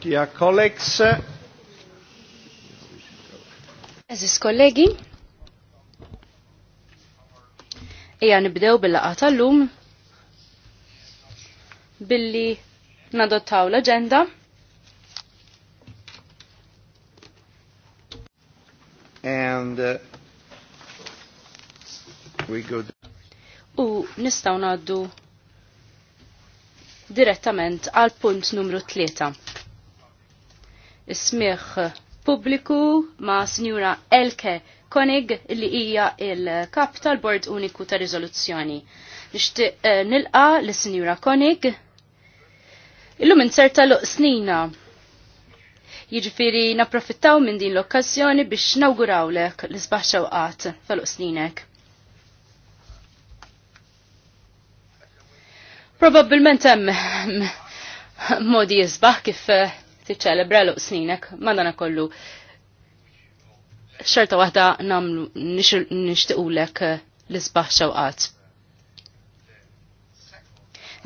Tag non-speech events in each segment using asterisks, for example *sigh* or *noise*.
Dear colleagues, uh, Eżis kollegi, ija nibdew bil-laqa tal-lum billi nadottaw l-agenda. And uh, we go. U nistaw naddu direttament għal punt numru 3. Ismiħ pubbliku ma' Sinjura Elke Konig li hija il-kap tal-Bord Uniku ta' Riżoluzzjoni. Nixtieq eh, nilqa l sinjura Konig illum inserta loq snina. Jiġifieri napprofittaw minn din l-okkażjoni biex lek l-isbaħ xewqat tal-loq sninek. Probabilment hemm modi jisbaħ kif eh, tiċċelebra l sninek dan kollu xerta waħda namlu nixtiqulek eh, l-isbaħ xewqat.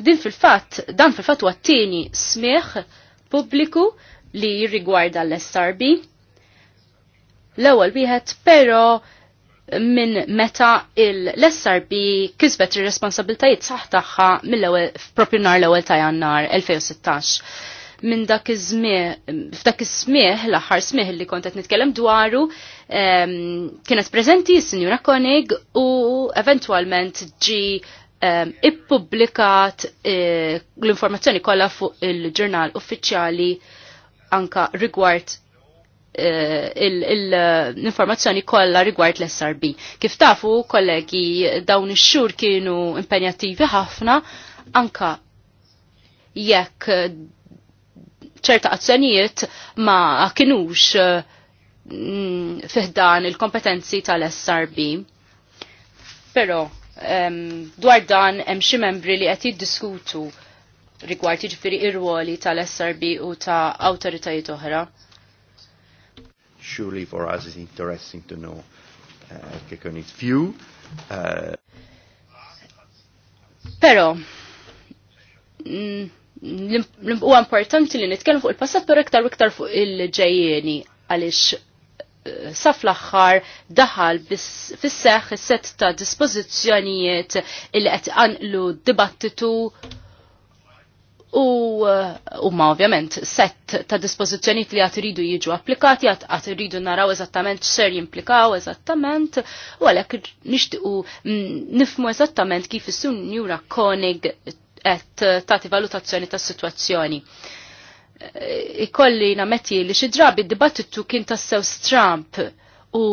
Din fil-fatt, dan fil-fatt huwa t-tieni smieħ pubbliku li jirrigwarda l-SRB. L-ewwel wieħed però minn meta l-SRB kisbet ir-responsabiltajiet saħ tagħha mill-ewwel propju nhar l-ewwel ta' Jannar 2016. Minn dak iż żmien f'dak iż-żmieħ l-aħħar żmien li kont qed nitkellem dwaru ehm, kienet preżenti s-Sinjura Konig u eventwalment ġi ehm, ippubblikat eh, l-informazzjoni kollha fuq il-ġurnal uffiċjali anka rigward Eh, l-informazzjoni kollha rigward l-SRB. Kif tafu, kollegi, dawn ix-xhur kienu impenjattivi ħafna anka jekk ċerta azzjonijiet ma kienux mm, fiħdan il-kompetenzi tal-SRB. Però dwar dan hemm xi membri li qed jiddiskutu rigward jiġifieri ir-ruoli tal-SRB u ta' awtoritajiet oħra surely for us it's interesting to know uh, its view. Uh, Pero, mm, huwa importanti li nitkellmu fuq il-passat per iktar iktar fuq il-ġejjeni għaliex uh, sa fl-axħar daħal fis-seħ set ta' dispożizzjonijiet il qed anqlu dibattitu U eh, ma ovvjament set ta' dispożizzjonijiet li għat iridu jiġu applikati, għat iridu naraw eżattament x'ser jimplikaw eżattament, u għalhekk nixtiequ mm, nifmu eżattament kif is-sun Njura Koenig qed tagħti valutazzjoni tas-sitwazzjoni. Eh, ikolli nametti li xi drabi d-dibattitu kien tassew stramp u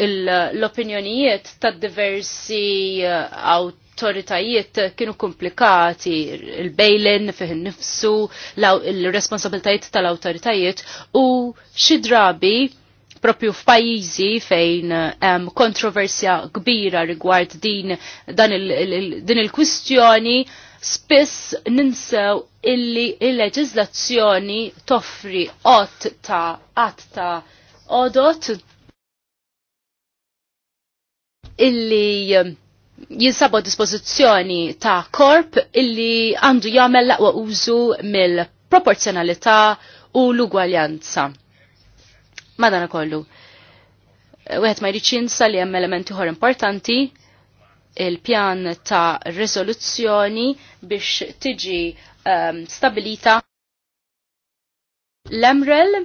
l-opinjonijiet tad diversi għaw eh, l-autoritajiet kienu komplikati, il bejlin fih nifsu, l responsabiltajiet tal-autoritajiet u xidrabi propju f'pajjiżi fejn hemm um, kontroversja kbira rigward din dan il-kwistjoni il, il spiss ninsew illi il-leġiżlazzjoni toffri qott ta' qatt ta' odot illi jinsabu dispożizzjoni ta' korp illi għandu jagħmel laqwa użu mill-proporzjonalità u l-ugwaljanza. Madana kollu. Wieħed ma jridx jinsa li hemm elementi ħor importanti il-pjan ta' rezoluzzjoni biex tiġi um, stabilita l-emrel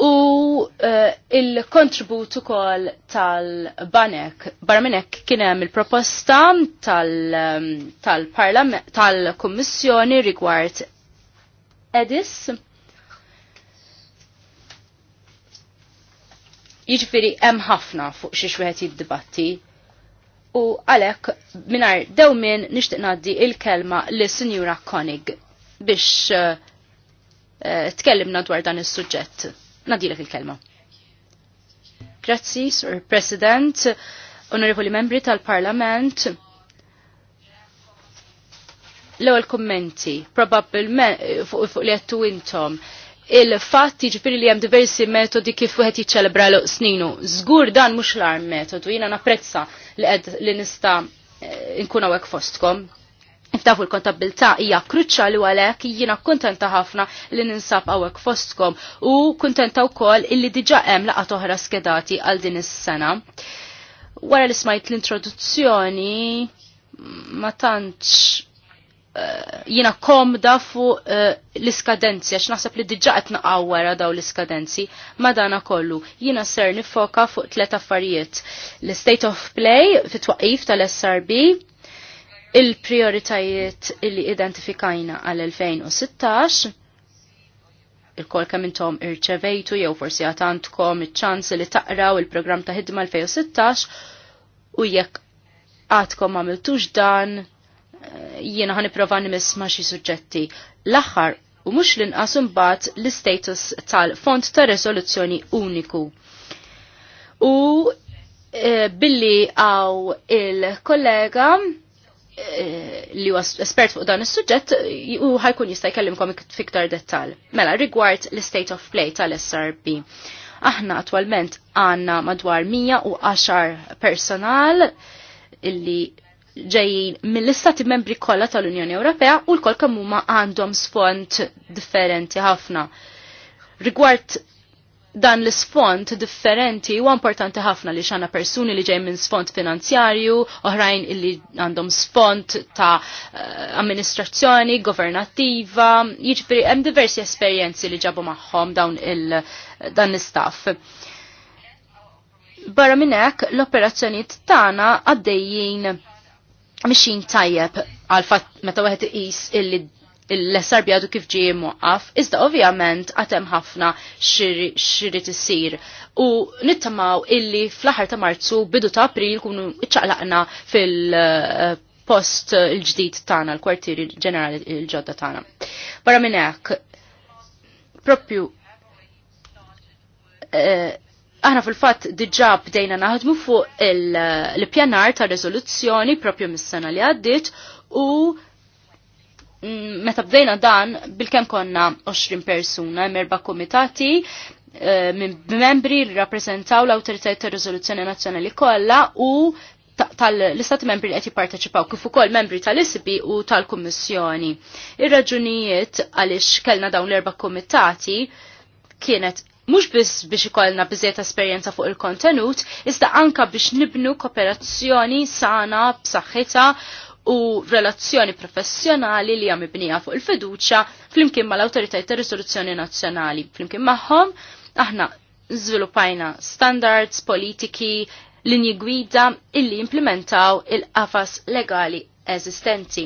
u uh, il-kontribut ukoll tal-banek. Barra minn hekk kien hemm il-proposta eh, tal-Kummissjoni tal tal rigward Edis. Jiġifieri hemm ħafna fuq xi wieħed jiddibatti. U għalhekk mingħajr min nixtieq ngħaddi il-kelma lis sinjura Konig biex uh, tkellimna dwar dan is-suġġett. Nadilek il-kelma. Grazzi, Sir President, onorevoli membri tal-Parlament. L-ewwel kummenti, probabbilment fuq li għattu intom il-fatt jiġifieri li hemm diversi metodi kif wieħed jiċċelebra l sninu. Zgur dan mux l-arm metodu, jina napprezza li nista' eh, nkun għek fostkom. Iftafu l-kontabilta hija kruċċali u għalek jiena kontenta ħafna li ninsab għawek fostkom u u wkoll illi diġà hemm laqa oħra skedati għal din is-sena. Wara li smajt l-introduzzjoni ma tantx uh, jiena komda fuq uh, l-iskadenzi, għax naħseb li diġà qed naqgħu wara daw l-iskadenzi, madana kollu jiena ser nifoka fuq tliet affarijiet. L-state of play fit-twaqif tal-SRB, il-prioritajiet illi identifikajna għal-2016 il-kol kemm intom irċevejtu jew forsi għatantkom iċ-ċans li taqraw il-programm ta' ħidma 2016 u jekk għatkom għamiltux dan eh, jiena ħan iprova nimis ma' xi suġġetti. L-aħħar u mhux l-inqas imbagħad l-istatus tal-Fond ta' Resoluzzjoni Uniku. U eh, billi għaw il-kollega Eh, li huwa espert fuq dan is-suġġett eh, u ħajkun jista' jkellimkom fiktar dettal. Mela rigward l-state of play tal-SRB. Aħna attwalment għandna madwar 110 personal illi ġejjin mill-istati membri kollha tal-Unjoni Ewropea u l-kol kemm huma għandhom sfond differenti ħafna. Rigward dan l-sfond differenti huwa importanti ħafna li xana persuni li ġej minn sfond finanzjarju, oħrajn illi għandhom sfond ta' eh, amministrazzjoni, governattiva, jiġifieri hemm diversi esperjenzi li ġabu magħhom dawn il dan l-istaff. Barra minn hekk l-operazzjonijiet tagħna għaddejjin mixin tajjeb għal fatt meta wieħed iqis illi l-SRB għadu kif ġie muqqaf, iżda ovvjament għatem ħafna t issir. U nittamaw illi fl ħar ta' marzu bidu ta' april kunu iċċaqlaqna fil-post il-ġdid tana, l-kwartieri ġenerali il-ġodda tana. Barra minn propju eh, aħna fil-fatt diġà bdejna naħdmu fuq il-pjanar ta' rezoluzzjoni propju mis-sena li għaddit u Mm, meta bdejna dan bil-kem konna 20 persuna, merba komitati, eh, minn membri li rappresentaw l-autoritajiet ta' rizoluzzjoni nazzjonali kollha u tal-istati membri li qed jipparteċipaw kif ukoll membri tal-ISBI u tal-Kummissjoni. Ir-raġunijiet għaliex kellna dawn l-erba' komitati kienet mhux biss biex ikollna biżejt esperjenza fuq il-kontenut, iżda anka biex nibnu kooperazzjoni sana b'saħħitha u relazzjoni professjonali li għam ibnija fuq il feduċa flimkien ma l-autoritajt ta' risoluzzjoni nazzjonali. Flimkien maħħom, aħna zvilupajna standards, politiki, linji gwida illi implementaw il-qafas legali eżistenti.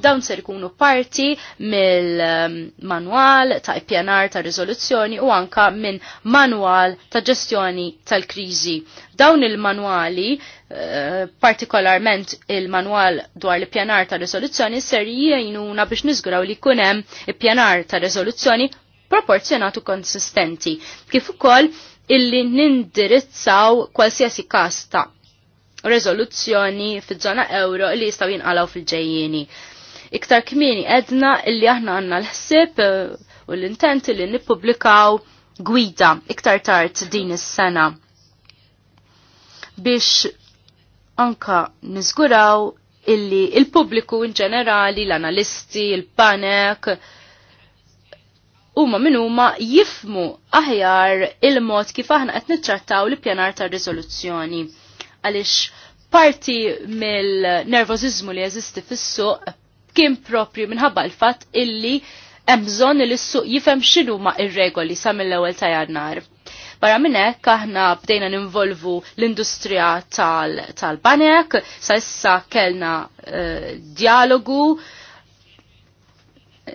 Dawn ser ikunu parti mill-manwal ta' ippjanar ta' rizoluzzjoni u anka minn manwal ta' ġestjoni tal-kriżi. Dawn il-manwali, eh, partikolarment il-manwal dwar l-ippjanar ta' rizoluzzjoni, ser jgħinuna biex nizguraw li kunem ippjanar ta' rizoluzzjoni proporzjonatu konsistenti, kif ukoll illi nindirizzaw kwalsiasi kas ta' rezoluzzjoni fi żona euro li jistaw jinqalaw fil-ġejjini. Iktar kmini edna illi aħna għanna l-ħsib eh, u l-intent li nippubblikaw gwida iktar tard din is-sena biex anka nizguraw illi il-pubbliku in ġenerali, l-analisti, il-panek, huma minn huma jifmu aħjar il-mod kif aħna qed nittrattaw l-ippjanar tar-riżoluzzjoni għaliex parti mill-nervozizmu li jeżisti fis-suq kien propri minħabba l-fatt illi hemm bżonn li s-suq jifhem xinu ma' ir-regoli sa mill-ewwel ta' jannar. Barra minn hekk aħna bdejna ninvolvu l-industrija tal-banek, sa issa kellna uh, dialogu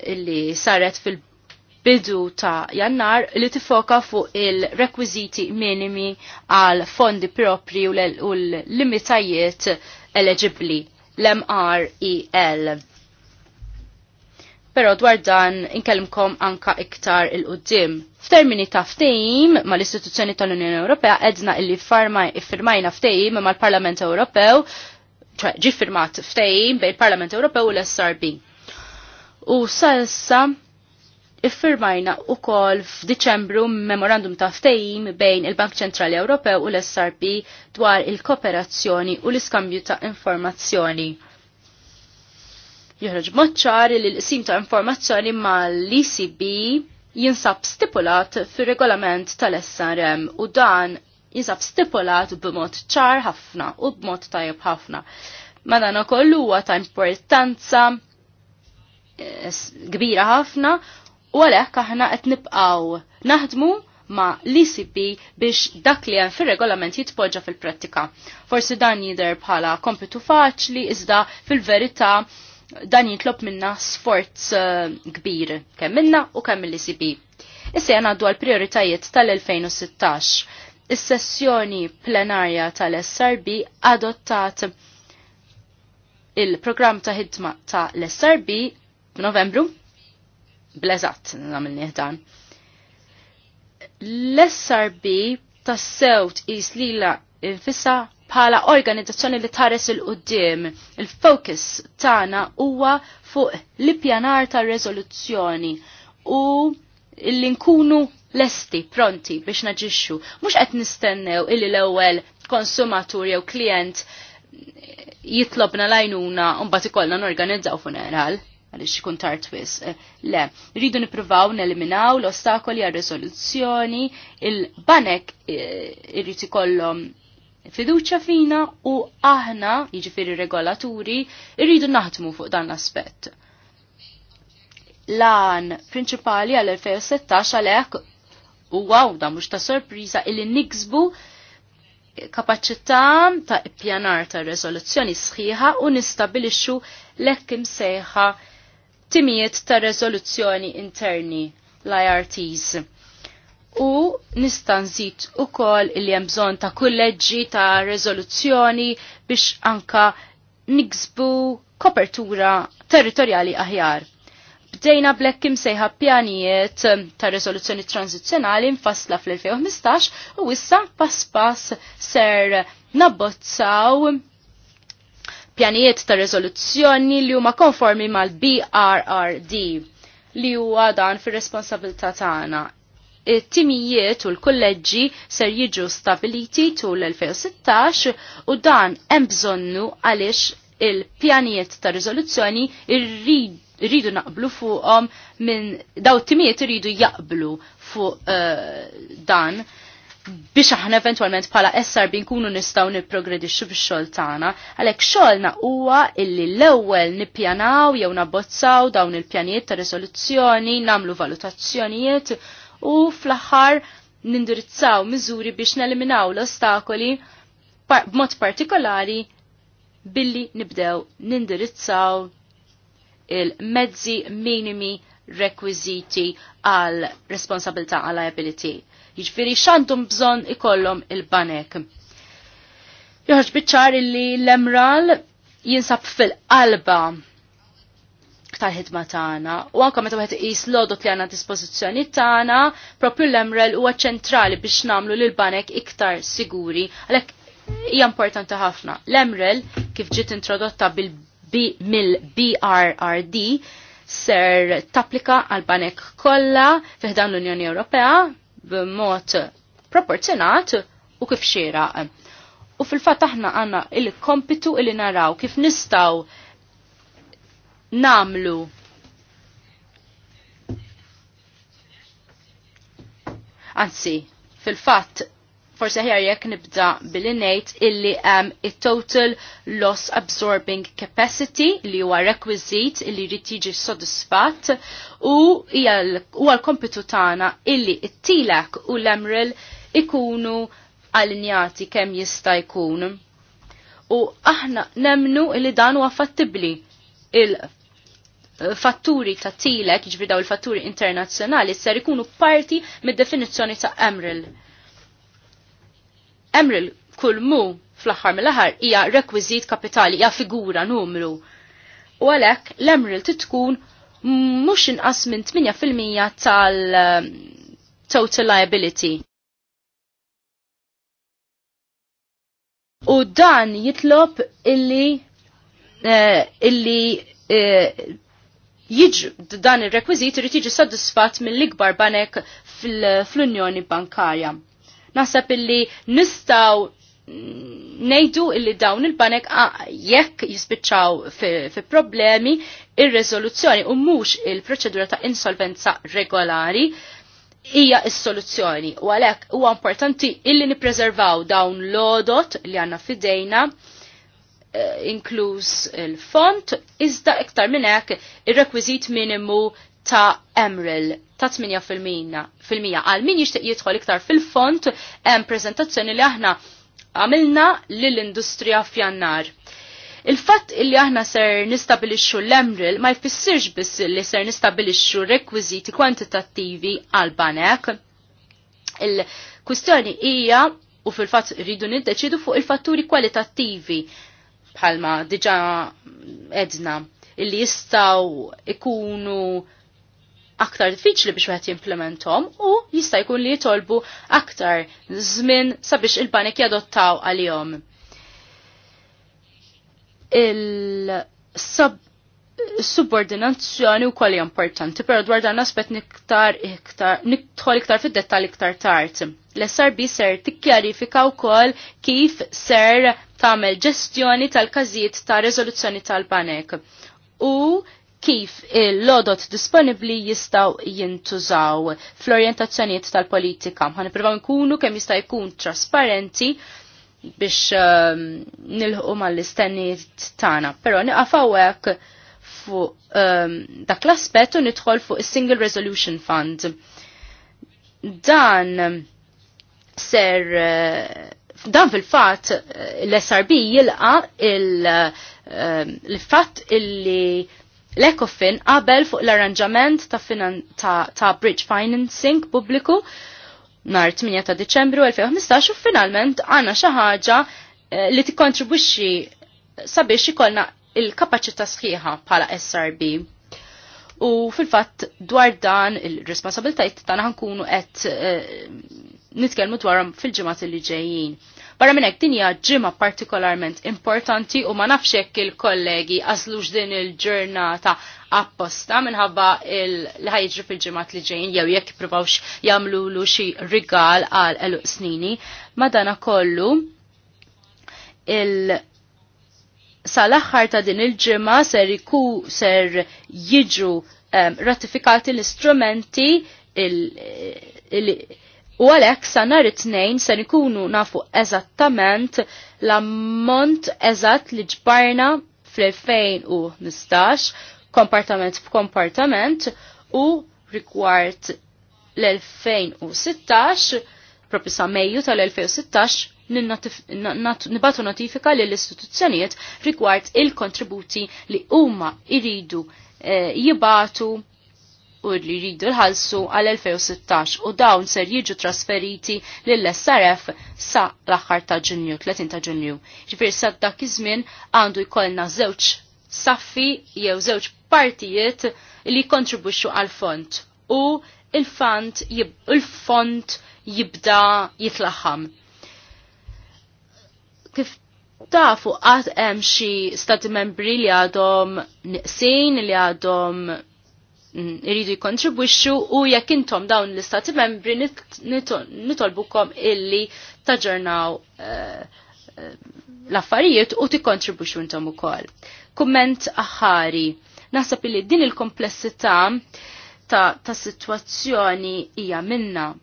illi saret fil bidu ta' jannar li tifoka fuq il-rekwiziti minimi għal fondi propri u l-limitajiet eligibli l-MREL. Pero dwar dan inkellimkom anka iktar il-qoddim. F'termini ta' ftehim ma l-istituzzjoni tal-Unjoni Ewropea edna illi firmajna ftehim ma l-Parlament Ewropew, ġi firmat ftehim bej il-Parlament Ewropew u l-SRB. U salsa iffirmajna u kol f'Diċembru memorandum ta' ftejim bejn il-Bank Ċentrali Ewropew u l-SRB dwar il-kooperazzjoni u l-iskambju ta' informazzjoni. Joħroġ moċċar li l-isim ta' informazzjoni ma' l-ECB jinsab stipulat fir regolament tal-SRM u dan jinsab stipulat b'mod ċar ħafna u b'mod tajb ħafna. u kollu għata ta' importanza eh, kbira ħafna U għalhekk aħna qed nibqgħu naħdmu ma l-ICP biex dak li għan fil-regolament jitpoġġa fil-prattika. Forsi dan jider bħala kompitu faċli, iżda fil-verita dan jitlob minna sforz uh, kbir, kemm minna u kemm l-ICP. Issa jgħan għaddu għal-prioritajiet tal-2016. Is-sessjoni plenarja tal-SRB adottat il-programm ta' ħidma tal srb f'Novembru blezat namil nieħdan. L-SRB tassew tqis lila infissa bħala organizzazzjoni li tħares il-qoddim. Il-fokus tagħna huwa fuq l ipjanar ta' rezoluzzjoni u li nkunu lesti, pronti biex naġixxu. Mhux qed nistennew illi l-ewwel konsumatur jew klient jitlobna lajnuna un bat ikollna norganizzaw funeral għalix ikun tartwis. Eh, le, rridu nipruvaw neliminaw l-ostakoli għal rezoluzzjoni, il-banek eh, irriti ikollhom fiduċa fina u aħna, jiġifieri regolaturi, irridu naħdmu fuq dan l-aspett. Lan prinċipali għal-2016 għalek u għaw da mux ta' sorpriza illi niksbu kapacità ta' ippjanar ta' rezoluzzjoni sħiħa u nistabilixxu lekkim imsejħa sejħa timijiet ta' rezoluzzjoni interni l-IRTs. U nistanżit u kol il jemżon ta' kulleġġi ta' rezoluzzjoni biex anka niksbu kopertura territorjali aħjar. Bdejna blek kim sejħa pjanijiet ta' rezoluzzjoni tranzizjonali mfassla fl-2015 u issa pass pas ser nabbozzaw pjanijiet ta' rezoluzzjoni li huma konformi mal-BRRD li huwa dan fir-responsabilità tagħna. It-timijiet u l-kolleġġi ser jiġu stabiliti tul l-2016 u dan hemm bżonnu għaliex il-pjanijiet ta' rezoluzzjoni rridu naqblu fuqhom minn daw it-timijiet irridu jaqblu fuq uh, dan biex aħna eventualment pala SRB nkunu nistaw niprogredixxu bix-xogħol tagħna, għalhekk xogħolna huwa illi l-ewwel nippjanaw jew nabbozzaw dawn il-pjanijiet ta' rezoluzzjoni, nagħmlu valutazzjonijiet u fl-aħħar nindirizzaw miżuri biex neliminaw l-ostakoli b'mod partikolari billi nibdew nindirizzaw il-mezzi minimi rekwiziti għal responsabilta għal liability. Jiġifieri x'għandhom bżonn ikollhom il-banek. Joħroġ biċċar li l-emral jinsab fil-qalba tal-ħidma tagħna u anke meta wieħed iqis l li għandna dispożizzjoni tagħna, propju l-emrel huwa ċentrali biex nagħmlu lil banek iktar siguri. Għalhekk hija importanti ħafna. L-emrel kif ġiet introdotta mill-BRRD ser tapplika għal banek kollha fiħdan l-Unjoni Ewropea b'mod proporzjonat u kif xieraq. U fil-fatt aħna għanna il-kompitu li naraw kif nistaw namlu Anzi, fil-fatt forse ħjar jekk nibda billi ngħid illi hemm um, it-total loss absorbing capacity li huwa requisit illi jrid jiġi sodisfatt u huwa l-kompitu tagħna illi t-tilek u l-emrel ikunu allinjati kemm jista' jkun. U aħna nemnu illi dan huwa fattibbli il eh, fatturi ta' tilek, ġbidaw jiġifieri il-fatturi internazzjonali, ser ikunu parti mid-definizzjoni ta' Emril Emril kulmu fl-aħħar mill-aħħar hija rekwiżit kapitali, hija figura numru. U għalhekk l-emril titkun mhux inqas minn 8% tal-total liability. U dan jitlob illi eh, illi eh, jiġu dan ir-rekwiżit irid jiġi sodisfatt mill-ikbar banek fl-Unjoni Bankarja. Naħseb illi nistaw nejdu illi dawn il-banek jekk jispiċċaw fi problemi ir-rezoluzzjoni u mhux il-proċedura ta' insolvenza regolari hija s-soluzzjoni u għalhekk huwa importanti illi nippreservaw dawn l-odot li għandna fidejna eh, inkluż il-font iżda iktar minn hekk ir-rekwiżit minimu ta' Emril ta' 8% għal min jixtieq jidħol iktar fil-font hemm prezentazzjoni li aħna għamilna lill-industrija f'jannar. Il-fatt illi aħna ser nistabilixxu l-Emril ma jfissirx biss li ser nistabilixxu rekwiżiti kwantitattivi għal banek. Il-kwistjoni hija u fil-fatt rridu niddeċidu fuq il-fatturi kwalitattivi bħalma diġa edna illi jistaw ikunu aktar diffiċli biex wieħed jimplementom u jista' jkun li jitolbu aktar żmien sabiex il panik jadottaw għalihom. Il-subordinazzjoni wkoll hija importanti, però dwar dan aspett niktar iktar nidħol iktar fid-dettall iktar tard. L-SRB ser tikkjarifika wkoll kif ser tagħmel ġestjoni tal-każijiet ta' riżoluzzjoni tal-banek u kif il-lodot disponibli jistaw jintużaw fl-orientazzjoniet tal-politika. Għan niprofaw nkunu kemm jista' jkun trasparenti biex ehm, nilħu ma mal-istenniet tagħna. Però niqafaw hekk fuq ehm, dak l-aspett u nidħol fuq is-Single Resolution Fund. Dan ser eh, dan fil-fat eh, l-SRB jilqa il-fat eh, illi l-ECOFIN qabel fuq l-arranġament ta, ta, ta' bridge financing pubbliku nar 8 ta' Deċembru 2015 u finalment għanna xi ħaġa eh, li tikkontribwixxi sabiex ikollna il-kapaċità sħiħa bħala SRB. U fil-fatt dwar dan il-responsabiltajt tagħna ħankunu qed eh, nitkellmu dwarhom fil-ġimgħat li ġejjin. Barra minn hekk din hija ġimma partikolarment importanti u ma nafx hekk il-kollegi għażlux din il-ġurnata apposta minħabba l ħajġri fil-ġimgħat li ġejn jew jekk jippruvawx jagħmlu xi rigal għal eluq snini. Madana kollu il- sal-axħar ta' din il-ġimma ser iku ser jiġu um, ratifikati l-istrumenti il, il, il U għalhekk sa nar it-tnejn se nikunu nafu eżattament l-ammont eżatt li ġbarna fl-2015 kompartament f'kompartament u rigward l-2016 propri sa Mejju tal-2016 nibatu notifika li l-istituzzjonijiet rigward il-kontributi li huma iridu eh, jibatu u li jridu l-ħalsu għal-2016 u dawn ser jiġu trasferiti lill-SRF sa l-axħar ta' ġunju, 30 ta' ġunju. Ġifir sa' dak iż-żmien għandu jkollna żewġ saffi jew żewġ partijiet li kontribuċu għal-font u il-font jib, jibda jitlaħħam. Kif tafu għat hemm xi stati membri li għadhom niqsin li għadhom iridu jikontribwixxu u jekk intom dawn l-istati membri nitolbukom illi taġġornaw eh, eh, l-affarijiet u tikkontribwixxu intom ukoll. Kumment aħari. Naħseb illi din il-komplessità ta', ta hija minna.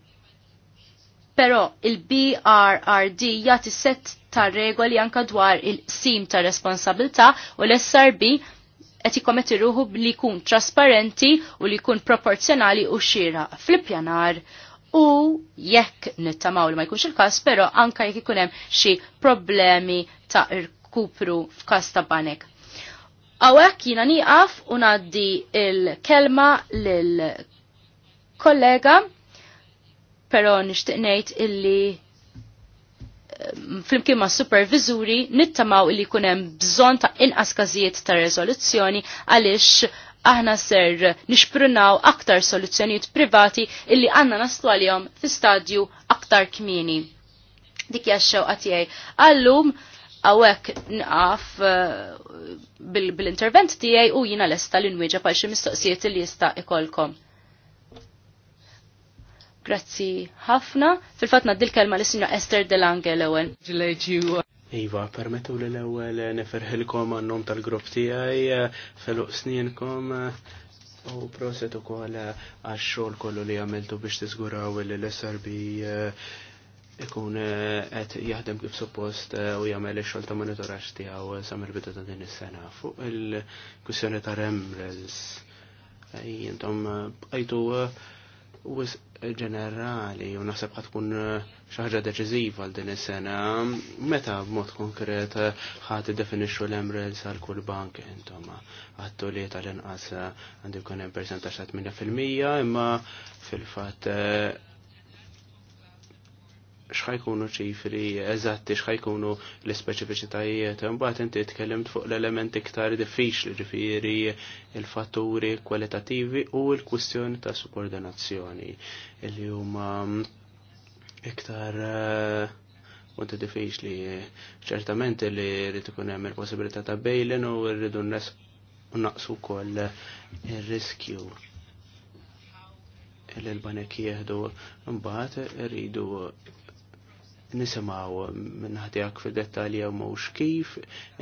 Però il-BRRD jagħti set ta' regoli anka dwar il-sim ta' responsabilità u l-SRB qed jikkometti ruħu li jkun trasparenti u li jkun proporzjonali u xira fl-ippjanar u jekk nittamaw li ma jkunx il-każ, però anka jekk ikun hemm xi problemi ta' irkupru f'każ ta' banek. Għawek jina nieqaf u ngħaddi il-kelma lil kollega, però nixtieq ngħid illi flimkien ma' supervizuri nittamaw li kunem bżon ta' inqas każijiet ta' rezoluzzjoni għaliex aħna ser nixprunaw aktar soluzzjonijiet privati illi għanna naslu għal-jom fi stadju aktar kmini. Dik jaxxew għatijaj. Allum għawek nqaf eh, bil-intervent tijaj u jina l-esta l-inwieġa pal xi mistoqsijiet li jista' ikolkom. Grazzi ħafna. fil fatna dil kelma l-Sinja Esther Delange l-ewel. Iva, permettu li l-ewel neferħilkom għannom tal-grupp tijaj, feluq sninkom u proset u kol għaxxol kollu li għamiltu biex tizguraw li l-SRB eh, ikun għet eh, jahdem kif suppost eh, u jgħamil xol ta' monitoraċ tijaw samir bidu ta' din is-sena fuq il-kussjoni ta' Remrels. Jintom għajtu u ġenerali u naħseb tkun eh, xaħġa deċiżiva għal din is-sena, meta b'mod konkret eh, ħati iddefinixxu l-emrel sal kull bank intom eh, għattu li tal-inqas għandu jkun hemm ta' 8 fil-mija imma fil-fatt xħajkunu ċifri eżatti xħajkunu l-speċifiċitajiet, mbagħad inti tkellimt fuq l-element iktar diffiċli ġifiri il-fatturi kwalitativi u l-kwistjoni ta' subordinazzjoni li huma iktar eh, punti diffiċli. Ċertament li rrid ikun hemm il-possibilità ta' bejlen u rridu naqsu wkoll ir-riskju il banek jieħdu mbagħad rridu nisimaw minnaħdijak fil-dettali jew mhux kif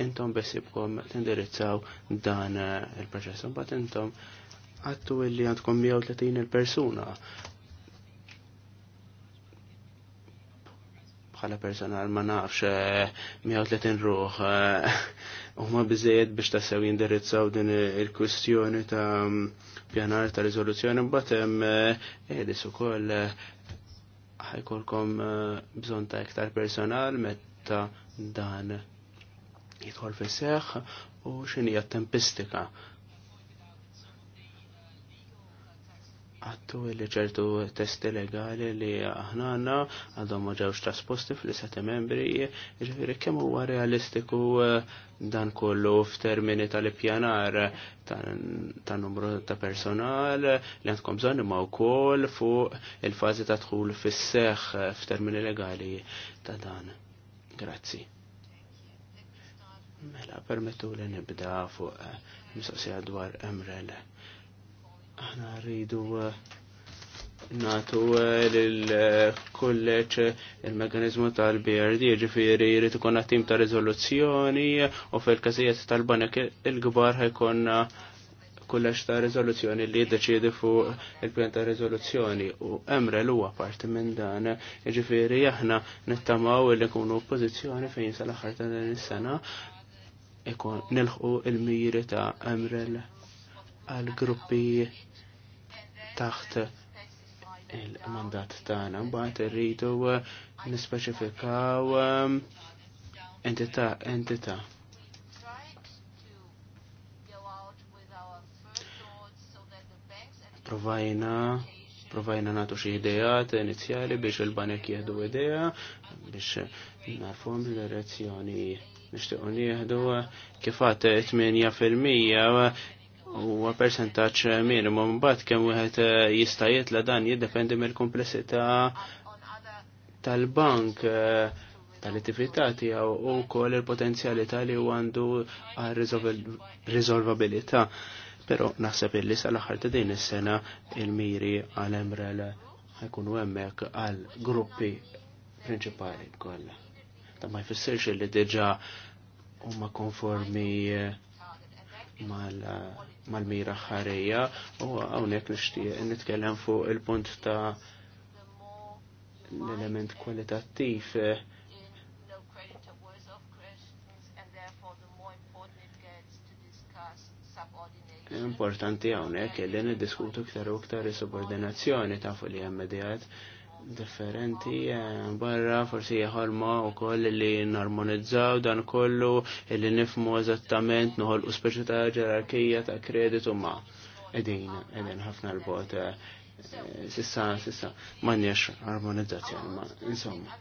intom besibkom tindirizzaw dan il-proċess. Mbagħad intom għattu illi għandkom 130 il-persuna bħala personal ma nafx 130 eh, ruħ eh, huma biżejjed biex tassew jindirizzaw din il-kwistjoni ta' mm, pjanar ta' riżoluzzjoni mbagħad hemm qiegħdis eh, ukoll ħajkolkom eh, bżon ta' iktar personal metta dan jitħol fis seħħ u xinija tempistika għattu li ċertu testi legali li aħna għanna għadhom ġewx trasposti fl-istati membri, ġifiri kemm huwa realistiku eh, dan kollu f'termini tal-ippjanar ta' numru ta' personal li għandkom bżonn imma wkoll fuq il-fażi ta' dħul fis-seħħ f'termini legali ta' dan. Grazzi. Mela permettu li nibda fuq eh, mistoqsija dwar Emrele Aħna rridu eh, natu eh, lil eh, kolleċ il-meganizmu tal-BRD, ġifiri jrid ikun tim ta' rizoluzzjoni u fil-każijiet tal-banek il-gbar ħajkun kollex ta' rizoluzzjoni li jiddeċiedi fuq il-pjan ta' rizoluzzjoni u emre l huwa parti minn dan, ġifiri aħna nittamaw li kunu pozizjoni fejn sal-aħħar ta' din is-sena ikun nilħu il-miri ta' emrel għal gruppi taħt il-mandat tagħna mbagħad irridu uh, nispeċifikaw um, entità entità. Provajna provajna nagħtu xi idejat inizjali biex il-banek jieħdu idea biex narfhom l reazzjoni nixtiequ nieħdu uh, kif għad 8% huwa percentaċ minimum mbagħad kemm wieħed eh, jista' jitla dan jiddependi mill-kumplessità tal-bank eh, tal-attività tiegħu u wkoll il-potenzjali tali u għandu risolvabilità. Però naħseb illi sal-aħħar ta' din is-sena il-miri għal emrel ħajkunu hemmhekk għal gruppi prinċipali kollha. Ta' ma jfissirx li diġà huma konformi eh, mal-mira ħareja u għawnek nishtiq nitkellem fuq il-punt ta' l-element kwalitattiv eh, importanti għawnek li niddiskutu ktar u ktar subordinazzjoni ta' fuq li għemmedijat differenti eh, barra forsi jħalma u koll li narmonizzaw dan kollu li nifmu eżattament nħol u speċita ġerarkija ta' kreditu ma' edin, edin ħafna l-bot eh, eh, sissa, sissa, manjax armonizzazzjoni ma' insomma,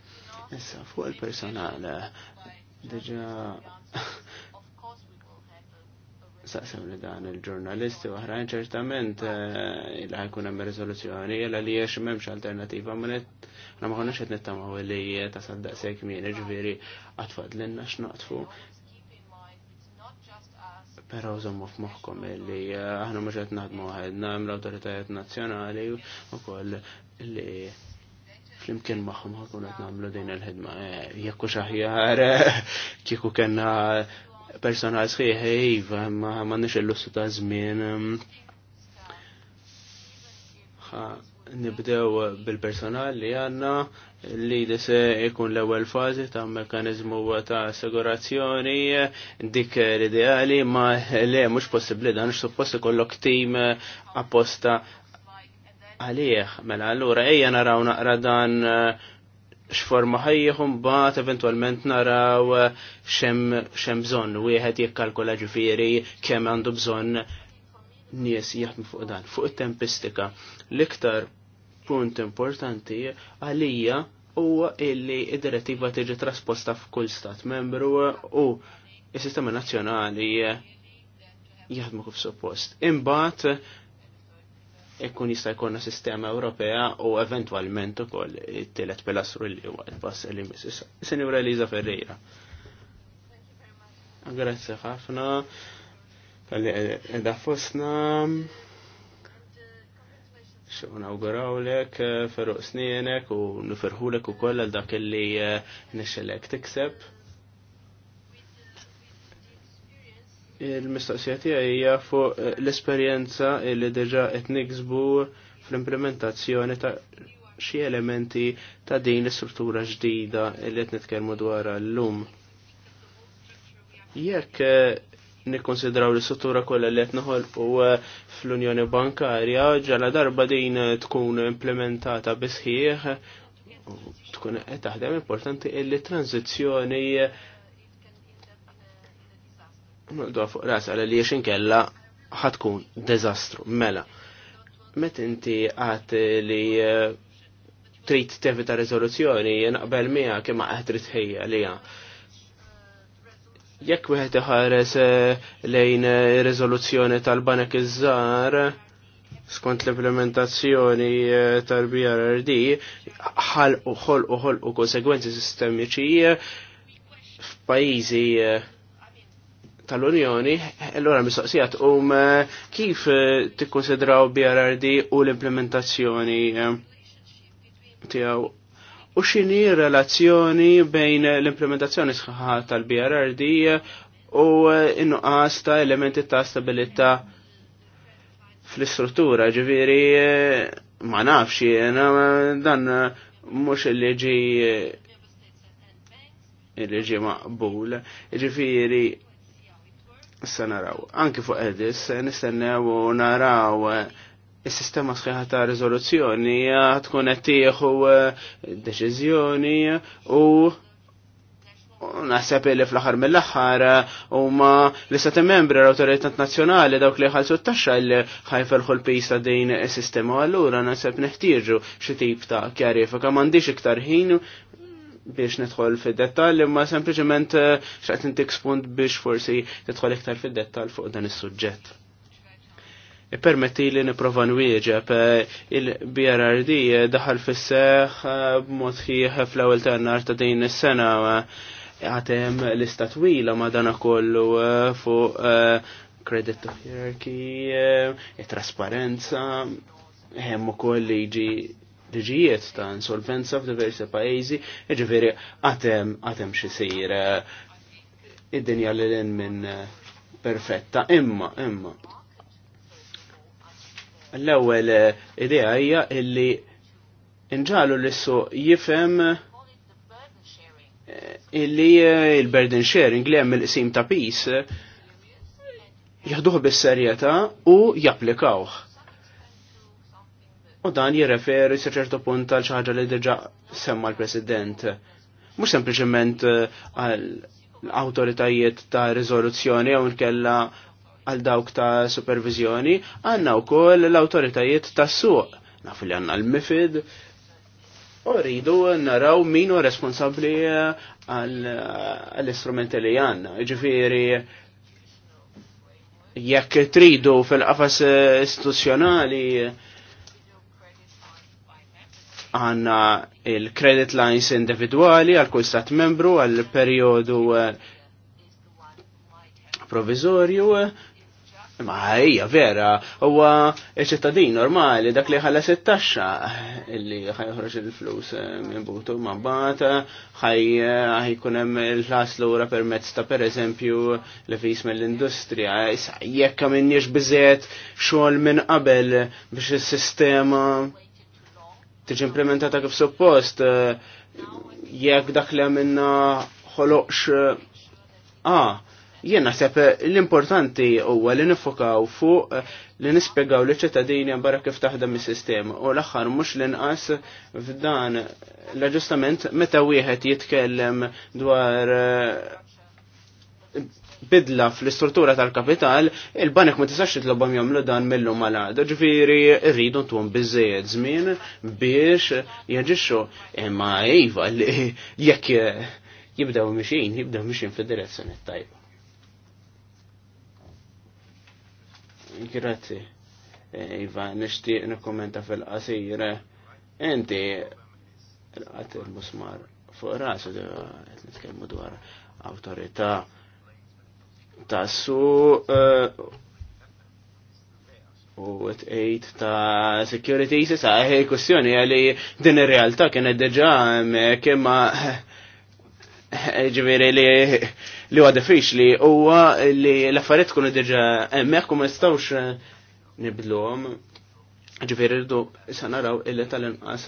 issa fuq il personale deġa saqsam li dan il-ġurnalisti u ċertament eh, il ħajkun hemm riżoluzzjoni illa li hex m'hemmx alternativa ma ma konniex qed nittamaw li tasaddaq sejk min ġifieri għatfad lilna x'naqtfu. Però żommu f'moħħkom li eh, aħna mhux qed naħdmu ħedna hemm l-awtoritajiet nazzjonali wkoll li flimkien magħhom ħakun qed nagħmlu din il-ħidma. Eh, jekku xaħjar aħjar *laughs* kieku kellna personal sħiħ iva ma nix il-lussu ta' żmien. Nibdew bil-personal li għanna li dese ikun l-ewwel fażi ta' mekanizmu ta' assegurazzjoni dik l-ideali ma le mhux possibbli dan x-supposti kollok tim apposta għalih mela allura ejja naraw naqra dan uh, x'forma ħajjieħu mbagħad eventwalment naraw bżon eh, bżonn wieħed jikkalkula ġifieri kemm għandu bżonn nies jaħdmu fuq dan. Fuq it-tempistika l-iktar punt importanti għalija huwa illi id-direttiva tiġi trasposta f'kull stat membru u s-sistema nazzjonali jaħdmu kif suppost. Imbat ekkun jista' jkollna sistema Ewropea u eventwalment ukoll it-tielet pilastru li huwa l-pass li Sinjura Eliza Ferreira. Grazzi ħafna tal-li fostna xo nawguraw lek, ferruq snienek u nifirħu lek u koll għal dak li eh, nixelek tikseb. Il-mistoqsija tiegħi fuq eh, l-esperjenza li deġa qed niksbu fl-implementazzjoni ta' xi elementi ta' din l-istruttura ġdida li qed nitkellmu l llum. Jekk eh, nikkonsidraw l-istruttura kollha li qed u eh, fl-Unjoni Bankarja ġala darba din tkun implementata bisħieħ tkun qed taħdem importanti illi tranzizzjoni Maqdu fuq ras għal li kella ħatkun dezastru, mela. Met inti għat li eh, trid tevita rezoluzzjoni naqbel miha kemm qed ħija li għan. Jekk wieħed iħares eh, lejn eh, riżoluzzjoni tal-banek iż-żar skont l-implementazzjoni tal-BRRD ħalqu ħolqu ħolqu konsegwenzi sistemiċi f'pajjiżi tal-Unjoni, allora soqsijat, um eh, kif eh, tikkonsidraw BRRD u l-implementazzjoni eh, tiegħu u x'inhi relazzjoni bejn l-implementazzjoni sħaħa tal-BRRD u innuqas ta' elementi ta' stabilità fl-istruttura, ġifieri ma nafx dan mhux il-liġi il-liġi maqbul. Ġifieri se naraw. Anki fuq edis, nistennew u naraw eh, il-sistema sħiħa ta' rizoluzzjoni eh, tkun qed tieħu eh, deċiżjoni u naħseb li fl-aħħar mill-aħħar huma l-istati membri l-awtoritat nazzjonali dawk li ħalsu t-taxxa li ħajfelħu l-pista din is-sistema allura naħseb neħtieġu xi tip ta' kjarifika m'għandix iktar ħin biex nidħol fid-dettal, imma sempliċement eh, xaqt intik spunt biex forsi nidħol iktar fid-dettal fuq dan is-suġġett. Permetti li niprofa nwieġeb eh, il-BRRD eh, daħal fis-seħ b'mod ħieħ fl-ewwel ta' ta' din is-sena għatem lista twila ma' dan kollu fuq credit to hierarchy, trasparenza, hemm ukoll liġi liġijiet ta' insolvenza f'diversi pajjiżi, jiġifieri għatem għatem xisir id-dinja li l minn eh, perfetta. Imma, imma. L-ewwel eh, idea hija illi nġalu l-issu jifhem eh, illi il-burden sharing li hemm il-qsim ta' pis jaħduh bis-serjetà u japplikawh U dan jirreferi sa ċertu punt għal xi ħaġa li diġà semma l-President. Mhux sempliċement eh, għal autoritajiet ta' riżoluzzjoni jew nkella għal dawk ta' supervizjoni, għandna wkoll l-awtoritajiet tas suq. Nafu li għandna l-MIFID, u rridu naraw min hu responsabbli eh, eh, għall-istrumenti li għandna. Ġifieri jekk tridu fil-qafas istituzzjonali għanna il-credit lines individuali għal kull stat membru għal periodu eh, provizorju eh, ma hija vera huwa ċittadin normali dak li ħalla it-taxxa eh, illi ħajħroġ il-flus minn butu ma mbagħad ħaj ħajkun hemm il-ħlas lura permezz ta' pereżempju li fis mill-industrija jekk hemm inniex xogħol minn qabel biex is-sistema tiġi implementata kif suppost eh, jekk dak li għamilna ħoloqx eh, ah, jiena naħseb l-importanti huwa li nifokaw fuq eh, li nispjegaw li ċittadini barra kif taħdem is-sistema u l-aħħar mhux l-inqas f'dan l-aġġustament meta wieħed jitkellem dwar bidla fl-istruttura tal-kapital, il-banek ma tistax titlobhom jagħmlu dan mill-lum għal-għada. Ġifieri rridu ntuhom biżejjed żmien biex jaġixxu imma iva li jekk jibdew mixin, jibdew mixin fid-direzzjoni tajba. Grazzi. Iva, nixtieq nikkommenta fil-qasir. Inti, l-qatil musmar fuq rasu, nitkellmu dwar awtorità tassu eh, u għet ejt ta' security sa' ħej eh, kussjoni għalli din ir-realtà kienet deġa kemma eh, ġiviri li li huwa li huwa li l-affarijiet kunu deġa hemmhekk u ma nistgħux nibdluhom. Ġifieri rridu sa naraw illi tal-inqas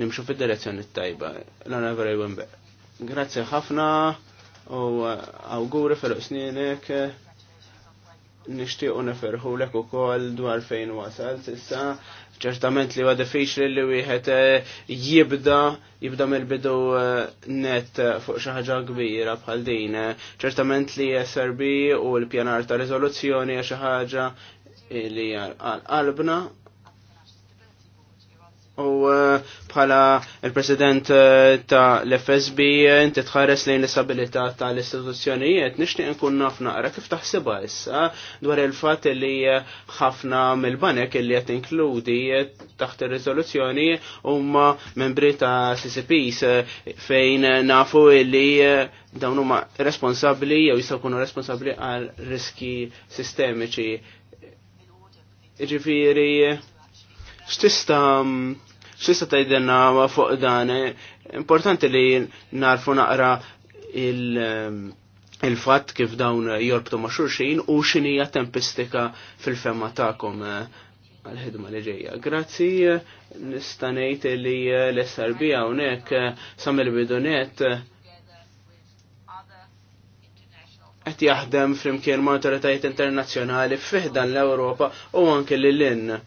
nimxu fid-direzzjoni tajba. L-onorevoli għana Wimber. Grazie ħafna u eh, awguri ferq snienek eh, nishtiq neferħu l u kol dwar fejn wasal sissa ċertament li għada fiex li wieħed eh, jibda jibda mill-bidu net fuq xi ħaġa kbira bħal din. Ċertament li SRB u l-pjanar ta' riżoluzzjoni xi ħaġa li għal qalbna U uh, bħala il-president uh, ta' l-FSB uh, inti tħares lejn l-istabilità ta' l-istituzzjonijiet, nixtieq nkun naf naqra kif taħsibha issa dwar il-fatt li ħafna mill-banek li qed inkludi taħt ir-riżoluzzjoni huma membri ta' CCPs fejn nafu li dawn huma responsabbli jew jistgħu jkunu responsabbli għal riski sistemiċi. Ġifieri x'tista' Xista tajdenna fuq dan, importanti li narfu naqra il- ehm, il-fat kif dawn jorbtu ma' xurxin u xinija tempistika fil-femma ta'kom eh, għal-ħidma li ġeja. Grazzi, nistanejt li l-SRB għonek eh, samil bidonet għet jaħdem fl-imkien ma' autoritajiet internazjonali fiħdan l-Europa u anke l-Lin.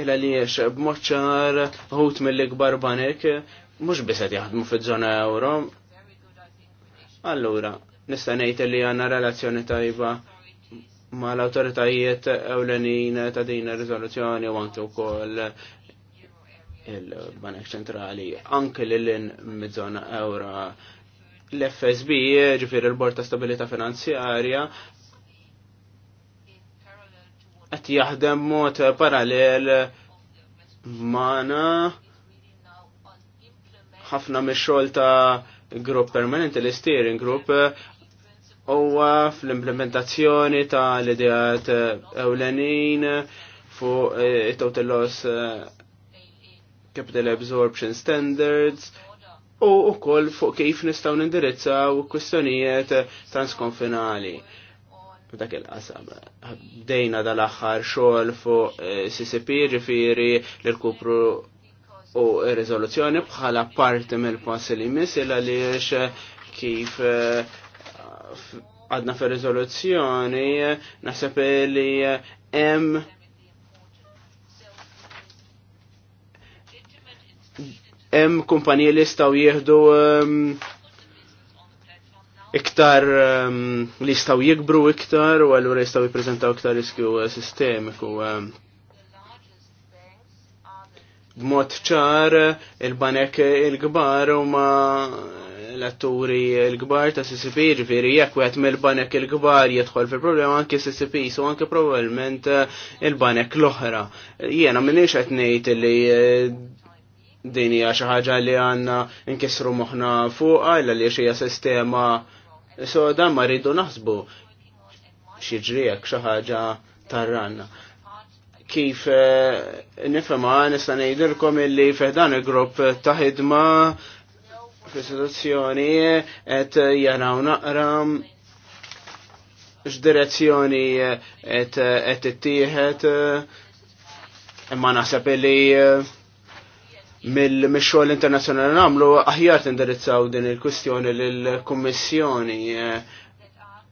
Illa li jiex b'moċċar ħut mill-ikbar banek, mux biset jaħdmu fil-ġona euro. Allura, nistanejt li għanna relazzjoni tajba ma l-autoritajiet ewlenin ta' din rizoluzzjoni u għantu kol il-Banek ċentrali, anke l in mid-zona euro l-FSB, ġifir il-Bord ta' Stabilita Finanzjarja, qed jaħdem mod parallel mana ħafna mix-xogħol ta' grupp permanenti l-steering group huwa fl-implementazzjoni ta' l-idejat ewlenin fuq it-total eh, loss eh, capital absorption standards u wkoll fuq kif nistgħu nindirizzaw kwistjonijiet transkonfinali dak il-qasam. Bdejna dal-axħar xogħol fuq eh, CCP ġifiri li l-kupru u riżoluzzjoni bħala parti mill-pass li misil għaliex eh, kif eh, għadna fi riżoluzzjoni naħseb li hemm hemm kumpaniji li jihdu jieħdu iktar ehm, li jistaw jikbru iktar u għallura jistaw jiprezentaw iktar riskju eh, sistemiku. Ehm. B'mod ċar il-banek il-gbar u ma l-atturi il-gbar ta' CCP ġifiri jekk wieħed mill-banek il-gbar jidħol fil-problema anke CCP so anke probabbilment eh, il-banek l-oħra. Jiena m'iniex qed ngħid li eh, din hija xi ħaġa li għandna nkissru moħħna fuqha illa li xi sistema So dan ma rridu naħsbu xi jekk xi ħaġa tarranna. Kif eh, nifema nista' ngħidilkom illi dan il-grupp ta' ħidma fis-sitwazzjoni qed jaraw naqra x'direzzjoni qed ittieħed imma naħseb illi eh, mill-xogħol internazzjonali nagħmlu aħjar tindirizzaw din il-kwistjoni lill-Kummissjoni.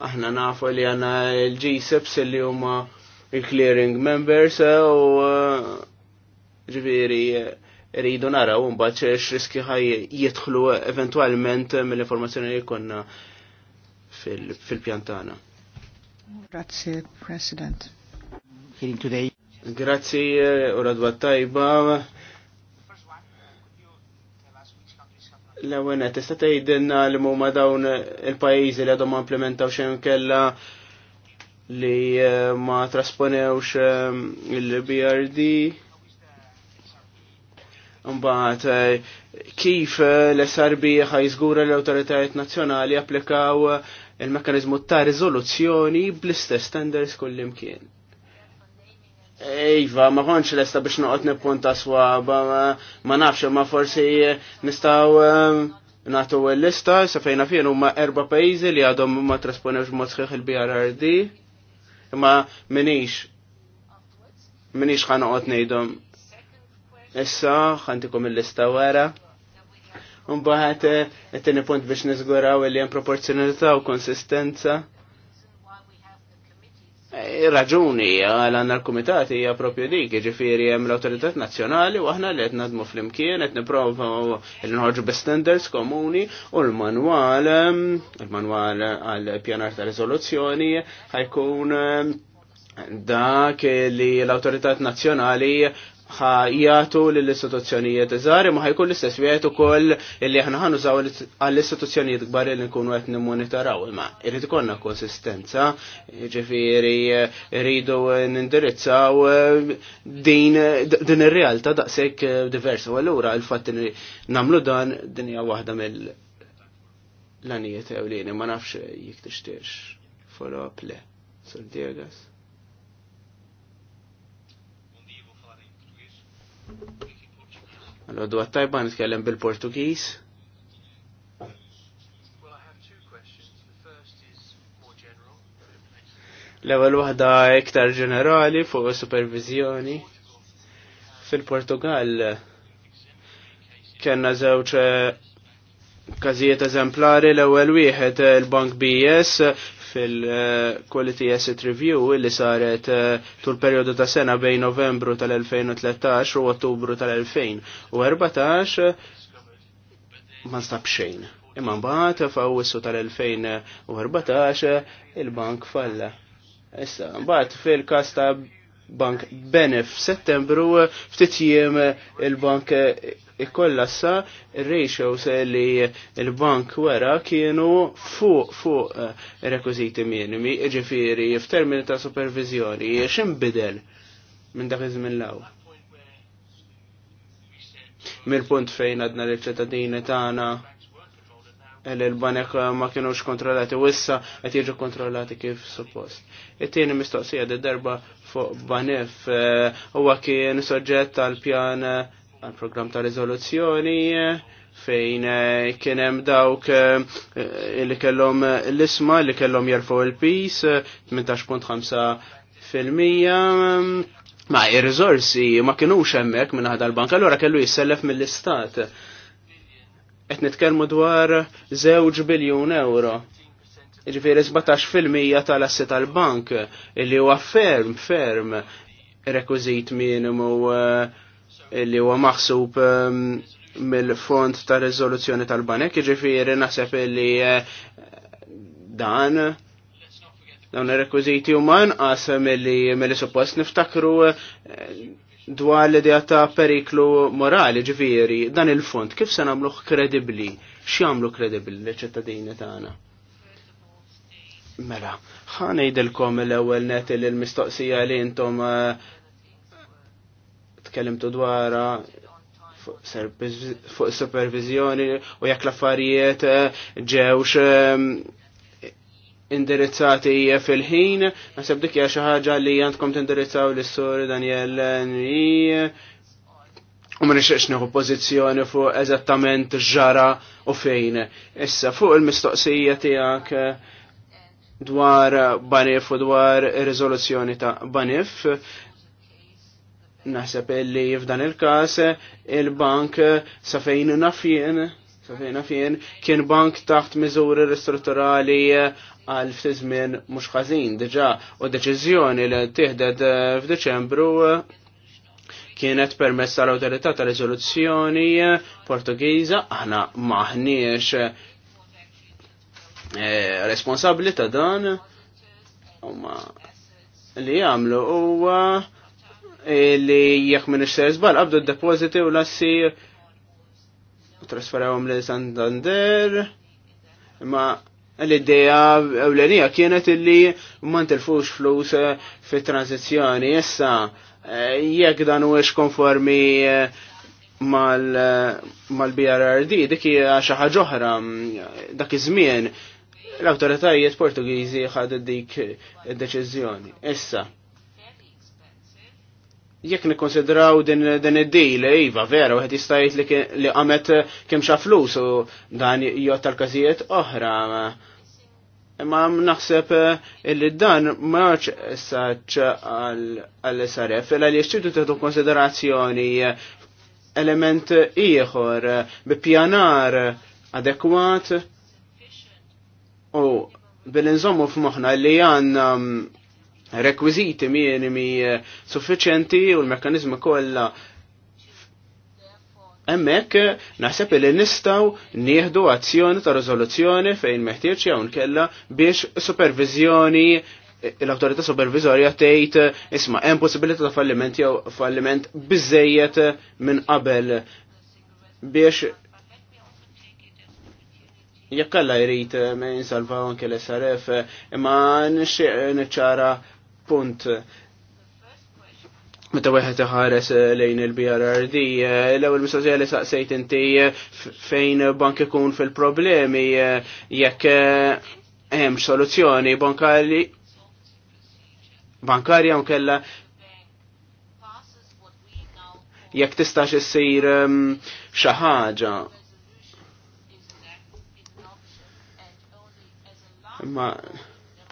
Aħna nafu li għanna l gseps li huma il-clearing members eh, u eh, ġviri eh, rridu naraw mbagħad x'riski ħaj jitħlu eventwalment mill-informazzjoni li konna fil-pjantana. Grazzi, President. Grazzi, Uradwa tajba L-ewenet, tista' tgħidilna li huma dawn il-pajjiżi li għadhom ma implementaw xejn kella li eh, ma trasponewx eh, il-BRD. Mbagħad eh, kif l-SRB ħajżgura l-awtoritajiet nazzjonali applikaw il-mekkaniżmu ta' riżoluzzjoni bl-istess standards kullimkien. Ejva, ma konċ l-esta biex noqot nipunta swaba, ma nafx, ma forsi nistaw natu l-lista, safejna fien huma erba pajizi li għadhom ma trasponewx mod il-BRRD, ma minix, minix ħan noqot nejdom. Issa, ħantikom il-lista għara. un eh, it-tini punt biex nizguraw li jen proporzjonalità u konsistenza raġuni għal għanna l-komitati hija propju dik, ġifiri hemm l-autoritet nazzjonali u aħna li qed nadmu flimkien qed nipprova li nħorġu standards komuni u l-manwal ehm, il-manwal għal pjanar ta' riżoluzzjoni ħajkun ehm, dak li l autoritet nazzjonali ħajjatu l-istituzzjonijiet iżgħar imma ħajkun l-istess wieħed ukoll illi aħna ħanużaw għall-istituzzjonijiet kbar li nkunu qed nimmonitaraw imma irid ikollna konsistenza, ġifieri rridu nindirizzaw din din ir-realtà daqshekk diversa u allura l-fatt nagħmlu dan din hija waħda mill l ewlieni ma nafx jekk tixtiex follow up le. Sul Diegas. Allora, għadu għattajba nitkellem bil-Portugis. L-ewwel waħda iktar ġenerali fuq supervizjoni. Fil-Portugal kellna żewġ eh, kazijiet eżemplari l-ewwel wieħed eh, il-Bank BS fil-Quality Asset Review illi saret eh, tul periodu ta' sena bejn novembru tal-2013 u ottubru tal-2014 eh, ma nstab xejn. Imma mbagħad f'Awwissu tal-2014 il-bank falla. Issa, mbagħad fil-każ ta' Bank Benef f'Settembru ftit jiem eh, il-bank ikkolla sa ratios li l-bank wera kienu fuq fuq eh, rekwiziti minimi, ġifiri, f'termini ta' supervizjoni, bidel minn dak iż-żmien l-aw. Mill-punt fejn għadna l-ċittadini tagħna eh, l-banek ma kienux kontrollati u issa qed jiġu kontrollati kif suppost. It-tieni mistoqsija d darba fuq banef eh, huwa kien soġġett tal-pjan għal program ta' rezoluzzjoni fejn eh, kienem dawk eh, li kellhom eh, l-isma li kellhom jarfu l-pis 18.5% ma ir-riżorsi ma kienux hemmhekk minn ħadha l-bank allura kellu jissellef mill-istat. Qed nitkellmu dwar 2 biljun euro. Ġifieri 17% tal-assi tal-bank illi huwa ferm ferm rekwizit minimu uh, li huwa maħsub ehm, mill-fond ta' rezoluzzjoni tal-banek, ġifiri naħseb li eh, dan dawn ir-rekwiżiti uman qas milli milli suppost niftakru eh, dwar l-idea ta' periklu morali ġifiri dan il-fond kif se nagħmluh kredibbli x'jagħmlu kredibbli l-ċittadini tagħna. Mela, ħanejdilkom l-ewwel net il-mistoqsija li intom eh, tkellimtu dwar fuq supervizjoni u jekk l-affarijiet eh, ġewx eh, indirizzati fil-ħin, naħseb dik hija xi ħaġa li għandkom tindirizzaw lis-sur Daniel u ma nixtieqx nieħu pożizzjoni fuq eżattament ġara u fejn. Issa fuq il-mistoqsija tiegħek eh, dwar Banif u dwar riżoluzzjoni ta' Banif, Naħseb li f'dan il-kas il-bank sa fejn nafjen, sa fejn nafjen, kien bank taħt miżuri ristrutturali għal f'tizmin mhux ħażin diġà u deċiżjoni li tieħdet eh, f'Deċembru eh, kienet permess tal awtorità ta' riżoluzzjoni eh, Portugiża aħna maħniex responsabbli ta' dan u li jagħmlu huwa Eh, li jekk minn ixter zbal qabdu d-depositi u lassi trasferawhom li Santander imma l-idea ewlenija kienet illi ma ntilfux flus eh, fit tranzizzjoni issa eh, jekk dan huwiex konformi mal-BRRD dik hija xi ħaġa oħra mm, dak iż-żmien l-awtoritajiet Portugiżi ħadu dik id-deċiżjoni. Issa, jekk nikkonsidraw din din id-dejl, iva, vera, wieħed jista' jgħid li qamet eh, kemm xa flus u dan jgħod tal-każijiet oħra. Imma naħseb eh, illi dan ma maċ saċ għall-SRF, illa li jxċidu teħdu konsiderazzjoni eh, element ieħor bi pjanar adekwat u bil-inżommu f'moħna li għanna mm, rekwiziti minimi eh, suffiċenti u l-mekkanizmi kollha Emmek, eh, naħseb li nistaw nieħdu azzjoni ta' rizoluzzjoni fejn meħtieġ hawn kella biex supervizjoni eh, l autorita supervizorja tgħid isma' hemm possibilità ta' falliment jew falliment biżejjed minn qabel biex jekk alla jrid jinsalvaw anke l-SRF imma nixxieq niċċara punt Meta weħet ħares eh, lejn il-BRRD, eh, l-ewwel mistoqsija li saqsejt inti eh, fejn bank ikun fil-problemi jekk hemm soluzzjoni bankari bankarja u kella jekk tistax issir ehm, xi ħaġa. Ma'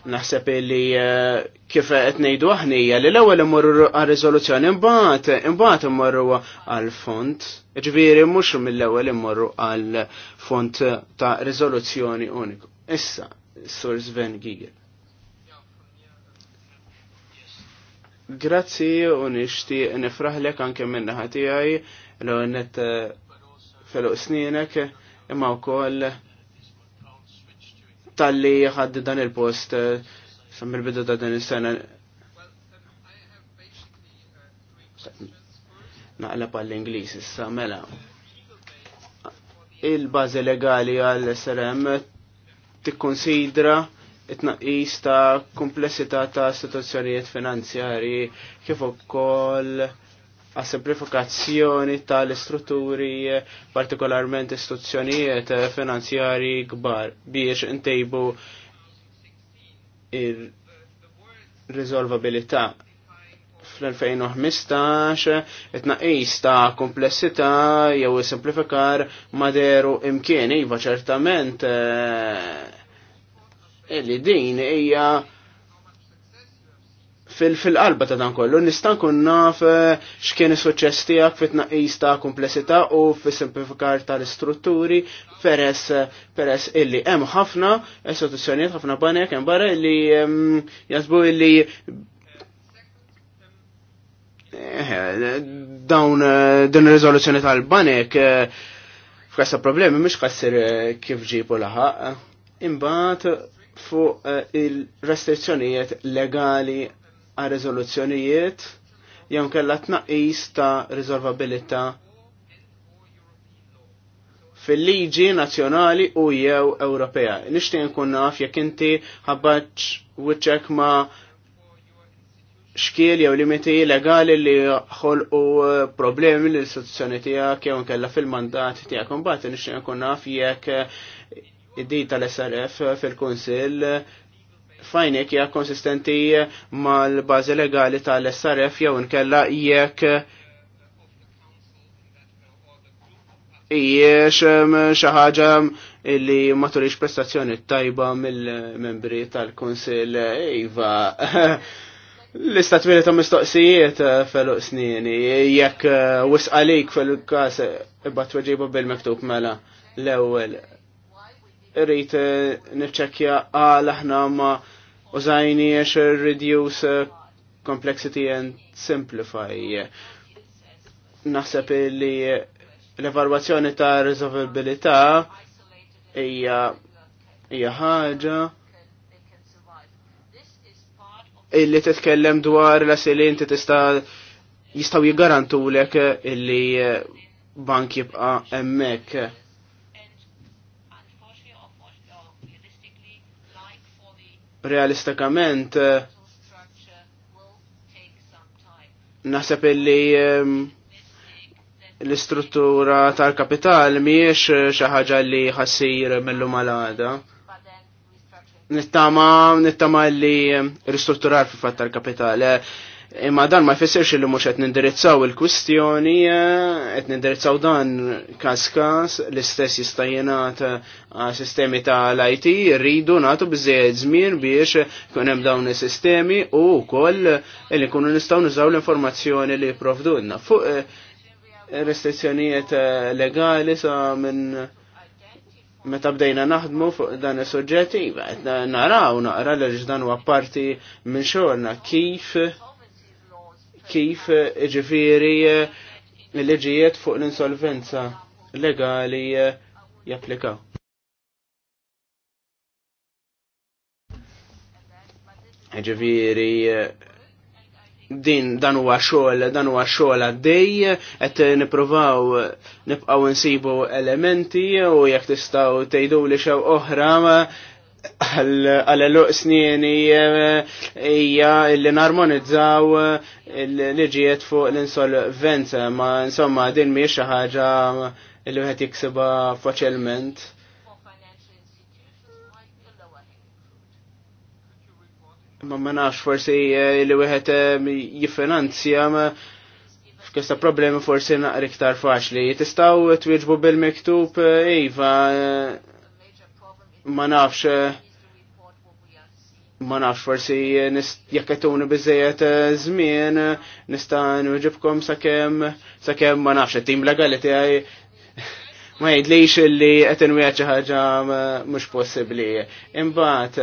naħseb li eh, kif qed ngħidu hija li l-ewwel immorru għar-riżoluzzjoni imbagħad imbagħad immorru għall-font. Ġifieri mhux mill-ewwel immorru għall-font ta' riżoluzzjoni uniku. Issa, Sur Sven Giger. Grazzi u nixtieq nifraħlek anke minn naħa tiegħi l net eh, feluq snienek imma wkoll tal-li ħadd dan il-post eh, sammir bidu ta' din is-sena. Naqla pal inglis issa mela. Il-bażi legali għall SRM tikkonsidra it-naqis ta' komplessità ta' istituzzjonijiet finanzjari kif ukoll għas semplifikazzjoni tal-istrutturi partikolarment istituzzjonijiet finanzjari kbar biex intejbu ir rizolvabilità fl-2015 it-naqis ta' komplessità jew ma maderu imkien iva ċertament eh, li din hija fil-qalba ta' dan kollu nista' nkun naf eh, x'kien is-suċċess tiegħek fit-tnaqqis ta' komplessità u fis-simplifikar tal-istrutturi peress peress illi hemm ħafna istituzzjonijiet ħafna banek hemm barra illi jasbu illi eh, dawn eh, din ir-riżoluzzjoni tal-banek f'kassa problemi mhux qassir kif ġibu laħaq. Imbagħad fuq il-restrizzjonijiet legali għal rezoluzzjonijiet jew kellha tnaqqis ta' riżolvabilità fil-liġi nazzjonali u jew Ewropea. Nixtieq nkun naf jekk inti ħabbaġġ wiċċek ma' xkiel jew limiti legali li ħolqu problemi l istituzzjoni tiegħek jew nkella fil-mandat tiegħek. Imbagħad nixtieq nkun naf jekk id-dita tal-SRF fil-Kunsill fajnek hija konsistenti mal-bażi legali tal-SRF jew inkella jekk jiex xi ħaġa li ma prestazzjoni tajba mill-membri tal-Kunsill iva. *laughs* L-istat ta' mistoqsijiet eh, feluq snini, jekk eh, wisqalik fil-kas ibbat eh, tweġibu bil-mektub mela l-ewwel rrit eh, nifċekja għal ah, aħna ma għax reduce eh, complexity and simplify. Naħseb li l-evalwazzjoni ta' resolvabilità hija hija ħaġa illi titkellem dwar la silin ti tista' jistgħu jiggarantulek illi eh, bank jibqa' hemmhekk realistikament eh, naħseb illi eh, l-istruttura tal-kapital miex eh, xi ħaġa li ħassir mill malada. Nittama, nittama li ristrutturar fil fatt tal-kapital. Imma dan ma jfessirx li mhux qed nindirizzaw il-kwistjoni, eh, qed nindirizzaw dan każ-każ l-istess jista' jingħat sistemi ta' l-IT rridu nagħtu biżejjed żmien biex kun hemm dawn is-sistemi u wkoll li nkunu nistgħu nużaw l-informazzjoni li jipprovdulna. Fuq eh, restrizzjonijiet eh, legali sa minn meta bdejna naħdmu fuq dan is-suġġetti, iva, naraw naqra li dan huwa parti minn xogħolna kif kif eh, ġifiri eh, l-leġijiet fuq l-insolvenza legali eh, japplikaw. Ġifiri din dan huwa xogħol dan huwa xogħol għaddej qed nippruvaw nibqgħu nsibu elementi u jekk tistgħu tgħidu li xew oħra għal-eluq snini eh, hija li narmonizzaw eh, l-liġijiet fuq l-insolvenza, ma insomma din mhijiex xi ħaġa li wieħed jiksiba faċilment. Ma ma nafx forsi eh, li wieħed jiffinanzja f'kesta problemi forsi naqri iktar faċli. Tistgħu twieġbu bil-miktub iva ma nafx eh, ma nafx forsi jekketuni bizzejet zmin eh, nistan eh, nista' nġibkom sakem, sakem ma nafx it-tim legality tiegħi *laughs* ma jgħidlix li qed inwieħed xi ħaġa mhux possibbli. Imbagħad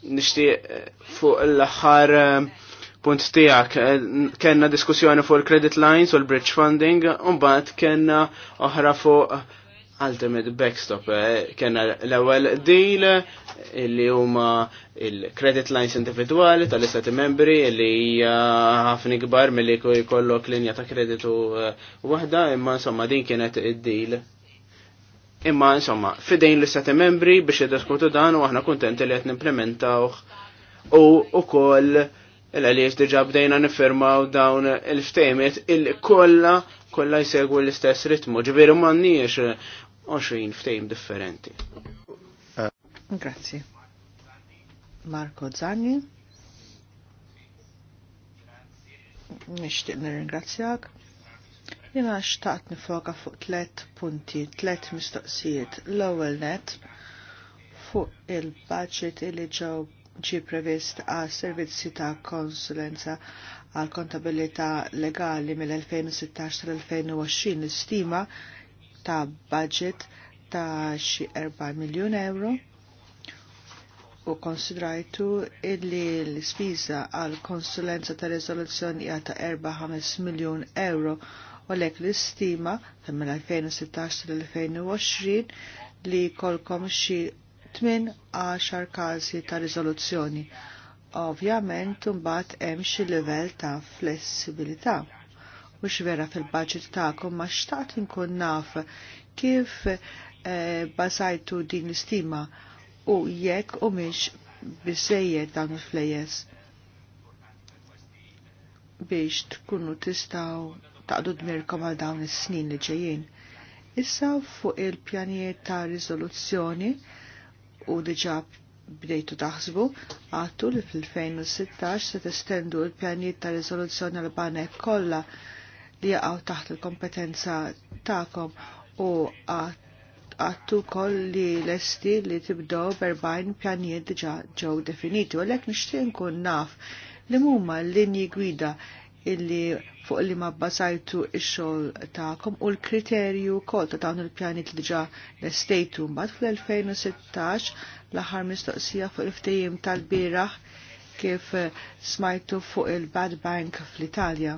nixtieq fuq l-aħħar punt tijak eh, kena diskussjoni fuq il-credit lines u l-bridge funding, bat kena oħra fuq ultimate backstop. Eh, kena l-ewel deal li huma il-credit lines individuali tal-istati membri li ħafna gbar mill-li jkollok linja ta' kreditu eh, waħda, imma insomma din kienet id-deal Imma insomma, fidejn l-istati membri biex id-diskutu dan u aħna kontenti li qed nimplementawh u ukoll l-għaliex diġa bdejna nifirmaw dawn il ftemet il-kolla kolla jsegwu l-istess ritmu, ġveri manniex 20 eh, ftejm differenti. Eh. Grazzi. Marco Zanni. Nishtiq nirringrazzjak. Jena xtaqt nifoka fuq tlet punti, tlet mistoqsijiet. L-ewwel net fuq il-budget li ġew ġi previst għal servizzi ta' konsulenza għal kontabilità legali mill-2016 tal-2020 l-istima ta' budget ta' xi 4 miljun euro u konsidrajtu illi l-spiża għal konsulenza ta' rezoluzzjoni hija ta' 4-5 miljun euro u lek l-istima ta' mill-2016 tal-2020 li kolkom xi Tmin għaxar każi ta' riżoluzzjoni. Ovvjament mbagħad hemm xi livell ta' flessibilità. Mhux vera fil-budget tagħkom ma xtaqt inkun naf kif eh, basajtu din l-istima u jekk u mhix biżejjed dawn il-flejes biex tkunu tistaw taqdu dmirkom għal dawn is-snin li ġejjin. Issa fuq il-pjanijiet ta' riżoluzzjoni u diġa bdejtu taħsbu għattu li fil-2016 se testendu l pjanijiet ta' rizoluzzjoni l-banek kollha li jaqgħu taħt il-kompetenza tagħkom u għattu koll li lesti li tibdow berbajn pjanijiet diġa ġew definiti u l-ek nixtieq nkun naf li huma l-linji gwida illi fuq li ma bbażajtu il xogħol tagħkom u l-kriterju kol ta' dawn il-pjani li ġa l-estejtu mbagħad fl-2016 l-aħħar mistoqsija fuq il ftejim tal-bieraħ kif smajtu fuq il-Bad Bank fl-Italja.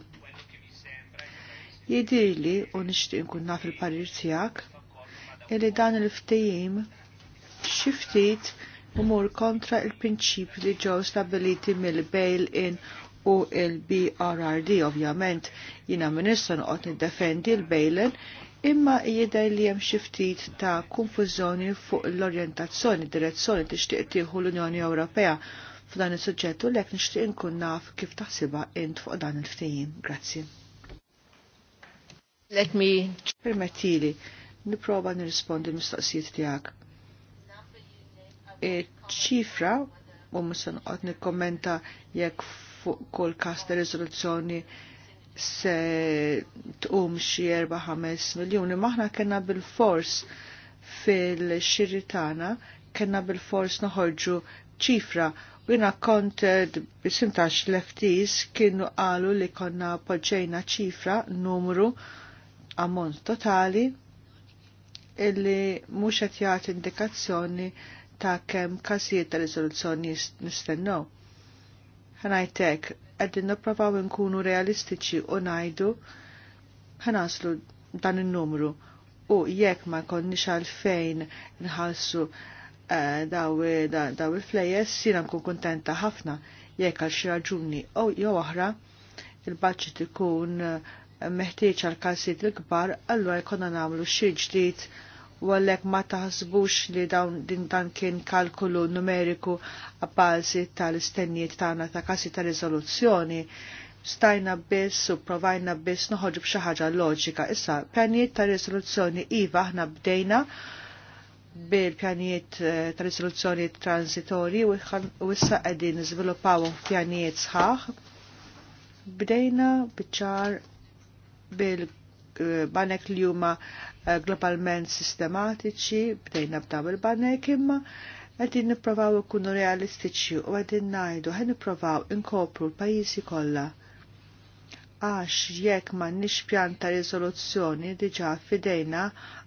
Jidirli u nixtieq nkun naf il-parir tiegħek illi dan il ftejim xi ftit umur kontra il-prinċip li ġew stabiliti mill-bail-in u il-BRRD ovvjament jina minissa għot nid-defendi l-bejlen imma jidher li hemm xi ftit ta' konfużjoni fuq l-orjentazzjoni, direzzjoni tixtieq tieħu l-Unjoni Ewropea f'dan is-suġġett u lek nixtieq inkun naf kif taħsiba int fuq dan il ftijin Grazzi. Let me permettili nipprova nirrispondi l-mistoqsijiet tiegħek. Ċifra u mhux se noqgħod nikkommenta jekk fuq kull kas ta' riżoluzzjoni se tqum xi 4-5 miljuni. Maħna kena bil-fors fil-xirri tagħna kena bil-fors noħorġu ċifra u jina kont eh, bisintax leftis kienu qalu li konna poġġejna ċifra numru ammont totali illi mhux qed jagħti indikazzjoni ta' kemm każijiet ta' riżoluzzjoni nistennew ħanajtek għaddin napravaw nkunu realistiċi u najdu ħanaslu dan il-numru u jekk ma konniex għalfejn nħalsu eh, daw il-flejes sina nkun kontenta ħafna jekk għal xi raġuni u jew oħra il-budget ikun meħtieġ għal każijiet l-kbar allura jkollna nagħmlu xi ġdid u għallek ma taħsbux li dawn din dan kien kalkulu numeriku għabbażi tal-istennijiet tagħna ta' kasi ta' riżoluzzjoni. Stajna biss u provajna biss noħorġu bxaħġa ħaġa loġika. Issa, pjanijiet ta' riżoluzzjoni iva aħna bdejna bil-pjanijiet eh, ta' Rizoluzzjoni transitorji u issa qegħdin zvilupaw f'pjanijiet sħaħ. Bdejna bċar bil-banek eh, li huma Eh, globalment sistematiċi, bdejna b'daw il-banek imma għedin niprofaw ikunu realistiċi u għedin najdu għed niprofaw inkopru l-pajisi kolla. Għax jekk ma nix pjanta rizoluzzjoni diġa fidejna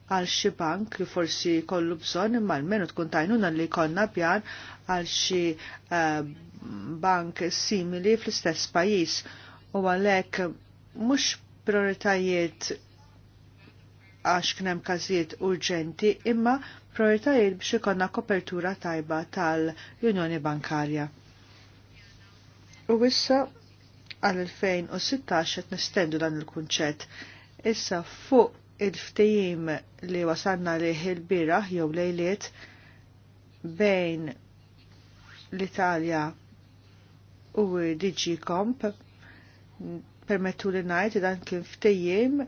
għal xi bank li forsi kollu bżonn imma almenu tkun tajnuna li konna pjan għal xi uh, bank simili fl-istess pajjiż u għalhekk mhux prioritajiet għax kien hemm każijiet urġenti imma prioritajiet biex ikonna kopertura tajba tal-Unjoni Bankarja. U issa għal-2016 qed nistendu dan il-kunċett. Issa fuq il-ftejim li wasanna liħ il bira jew lejliet bejn l-Italja u DG Comp permettu li najt dan kien ftijim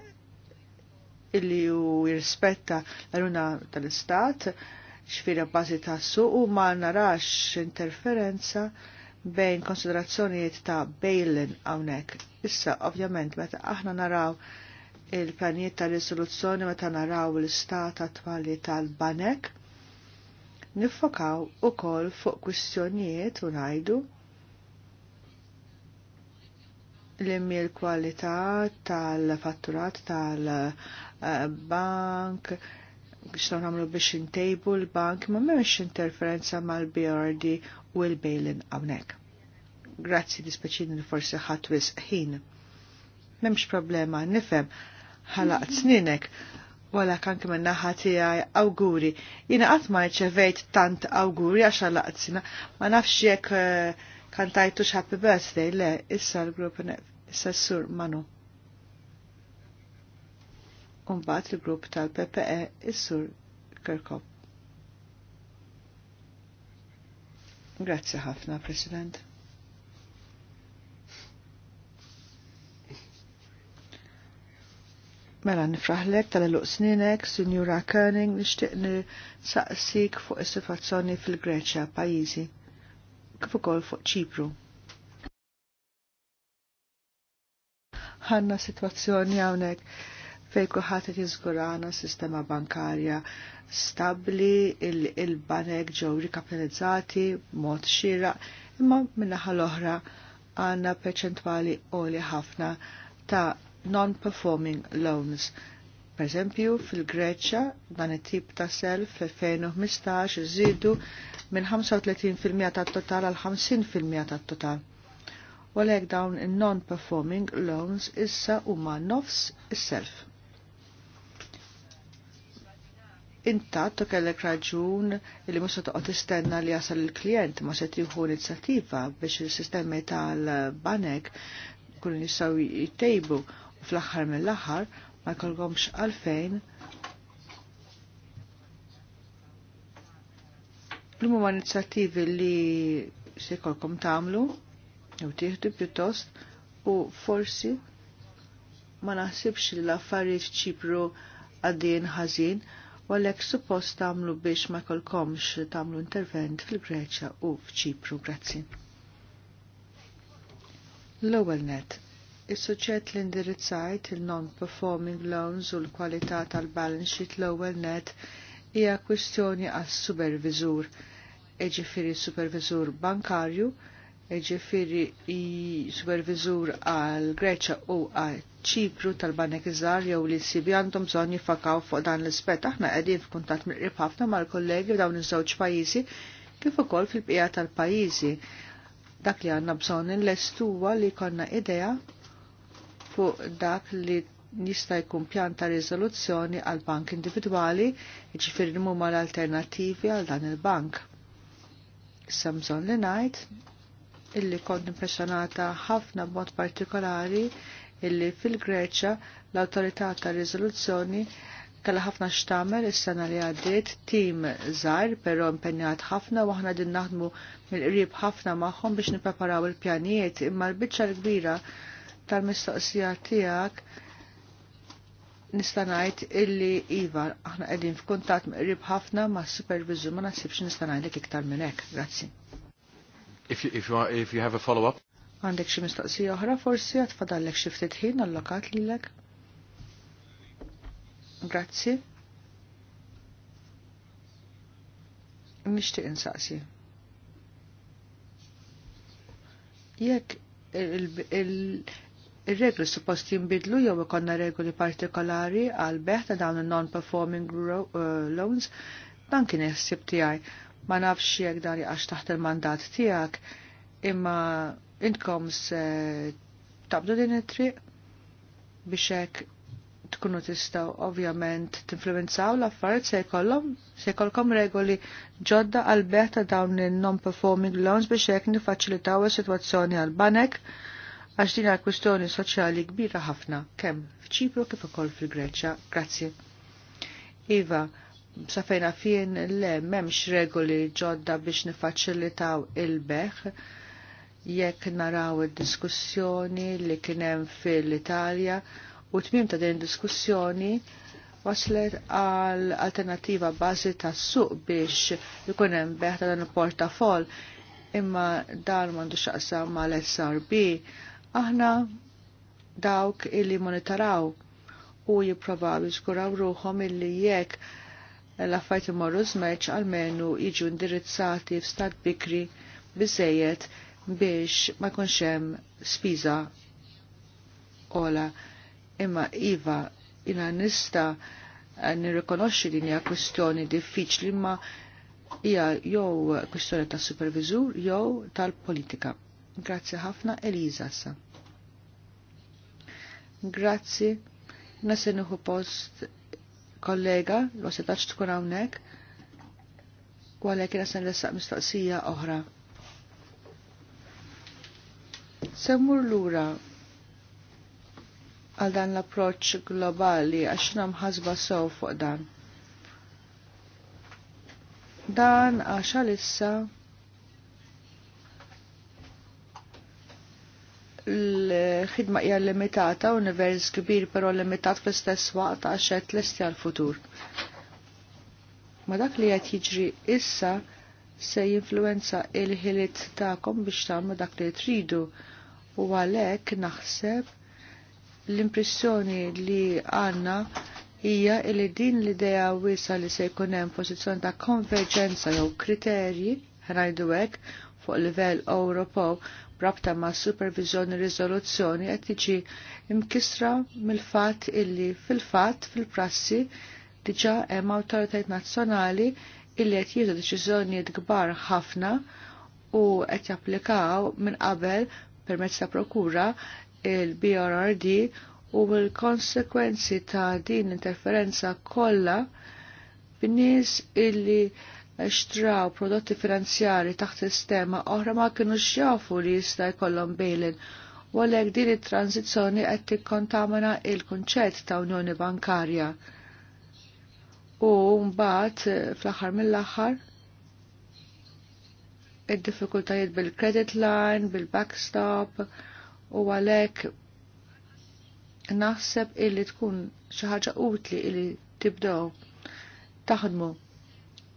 illi u jirrispetta l-għaluna tal-istat xfira bazi ta' suq u ma narax interferenza bejn konsiderazzjonijiet ta' bail-in għawnek. Issa, ovvjament, meta aħna naraw il planiet ta' risoluzzjoni meta naraw l-istat attuali tal-banek, niffokaw u kol fuq kwistjonijiet u najdu l-immi l-kwalità tal-fatturat tal Eh, bank xtaw namlu biex intejbu l-bank ma memx interferenza mal-BRD u l bailin għawnek. Grazzi dispeċin li forsi ħatwis ħin. Memx problema, nifem, ħalaqt sninek, wala kan kemm naħa tiegħi awguri. Jiena qatt ma rċevejt tant awguri għax ħalaqt sina, ma nafx jekk eh, kantajtux happy birthday le, issa l-grupp issa s-sur manu. Umbat il-grupp tal-PPE is-Sur Kirkop. Grazzi ħafna, President. Mela nifraħlek tal luq sninek, Sinjura Kerning, nixtieq saqsik fuq is-sitwazzjoni fil-Greċja, pajjiżi, kif ukoll fuq Ċipru. Ħanna sitwazzjoni hawnhekk fej kulħadd jizgurana sistema bankarja stabbli il-banek ġew rikapitalizzati b'mod xira imma min-naħa l-oħra għandna perċentwali għoli ħafna ta' non-performing loans. Per eżempju, fil-Greċja dan it-tip ta' self fl-2015 żidu minn 35% tat-total għal 50% tat-total u għalhekk dawn in-non-performing loans issa huma nofs is-self. intat u kellek raġun li musa toqgħod tistenna li jasal il-klient ma se tieħu inizjattiva biex il-sistemi tal-banek kun jistgħu jittejbu u fl-aħħar mill-aħħar ma jkollhomx għalfejn l-umu inizjattivi li se jkollkom tagħmlu jew tieħdu pjuttost u forsi ma naħsibx li l-affarijiet ċipru għaddin ħażin u għalhekk suppost tagħmlu biex ma kolkomx tagħmlu intervent fil-Greċja u f'Ċipru. Grazzi. L-ewwel net. is soċet li indirizzajt il-non-performing loans u l-kwalità tal-balance sheet l net hija kwistjoni għas supervizur eġifiri supervizur bankarju, ġifiri supervizur għal Greċa u għal ċipru tal-banek iżar jew li s-sibi għandhom bżonn jifakaw fuq dan l-ispet. Aħna qegħdin f'kuntatt mill-qrib ħafna mal-kollegi f'dawn iż-żewġ pajjiżi kif ukoll fil-bqija tal-pajjiżi. Dak li għandna bżonn inlestuwa li konna idea fuq dak li jista' jkun pjan ta' riżoluzzjoni għal bank individwali, jiġifieri huma l-alternattivi għal dan il-bank. Issa bżonn li ngħid illi kont impressjonata ħafna b'mod partikolari illi fil-Greċja l-autorità ta' riżoluzzjoni kalla ħafna xtamel is-sena li għaddiet tim żgħar però impenjat ħafna u aħna din naħdmu mill-qrib ħafna magħhom biex nippreparaw il-pjanijiet imma l-biċċa l-kbira tal-mistoqsija tiegħek nista' ngħid illi iva aħna qegħdin f'kuntatt qrib ħafna mas-supervisur ma nasibx nista' ngħidlek iktar minn hekk. Grazzi. If you, if you, are, if you have a follow-up. Għandek xie mistaqsi oħra forsi għat fadallek xi ftit ħin allokat l-ek. Grazzi. Nixtieq insaqsi. Jek il-regli supposti jimbidlu jew ikonna regoli partikolari għal beħta dawn il-non-performing eh, loans, dan kien jaħsib tiegħi ma nafx jekk dan jaqax taħt il-mandat tiegħek, imma intkom se tabdu din it-triq biex hekk tkunu tistgħu ovvjament tinfluwenzaw l-affarijiet se jkollhom se jkollkom regoli ġodda għal beħ ta' dawn il-non-performing loans biex hekk nifaċilitaw is-sitwazzjoni għal banek għax din għal kwistjoni soċjali kbira ħafna kemm f'Ċipru kif ukoll fil-Greċja. Grazzi. Iva, safejna fien le memx regoli ġodda biex nifacilitaw il-beħ jekk naraw id-diskussjoni li kienem fil-Italja u tmim ta' din diskussjoni waslet għal alternativa bazi ta' suq biex jkun hemm beħ ta' dan il-portafol imma dan xaqsa xaqsam mal SRB aħna dawk illi monitaraw u jipprovaw jiskuraw ruħom illi jekk l-affajt imorru zmeċ għalmenu jiġu indirizzati f'stat bikri bizzejiet biex ma jkunx hemm spiża ola imma iva jina nista nirrikonoxxi din hija kwistjoni diffiċli ma hija jew kwistjoni ta' supervizur jew tal-politika. Grazzi ħafna Eliza sa. Grazzi, nasinuħu post kollega, l-għasja setax tkun hawnhekk, u għalhekk sen se nressaq mistoqsija oħra. Semmur lura għal dan l-approċ globali għax namħasba sew fuq dan. Dan għaxa issa. l-ħidma hija limitata, univers kbir però limitat fl-istess waqt għax qed lesti għall-futur. Ma dak li qed jiġri issa se jinfluenza il-ħiliet tagħkom biex tagħmlu dak li tridu u għalhekk naħseb l-impressjoni li għandna hija li din l-idea wisa li se jkun hemm pożizzjoni ta' konverġenza jew kriterji ħrajdu hekk fuq livell Ewropew rabta ma' supervizjoni rizoluzzjoni qed tiġi imkisra mill-fatt illi fil-fatt fil-prassi diġà hemm awtoritajiet nazzjonali illi qed jieħdu deċiżjonijiet kbar ħafna u qed japplikaw minn qabel permezz ta' prokura il-BRRD u l-konsekwenzi ta' din l interferenza kollha bin-nies illi xtraw prodotti finanzjari taħt sistema oħra ma kienu xjafu li jista' jkollhom bejlin u għalhekk din it-tranzizzjoni qed tikkontamina il-kunċett ta' Unjoni Bankarja. U mbagħad eh, fl-aħħar mill-aħħar id-diffikultajiet bil-credit line, bil-backstop u għalhekk naħseb illi tkun xi ħaġa utli illi tibdew taħdmu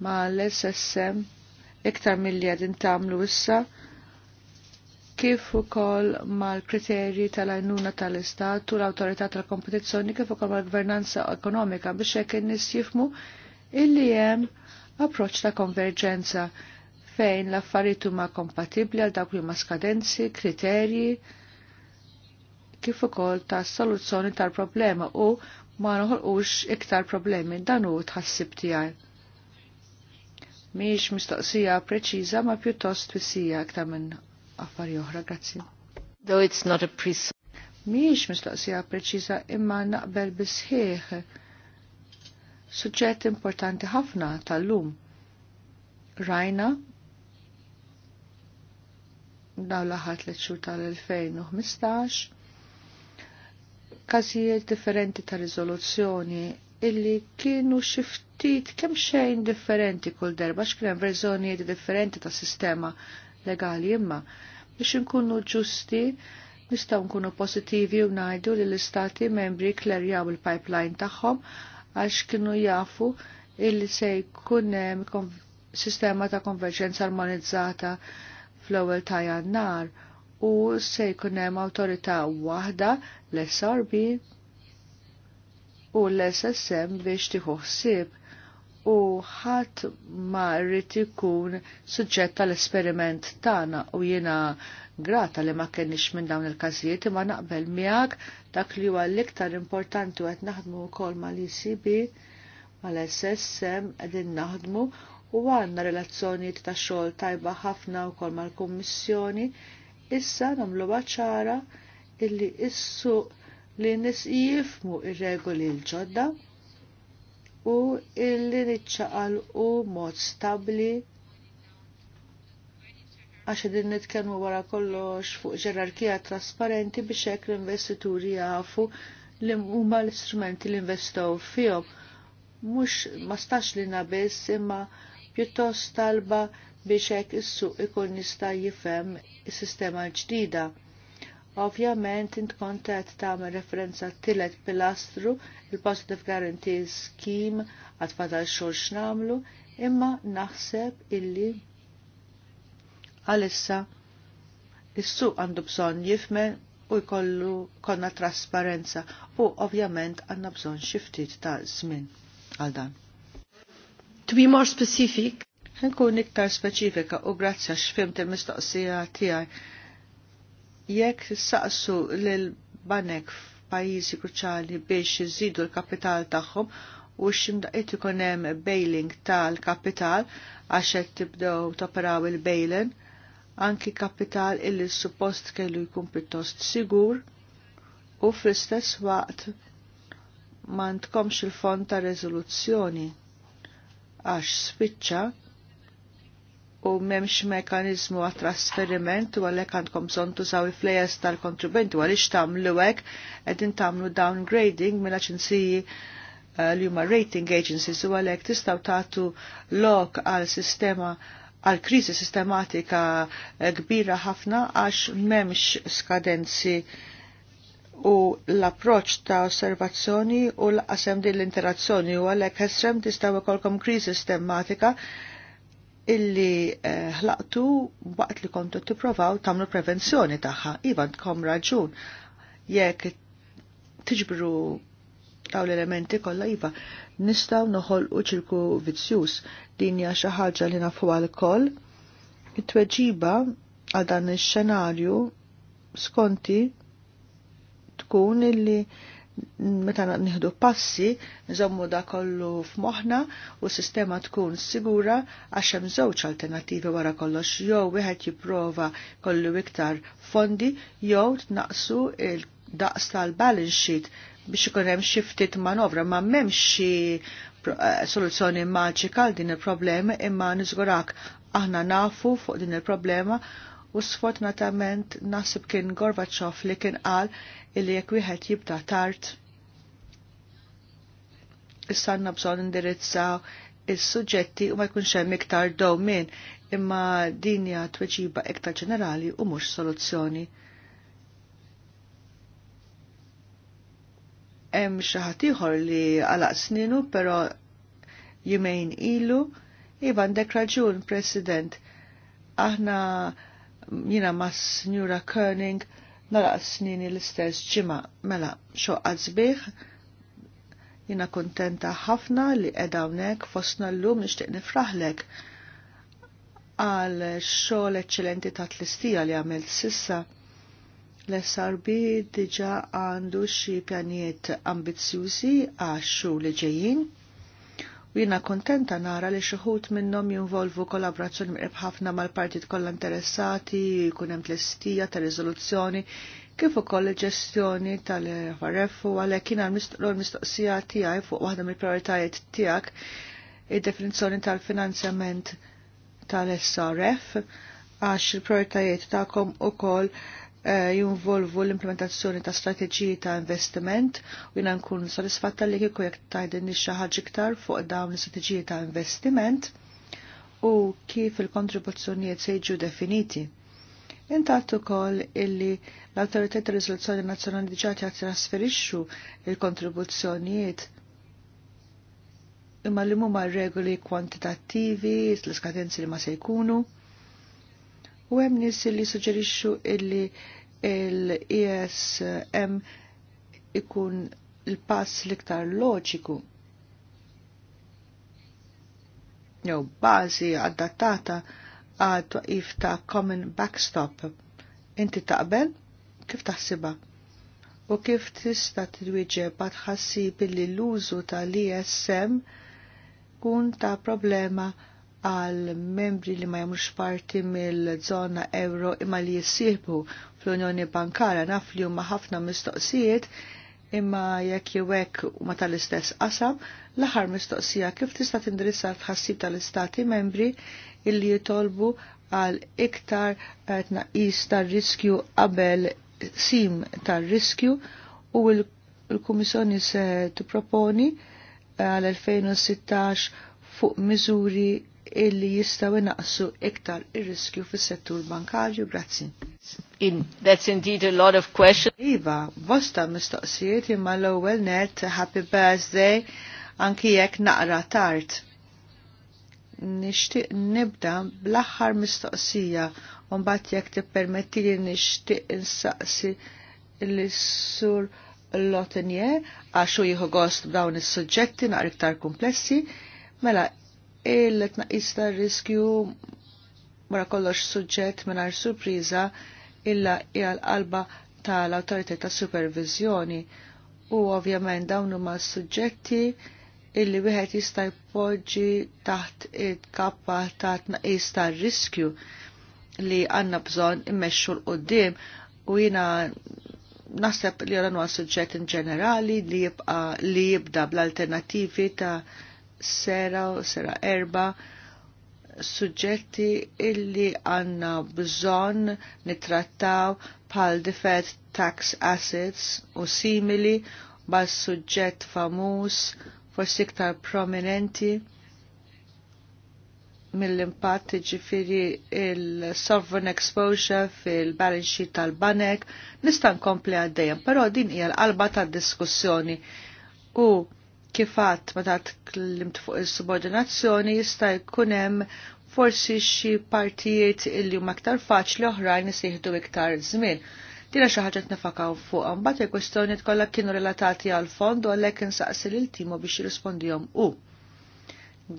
ma l-SSM iktar mill-li għadin tamlu issa kif ukoll mal-kriterji tal-għajnuna tal-Istat u l-autorità tal-kompetizzjoni kif ukoll mal-gvernanza ekonomika biex hekk in jifmu illi hemm approċċ ta' konverġenza fejn l-affarijiet huma kompatibbli għal dawk li huma skadenzi, kriterji, kif ukoll ta' soluzzjoni tal-problema u ma noħolqux iktar problemi dan u tħassib tiegħi miex mistoqsija preċiża ma pjuttost twissija aktar minn affarijiet oħra, grazzi. Though it's not a precise. Miex mistoqsija preċiża imma naqbel bisħieħ. Suġġett importanti ħafna tal-lum. Rajna daw l-aħħar tliet xhur tal-2015 każijiet differenti ta' riżoluzzjoni illi kienu xiftit kemm xejn differenti kull darba x'kien verżjonijiet differenti ta' sistema legali imma biex nkunu ġusti nistgħu nkunu pożittivi u ngħidu li l-istati membri klerjaw il-pipeline tagħhom għax kienu jafu illi se jkun sistema ta' konverġenza armonizzata fl-ewwel ta' jannar u se jkun hemm awtorità waħda l-SRB u l-SSM biex tiħuħsib u ħadd ma rrid ikun suġġett tal-esperiment tagħna u jiena grata li ma kenniex minn dawn il-każijiet imma naqbel miegħek dak li huwa l-iktar importanti u qed naħdmu wkoll mal-ECB mal-SSM qegħdin naħdmu u għandna relazzjonijiet ta' xogħol tajba ħafna wkoll mal-Kummissjoni issa nagħmlu ċara illi issu li nis jifmu ir-regoli l-ġodda u illi nitċaqal u mod stabli għax din nitkellmu wara kollox fuq ġerarkija trasparenti biex hekk l-investituri jafu li huma l-istrumenti li investew fihom. Mhux ma stax li biss imma pjuttost talba biex hekk is-suq ikun jista' jifhem is-sistema l-ġdida Ovvjament int kontet tagħmel referenza tillet pilastru il-Positive Guarantee Scheme għad fadal xogħol x'namlu, imma naħseb illi għalissa is-suq għandu bżonn jifmen u jkollu konna trasparenza u ovvjament għandna bżonn xi ftit ta' żmien għal dan. To be more specific, nkun iktar speċifika u grazzi għax fimt il-mistoqsija tiegħi Jekk saqsu l-banek f'pajjiżi kruċali biex iżidu l-kapital tagħhom u x'imdaqiet ikun hemm bailing tal-kapital għax qed tibdew toperaw il-bailen, anki kapital illi suppost kellu jkun pjuttost sigur u fl-istess waqt ma il-fond ta' riżoluzzjoni għax spiċċa u memx mekanizmu għat trasferiment u għalek għandkom son tużaw i flejes tal-kontribenti u għalix tamlu għek edin tamlu downgrading mill ċinsiji l eh, li huma rating agencies u għalek tistaw tatu lok għal sistema għal krizi sistematika eh, kbira ħafna għax memx skadenzi u l-approċ ta' osservazzjoni u l-qasem din l-interazzjoni u għalek estrem tistaw ikolkom krizi sistematika illi eh, ħlaqtu waqt li kontu tipprovaw tagħmlu prevenzjoni tagħha. Iva tkom raġun jekk tiġbru taw l-elementi kollha iva nistgħu noħolqu ċirku vizzjus din hija xi ħaġa li nafu għal-koll. it-tweġiba għal dan ix-xenarju skonti tkun illi meta nħdu passi, nżommu da kollu f'moħħna u s-sistema tkun sigura għax hemm żewġ alternattivi wara kollox jew wieħed jipprova kollu iktar fondi jew tnaqsu il-daqs tal-balance sheet biex ikun hemm xi ftit manovra ma m'hemmx xi eh, soluzzjoni maġika għal din il-problema imma niżgurak aħna nafu fuq din il-problema U sfortunatament nasib kien Gorbaċov li kien qal illi jekk wieħed jibda tard issa għandna bżonn indirizzaw is-suġġetti u ma jkunx hemm iktar min imma din hija tweġiba iktar ġenerali u mhux soluzzjoni. Hemm xi ħadd ieħor li għalaq sninu però jimejn ilu Ivan għandek raġun, President. Aħna jina ma' Snura nara s snini l-istess ġima mela xoqqa zbieħ jina kontenta ħafna li edawnek fosna l-lum nishtiq nifraħlek għal xogħol eċċellenti ta' tlistija li għamil sissa. L-SRB diġa għandu xi pjanijiet ambizzjużi għax xhur li ġejjin u jina kontenta nara li xuħut minnom jinvolvu kollaborazzjoni mqrib ħafna mal-partit kollha interessati, kunem hemm tlestija ta' riżoluzzjoni kif ukoll il-ġestjoni tal-RFRF u għalhekk jiena l-mistoqsija tiegħi fuq waħda mill prioritajiet tiegħek id-definizzjoni tal-finanzjament tal-SRF għax il-prioritajiet tagħkom ukoll Eh, jinvolvu l-implementazzjoni ta' strateġiji ta' investiment u jina nkun sodisfatta li kieku jekk tajdin xaħġa iktar fuq dawn l-strateġiji ta' investiment u kif il-kontribuzzjonijiet se jiġu definiti. Intattu ukoll illi l-Awtorità ta' Riżoluzzjoni Nazzjonali diġà trasferixxu il-kontribuzzjonijiet imma li huma regoli kwantitattivi, l-iskadenzi li ma se jkunu U hemm nies li suġġerixxu illi l ism ikun il-pass l-iktar loġiku jew bażi adattata għal twaqif ta' common backstop. Inti taqbel? Kif taħsibha? U kif tista' tidwiġeb għad ħassib li l-użu tal-ISM kun ta' problema għal membri li ma jamux parti mill-zona euro imma li jissieħbu fl-Unjoni Bankara naf li huma ħafna mistoqsijiet imma jekk jewek ma tal-istess qasam, l-aħħar mistoqsija kif tista' tindirizza tħassib tal-istati membri illi jitolbu għal iktar eh, tnaqis tar-riskju qabel sim tar-riskju u l-Kummissjoni se tipproponi eh, għal 2016 fuq miżuri illi jistaw naqsu iktar ir-riskju fis-settur bankarju. Grazzi. In, that's indeed a lot of questions. Iva, bosta mistoqsijiet imma l-ewwel net happy birthday anki jekk naqra tard. Nixtieq nibda bl-aħħar mistoqsija u mbagħad jekk li nixtieq insaqsi l-sur Lotenier għaxu jieħu gost b'dawn is-suġġetti naqra iktar komplessi, mela il-tnaqis ta' riskju wara kollox suġġett mingħajr surpriża illa jgħal qalba qalba tal-awtorità ta' supervizjoni u ovvjament dawn huma suġġetti illi wieħed jista' jpoġġi taħt il-kappa ta' tnaqis ta' riskju li għandna bżonn immexxu l-qudiem u jiena naħseb li għal suġġett in ġenerali li jibqa li jibda bl-alternativi ta' sera u sera erba suġġetti illi għanna bżon nitrattaw pal defed tax assets u simili bal suġġett famus forsi ktar prominenti mill impatti ġifiri il-sovereign exposure fil-balance sheet tal-banek nistan kompli għaddejjem, pero din hija l-qalba tad-diskussjoni u kifat ma tat klimt fuq il-subordinazzjoni jista' jkun hemm forsi xi partijiet illi huma aktar faċli oħrajn isieħdu iktar żmien. Tira xi ħaġa tnefakaw fuq mbagħad il-kwestjonijiet kollha kienu relatati għal fond u għalhekk insaqsi lil timu biex jirrispondihom u.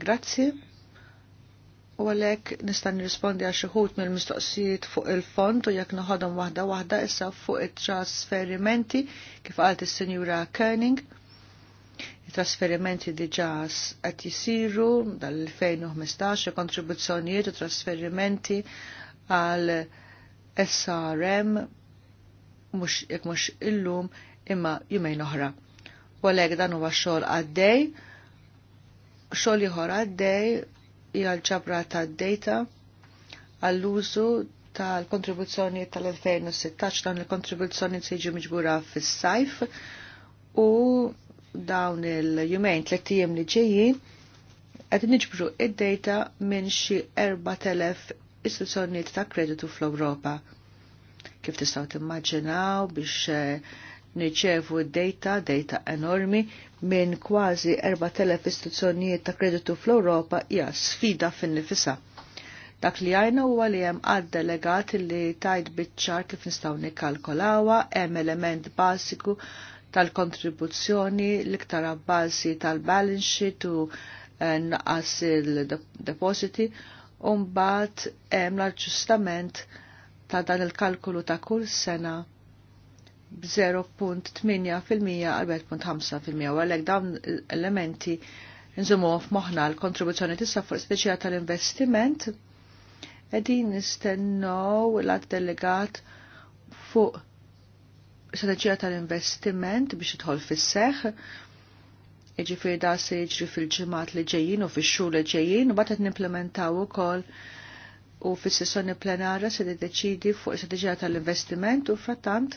Grazzi. U għalhekk nista' nirrispondi għal xi ħut mill-mistoqsijiet fuq il-fond u jekk noħodhom waħda waħda issa fuq it-trasferimenti kif qalt is-Sinjura Koenig trasferimenti diġa qed jisiru dal-2015 kontribuzzjonijiet u trasferimenti għal SRM mhux jekk mhux illum imma jumejn oħra. U għalhekk dan huwa xogħol għaddej, xogħol ieħor għaddej hija l-ġabra tad-data għall-użu tal-kontribuzzjoni tal-2016 dan il-kontribuzzjoni se jiġu miġbura fis-sajf u dawn il-jumejn tlettijem li ġejjin qed niġbru id-data minn xi 4000 istituzzjonijiet ta' kreditu fl-Ewropa. Kif tistgħu timmaġinaw biex eh, nirċevu d-data, data enormi, minn kważi 4000 istituzzjonijiet ta' kreditu fl-Ewropa hija sfida fin nifisa Dak li għajna huwa li hemm għad delegat li tajt biċċar kif nistgħu nikkalkolawha, hemm element basiku tal-kontribuzzjoni l-iktar abbazi tal-balance sheet u eh, naqas il-depositi u mbagħad hemm eh, l-aġġustament ta' dan il-kalkulu ta' kull sena b-0.8% għal 1.5% u għalhekk dawn elementi nżumu f'moħħna l-kontribuzzjoni tista' fuq speċjal tal-investiment qegħdin istennu l għad delegat fuq strategija tal-investiment biex idħol fis-seħ, iġifiri da se jiġri fil ġimat li ġejjin u fil-xur li ġejjin, u batet nimplementaw u kol u fil-sessjoni plenara se deċidi fuq strategija tal-investiment u frattant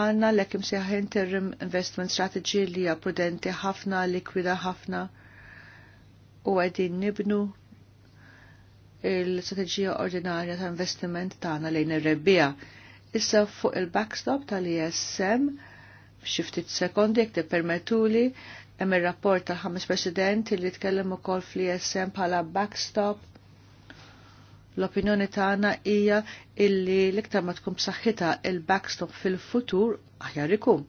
għanna l seħ interim investment strategy li hija prudenti ħafna, likwida ħafna u għedin nibnu il-strategija ordinarja ta' investiment tagħna lejn ir-rebbija. Issa fuq il-backstop tal-ISM, xiftit sekondi jek permetuli hemm ir-rapport tal-ħames Presidenti li tkellem ukoll fl-ISM bħala backstop. L-opinjoni tagħna hija illi l-iktar ma tkun b'saħħitha il-backstop fil-futur aħjar ikun.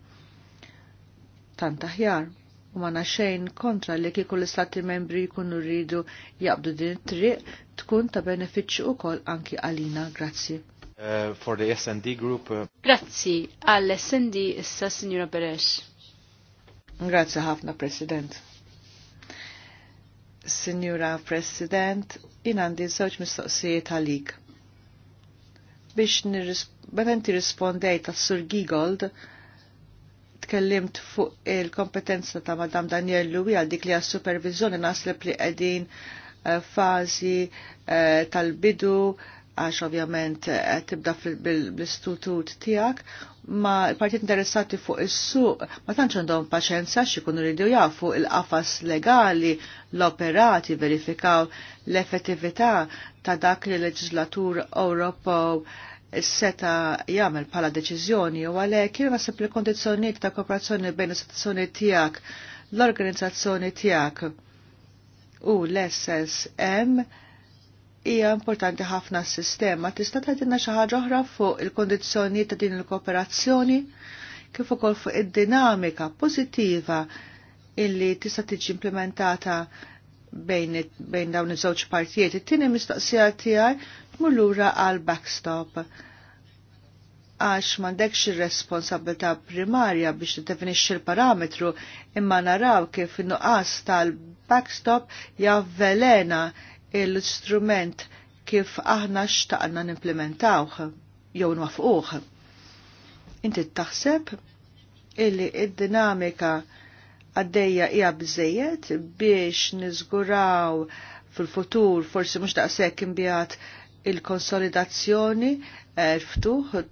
Tant aħjar. U ma xejn kontra li kieku l-istati membri jkunu rridu jaqbdu din it-triq tkun ta' benefiċċju ukoll anki għalina. Grazzi. Uh, for the S&D group. Uh, Grazzi għall-S&D issa, Signora Beresh. Grazie ħafna, President. Signora President, jien għandi żewġ mistoqsijiet għalik. Biex meta inti rispondejt għas-Sur Gigold, tkellimt fuq il-kompetenza ta' Madam Daniel Louis għal dik li għas-supervizjoni naslep li qegħdin eh, fażi eh, tal-bidu eh, għax ovvjament eh, tibda bl istutut tijak, ma l-partijiet interessati fuq is-suq ma tantx għandhom paċenza x'ikunu ridu jafu il-qafas legali l-operati verifikaw l-effettività ta' dak li l-leġislatur Ewropew seta jagħmel bħala deċiżjoni u għalhekk jien naħseb li kondizzjonijiet ta' kooperazzjoni bejn l-istituzzjoni tiegħek l-organizzazzjoni tiegħek u l-SSM hija importanti ħafna s-sistema. Tista' tgħidilna xi ħaġa oħra fuq il-kondizzjonijiet ta' din il-kooperazzjoni kif ukoll fuq id-dinamika pożittiva illi tista' tiġi implementata bejn, bejn dawn iż-żewġ partijiet. It-tieni mistoqsija tiegħi mur lura għal backstop għax mandekx ir-responsabilità primarja biex tiddefinixxi l-parametru imma naraw kif in-nuqqas tal-backstop javvelena l-istrument kif aħna xtaqna nimplementawh jew nwafquh. Inti taħseb illi id-dinamika għaddejja hija bżejjed biex niżguraw fil-futur forsi mhux daqshekk imbjat il-konsolidazzjoni ftuħ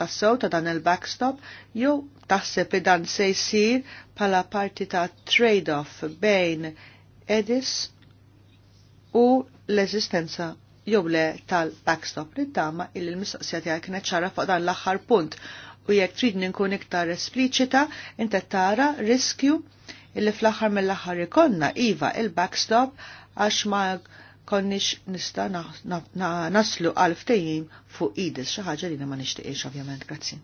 tassew ta' dan il-backstop jew taħseb dan se jsir bħala parti ta' trade-off bejn edis u l-eżistenza jew le tal-backstop li tama il mistoqsija tiegħek kienet ċara fuq dan l-aħħar punt u jekk tridni nkun iktar espliċita inti tara riskju illi fl-aħħar mill-aħħar ikonna iva il-backstop għax ma konniex nista naslu għal ftejjim fuq idis xi ħaġa li ma nixtieqx ovvjament grazzi.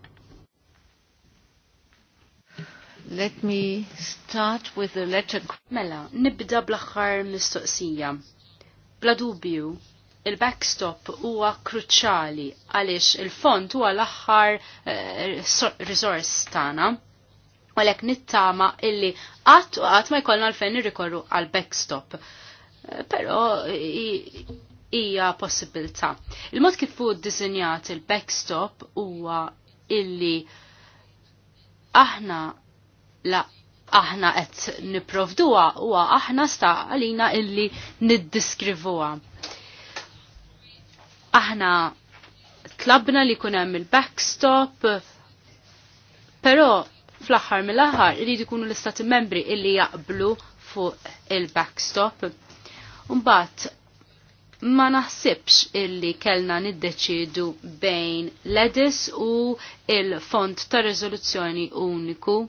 Let me start with the letter. Mela, nibda bl-aħħar mistoqsija Bla dubju, il-backstop huwa kruċali għaliex il-fond huwa l-aħħar eh, resors tagħna għalek nittama illi għat u għat ma jkollna l-fejn nirrikorru għal-backstop. Eh, Pero hija possibilità. Il-mod kif fu dizinjat il-backstop huwa illi aħna la aħna qed niprovduha huwa aħna sta għalina illi niddiskrivuha. Aħna tlabna li kun hemm il-backstop, però fl-aħħar mill-aħħar irid ikunu l-istati membri illi jaqblu fuq il-backstop. Mbagħad ma naħsibx illi kellna niddeċidu bejn l-edis u il-font ta' rezoluzzjoni uniku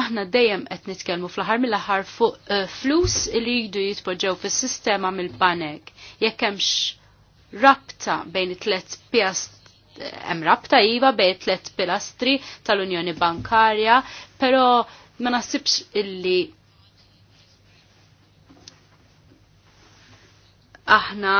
aħna dejjem qed nitkellmu fl-aħħar mill-aħħar fuq eh, flus li jridu jitpoġġew fis-sistema mill-banek. Jekk hemmx rabta bejn it-tlet pjast eh, hemm rabta iva bejn tliet pilastri tal-Unjoni Bankarja, però ma nasibx illi aħna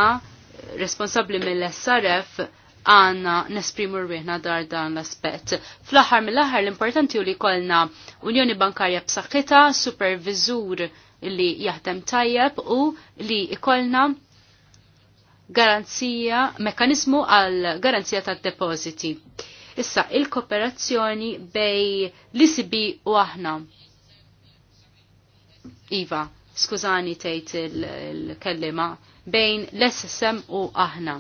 responsabbli mill-SRF għanna nesprimu rriħna dar dan l-aspet. Fl-aħħar mill-aħħar l-importanti u li kolna Unjoni Bankarja b'saħħitha, supervizur li jaħdem tajjeb u li ikolna garanzija, mekanizmu għal garanzija tad depoziti Issa, il-kooperazzjoni bej l-ICB u aħna. Iva, skużani tgħid il-kellima, bejn l-SSM u aħna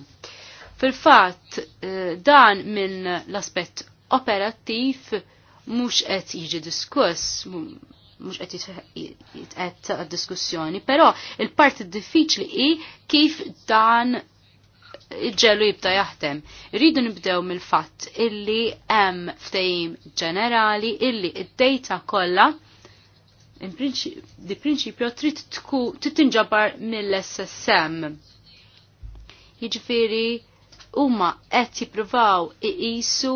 Fil-fatt eh, dan minn l-aspett operattiv mhux qed jiġi diskuss, mux qed jitqed diskussjoni, però il-parti diffiċli hi kif dan il-ġelu jibda jaħdem. Rridu nibdew mill-fatt illi hemm ftejim ġenerali illi id-dejta kollha di prinċipju trid tkun titinġabar mill-SSM. Jiġifieri huma qed jippruvaw iqisu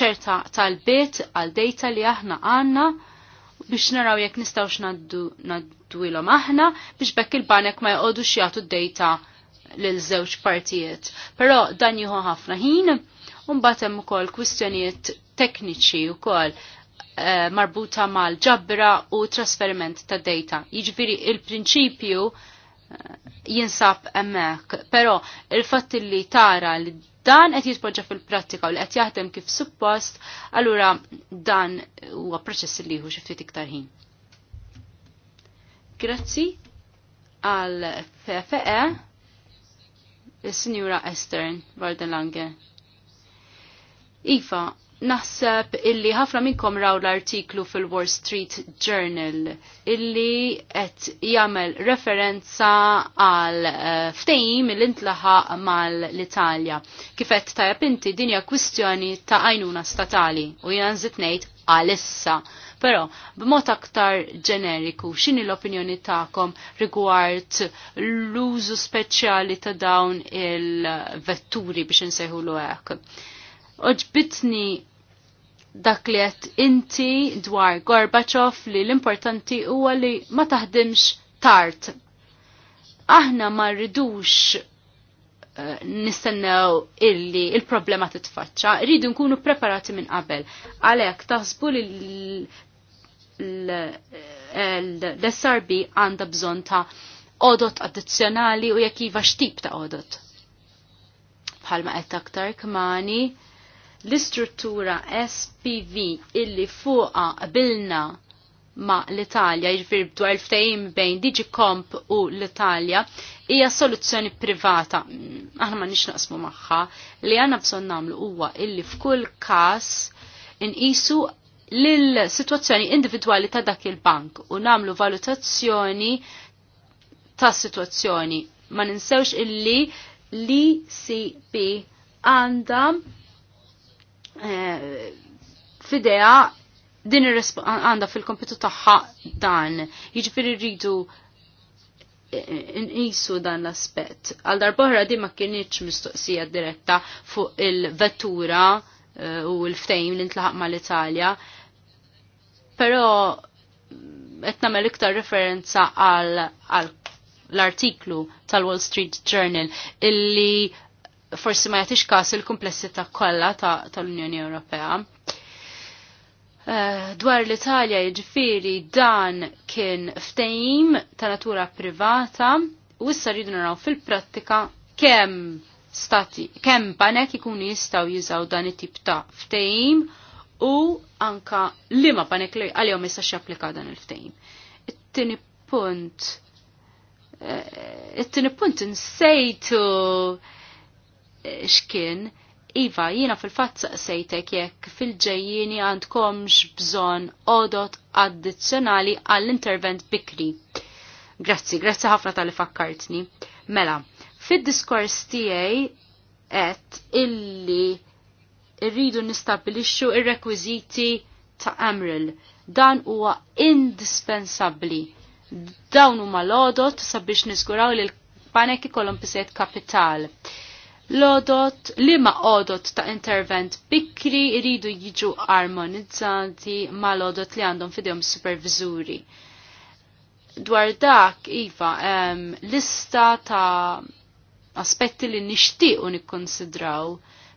ċerta tal-bit għal dejta li aħna għanna biex naraw jekk nistgħux naddwilhom aħna biex bekk il-banek ma jqogħdux jagħtu d-dejta lil żewġ partijiet. Però dan jieħu ħafna ħin u mbagħad hemm ukoll kwistjonijiet tekniċi wkoll eh, marbuta mal-ġabra u trasferiment ta' dejta Jiġifieri il-prinċipju jinsab emmek, pero il-fatt li tara li dan qed jitpoġġa fil-prattika u li qed jaħdem kif suppost, allura dan huwa proċess li hu xiftit iktar ħin. Grazzi għal FFE il-Sinjura Estern Vardelange. Iva, Naħseb illi ħafna minnkom raw l-artiklu fil-Wall Street Journal illi qed jagħmel referenza għal eh, ftehim il intlaħaq mal-Italja. Kif qed tajab inti din hija kwistjoni ta' għajnuna statali u jiena nżid ngħid għalissa. Però b'mod aktar ġeneriku x'inhi l-opinjoni tagħkom rigward l-użu speċjali ta' dawn il-vetturi biex insejħulu hekk oġbitni dak li qed inti dwar Gorbachev li l-importanti huwa li ma taħdimx tard. Aħna ma rridux uh, nistennew illi il-problema titfaċċa, rridu nkunu preparati minn qabel. Għalhekk taħsbu li l-SRB għandha bżonn ta' odot addizzjonali u jekk iva xtip ta' odot. Bħalma qed aktar kmani l-istruttura SPV illi fuqa qabilna ma l-Italja, jirfir b'du il-ftajim bejn DigiComp u l-Italja, hija soluzzjoni privata. Aħna ma nix naqsmu maħħa. Li għanna bżon namlu huwa illi f'kull kas nqisu l-situazzjoni individuali ta' dak il-bank u namlu valutazzjoni ta' situazzjoni. Ma ninsewx illi l-ICP għandam Eh, fidea din għanda fil-kompetu taħħa dan. Jiġifieri rridu e- e- nqisu dan l-aspett. Għal darbohra di ma kienieċ mistoqsija diretta fuq il-vettura eh, u l-ftejm li ntlaħaq mal-Italja. Però qed nagħmel iktar referenza għal l-artiklu tal-Wall Street Journal illi forsi ma jagħtix każ il-komplessità kollha tal-Unjoni ta Ewropea. Uh, dwar l-Italja jiġifieri dan kien ftehim ta' natura privata u issa rridu naraw fil-prattika kemm stati, kem banek ikunu jistgħu jizaw dan it-tip ta' ftehim u anka liema banek li għalihom jistax japplika dan il-ftehim. It-tieni punt eh, it-tieni punt insejtu xkien, Iva, jina fil-fatt sejtek jekk fil-ġejjini għandkomx bżon odot addizzjonali għall-intervent bikri. Grazzi, grazzi ħafna tal-li fakkartni. Mela, fil-diskors tijaj et illi rridu nistabilixxu ir-rekwiziti ta' Amril. Dan huwa indispensabli. Dawn huma l-odot sabiex niżguraw li l-panek ikollhom biżejjed kapital. L-odot, li ma odot ta' intervent bikri iridu jiġu armonizzati ma l-odot li għandhom fidejhom supervizuri. Dwar dak, Iva, um, lista ta' aspetti li nixtiequ nikkonsidraw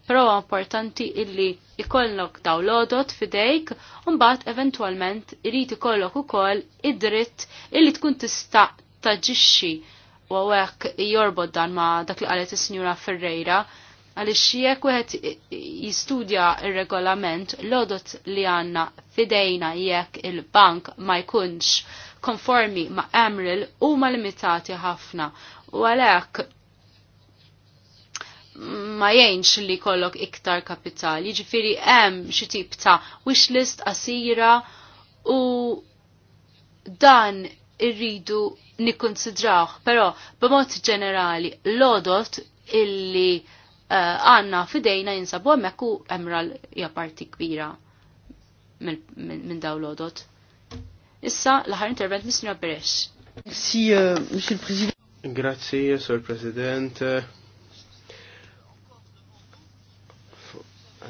pero importanti illi ikollok daw l-odot fidejk, unbat eventualment irrit ikollok u koll id-dritt illi tkun tista taġiċi u għek jorbod dan ma dak li għalet il-Sinjura Ferreira għalix jekk wieħed jistudja il regolament l-odot li għanna fidejna jekk il-bank ma jkunx konformi ma' emril u ma' limitati ħafna u għalek ma jgħinx li kollok iktar kapitali, ġifiri hemm xi tip ta' wishlist qasira u dan irridu nikkonsidraħ, però b'mod ġenerali l-odot illi eh, għanna uh, fidejna jinsabu hemmhekk u emral hija parti kbira minn daw l-odot. Issa l-aħħar intervent mis-Sinjor Beresh. Grazzi, Grazzi, Sur President.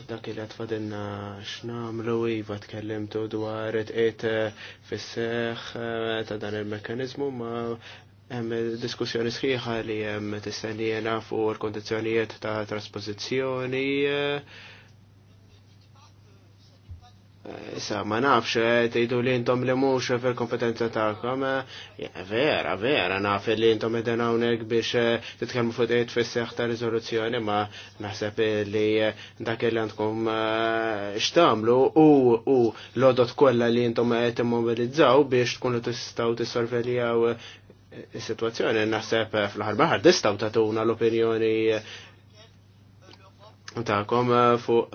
dak il għatfadilna x'namlu iva tkellimtu dwar it eh, fis eh, ta' dan il mekanizmu ma' hemm diskussjoni sħiħa li hemm tistennijena fuq il-kondizzjonijiet ta' trasposizzjoni eh, Eh, issa, ma nafx, eh, tejdu li intom li mux fil-kompetenza ta'kom, eh, vera, vera, naf li intom id hawnhekk biex titkellmu fuq dejt fis ta' rizoluzjoni, ma naħseb li dak li għandkom xtamlu u u l-odot kollha li intom qed immobilizzaw biex tkunu tistgħu tissorveljaw is-sitwazzjoni, naħseb fl-aħħar baħar tistgħu tagħtuna l-opinjoni ta'kom fuq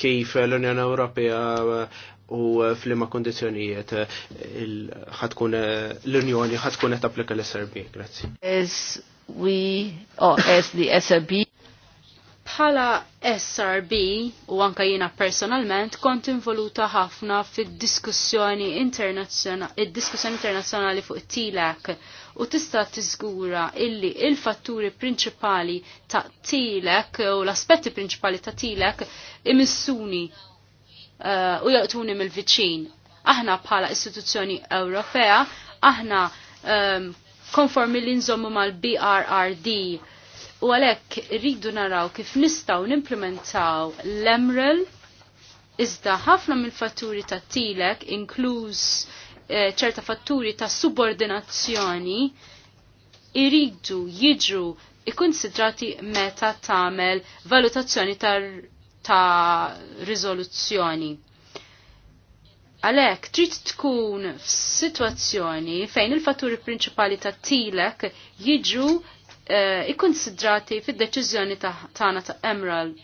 kif l-Unjoni Ewropea uh, u uh, flima kondizjonijiet uh, l-Unjoni ħatkun qed applika l-SRB. Grazzi. As we oh, as the SRB Bħala SRB u anka jina personalment kont involuta ħafna fid-diskussjoni internazzjonali, diskussjoni internazzjonali fuq TILAC u tista' tiżgura illi il-fatturi prinċipali ta' TILAC u l-aspetti prinċipali ta' TILAC imissuni uh, u jaqtuni mill-viċin. Aħna bħala istituzzjoni Ewropea, aħna um, konformi li nżommu mal-BRRD U għalhekk rridu naraw kif nistgħu nimplementaw l-emrel iżda ħafna mill-fatturi ta' tilek inkluż eh, ċerta fatturi ta' subordinazzjoni irridu jidru ikkonsidrati meta tagħmel valutazzjoni ta', ta riżoluzzjoni. Għalek, trid tkun f'sitwazzjoni fejn il-fatturi prinċipali ta' tilek jiġu Eh, ikkonsidrati fid-deċiżjoni tagħna ta' Emerald.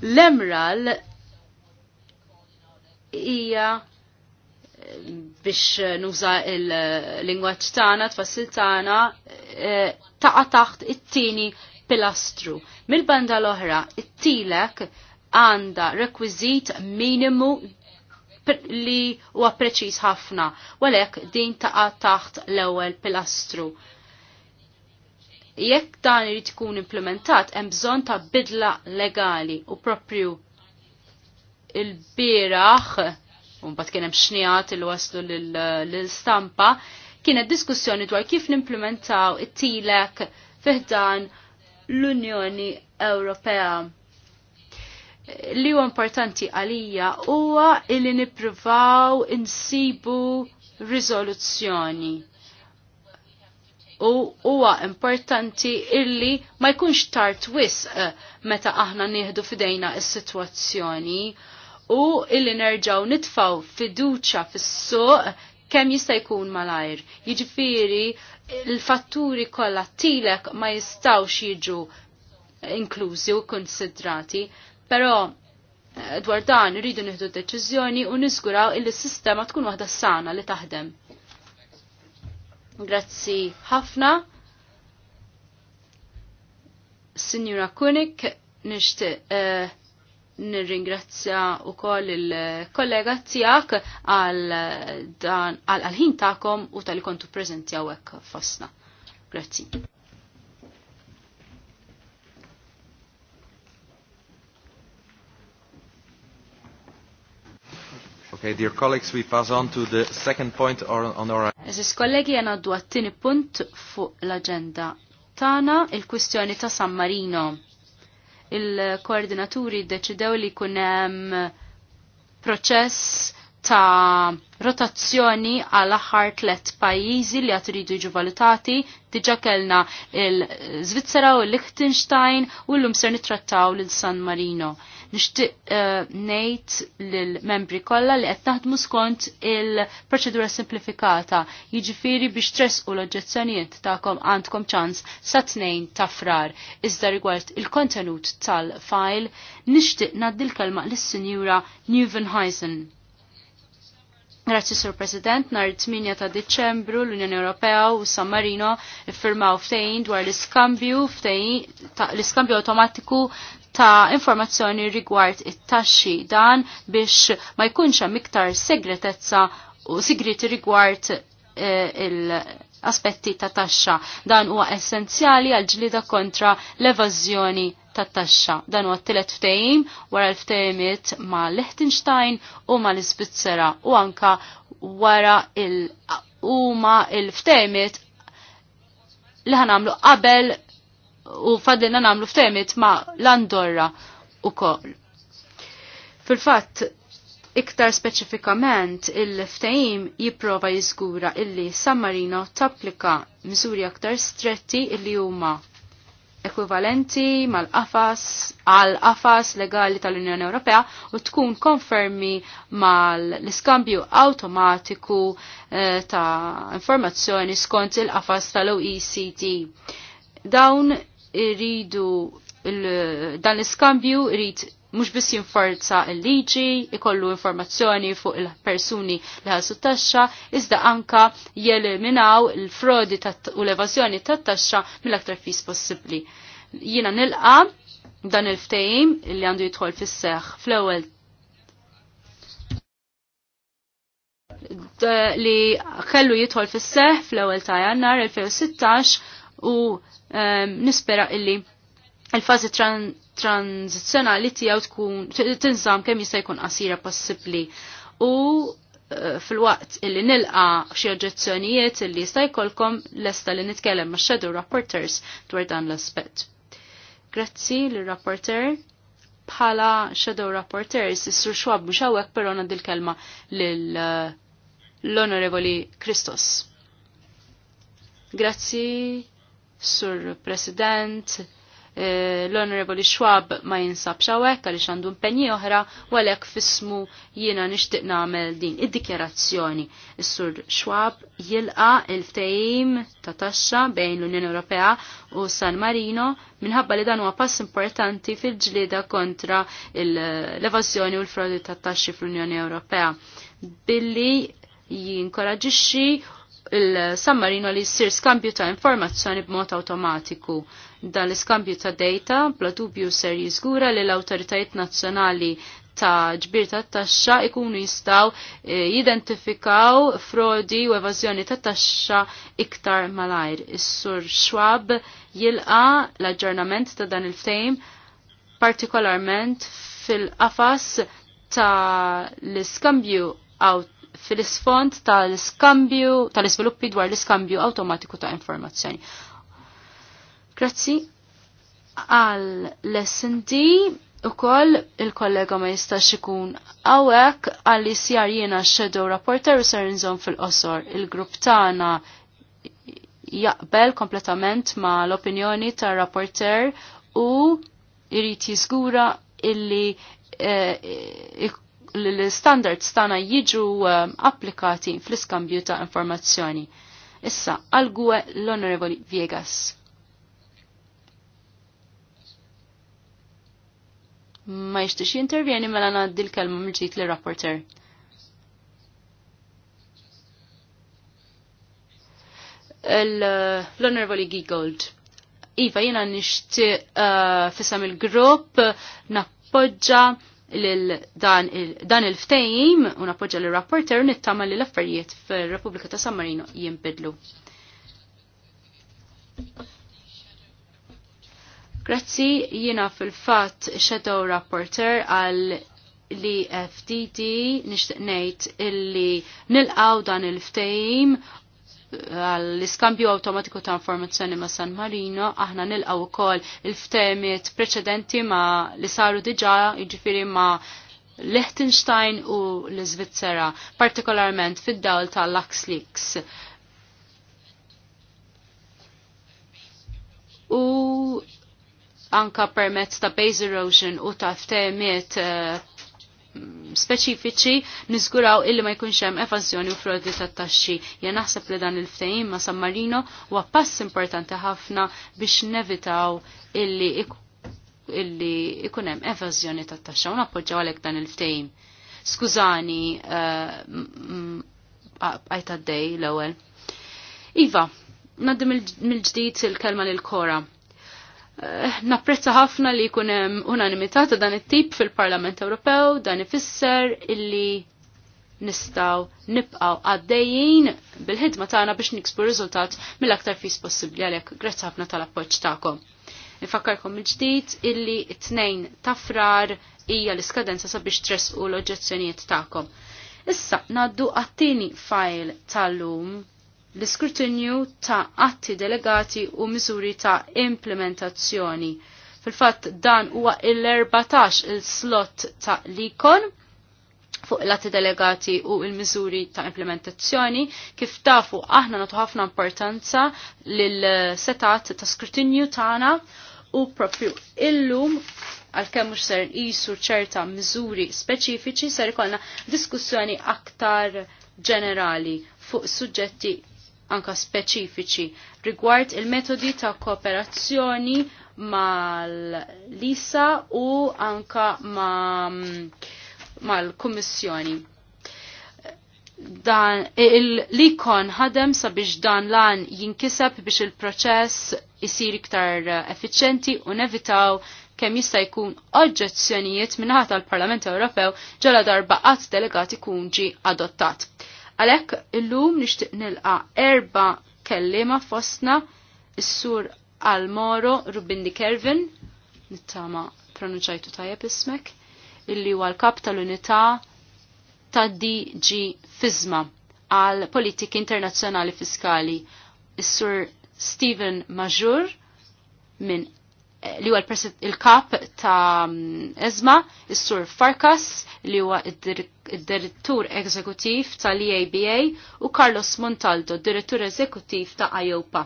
L-Emerald hija eh, biex nuża il-lingwaġġ tagħna, tfassil tagħna eh, taqa' taħt it-tieni pilastru. Mill-banda l-oħra, it-tilek għanda rekwizit minimu li huwa preċiż ħafna, għalhekk din taqa' taħt l-ewwel pilastru jekk dan irid ikun implementat hemm bżonn ta' bidla legali u propju il-bieraħ u mbagħad kien hemm xnijat il waslu lill-stampa kienet diskussjoni dwar kif nimplementaw it-tilek fiħdan l-Unjoni Ewropea li huwa importanti għalija huwa illi nippruvaw insibu riżoluzzjoni. U huwa importanti illi ma jkunx tard wisq eh, meta aħna nieħdu fidejna is-sitwazzjoni u illi nerġaw nitfaw fiduċa fis-suq kemm jista' jkun malajr. Jiġifieri l-fatturi kollha tilek ma jistgħux jiġu inklużi u konsidrati Pero eh, dwar dan rridu d deċiżjoni u niżguraw il s-sistema tkun waħda sana li taħdem. Grazzi ħafna. Signora Kunik, nishtiq uh, eh, nirringrazzja u koll il-kollega tijak għal-ħin takom u tal-kontu prezenti għawek fosna. Grazzi. Okay, dear colleagues, we pass on to the second point on our... Eżis kollegi jena għaddu għattini punt fuq l-agenda tana il-kwistjoni ta' San Marino. Il-koordinaturi deċidew li kunem proċess ta' rotazzjoni għal aħħar tlet pajjiżi li għatridu jiġu valutati, diġa kellna il zvizzera u l-Liechtenstein u l-lum ser nitrattaw l-San Marino. Nixtieq uh, ngħid lill-membri kollha li qed naħdmu skont il-proċedura simplifikata, jiġifieri biex u l-oġġezzjonijiet tagħkom għandkom ċans sa tnejn ta' frar. Iżda rigward il-kontenut tal-file, nixtieq ngħaddi l-kelma lis-Sinjura Newvenheisen. Grazzi, Sur President, nar 8 ta' Deċembru l-Unjoni Ewropea u San Marino iffirmaw ftejn dwar l-iskambju ftejn l-iskambju automatiku ta' informazzjoni rigward it-taxxi dan biex ma jkunx hemm iktar segretezza u sigriti rigward eh, il-aspetti ta' taxxa. Dan huwa essenzjali għal ġlida kontra l-evażjoni ta' taxxa. Dan huwa t-tielet ftehim wara l-ftehimiet ma' Liechtenstein u ma' l-Ispizzera u anka wara il- huma l ftehimiet li ħanamlu qabel u fadlina namlu f'temit ma' l-Andorra u kol. Fil-fatt, iktar speċifikament il-ftajim jiprova jiżgura illi San Marino tapplika miżuri aktar stretti illi huma ekwivalenti mal-qafas għal-qafas legali tal-Unjoni Ewropea u tkun konfermi mal-iskambju automatiku eh, ta' informazzjoni skont il-qafas tal-OECD. Dawn iridu dan l-iskambju irid mhux biss jinforza l-liġi, ikollu informazzjoni fuq il-persuni li ħassu taxxa, iżda anka jeliminaw il-frodi u l-evażjoni tat-taxxa mill-aktar fis possibbli. Jiena nilqa dan il-ftehim li għandu jidħol fis-seħħ fl-ewwel li kellu jidħol fis-seħ fl-ewwel ta' Jannar 2016 u Ehm, nispera illi il-fazi tranzizjonali tiegħu tkun tinżam kemm jista' jkun qasira possibbli. U eh, fil-waqt illi nilqa xi oġezzjonijiet illi jista' jkollkom lesta li nitkellem ma' shadow rapporters dwar dan l-aspett. Grazzi l rapporter bħala shadow rapporters s sur xwab mhux hawnhekk però ngħaddi kelma lil eh, l-Onorevoli Kristos. Grazzi Sur President, eh, l-Honorable Schwab ma jinsabx xawek għaliex għandu impenji oħra u għalhekk fismu jiena nixtieq nagħmel din id-dikjerazzjoni. Is-Sur Schwab jilqa' il-ftehim ta' taxxa bejn l-Unjoni Ewropea u San Marino minħabba li dan huwa pass importanti fil-ġlieda kontra l-evażjoni u l-frodi ta' taxxi fl-Unjoni Ewropea billi jinkoraġixxi il-Sammarino li sir skambju ta' informazzjoni b'mod automatiku. Dan l-iskambju ta' data bla dubju ser jiżgura li l-awtoritajiet nazzjonali ta' ġbir ta' taxxa ikunu jistaw eh, jidentifikaw frodi u evażjoni ta' taxxa iktar malajr. Is-sur Schwab jilqa l-aġġornament ta' dan il-ftejm partikolarment fil-qafas ta' l-iskambju fil-isfond tal-skambju, tal-izviluppi dwar l-iskambju automatiku ta' informazzjoni. Grazzi għal lesson D u koll il-kollega ma jistax ikun għawek għal jisjar jena shadow rapporter u ser nżom fil-qosor. Il-grupp tana jaqbel kompletament ma l-opinjoni ta' rapporter u irriti zgura illi eh, l-standards tagħna jiġu ehm, applikati fl-iskambju ta' informazzjoni. Issa, għal-gwe l-Onorevoli Viegas. Ma jixtiex jintervjeni mela ngħaddi l-kelma mġit ġdid rapporter l-Honorable Gold. Iva, jina nishti uh, eh, fissam il-grupp, nappoġġa dan il-ftejim u napoġġa l-rapporter nittama li l-affarijiet fil-Repubblika ta' San Marino jimbidlu. Grazzi jiena fil-fat shadow rapporter għal li FDD nishtiq ngħid illi nilqaw dan il-ftejim għall-iskambju automatiku ta' informazzjoni ma' San Marino, aħna nilqaw ukoll il-ftemiet preċedenti ma' li saru diġa, jiġifieri ma' Liechtenstein u l-Svizzera, partikolarment fid-dawl ta' Lux Leaks. U anka permezz ta' base erosion u ta' ftemiet eh, speċifiċi niżguraw illi ma jkunx hemm evażjoni u frodi tat-taxxi. Jien naħseb li dan il-ftehim ma' San Marino huwa pass importanti ħafna biex nevitaw illi illi ikun hemm evażjoni tat-taxxa u nappoġġaw għalhekk dan il-ftehim. Skużani eh, għajta l-ewwel. Iva, naddim mill-ġdid il-kelma lil Kora. Eh, napprezza ħafna li jkun hemm unanimità ta' dan it-tip fil-Parlament Ewropew, dan ifisser illi nistgħu nibqgħu għaddejjin bil-ħidma tagħna biex niksbu riżultat mill-aktar fis possibbli għalhekk. Grazzi ħafna tal-appoġġ tagħkom. Nifakkarkom il-ġdid illi t-tnejn ta' frar hija l-iskadenza sabiex tresqu l-oġġezzjonijiet tagħkom. Issa ngħaddu għat-tieni file tal-lum l-iskrutinju ta' atti delegati u miżuri ta' implementazzjoni. Fil-fatt dan huwa il-14 il-slot ta' likon fuq l-atti delegati u il-miżuri ta' implementazzjoni kif tafu aħna natu ħafna importanza lil-setat ta' skrutinju tagħna u propju illum għal-kemm mhux ser nqisu ċerta miżuri speċifiċi ser ikollna diskussjoni aktar ġenerali fuq suġġetti anka speċifiċi rigward il-metodi ta' kooperazzjoni mal-LISA u anka mal-Kummissjoni. Dan il-likon ħadem sabiex dan lan jinkiseb biex il-proċess isir iktar effiċenti u nevitaw kemm jista' jkun oġġezzjonijiet minħata tal-Parlament Ewropew ġala darba qatt delegati kunġi adottat. Għalek illum nishtiq nilqa erba kellima fosna is sur Almoro Rubindi Kervin, nittama pronunċajtu tajab ismek, illi huwa l-kap tal-unità ta' DG Fizma għal politiki internazzjonali fiskali. Is-sur Stephen Majur minn li huwa il-kap ta' Ezma, is-Sur Farkas, li huwa id-direttur eżekutiv tal-EABA u Carlos Montaldo, direttur eżekutiv ta' IOPA.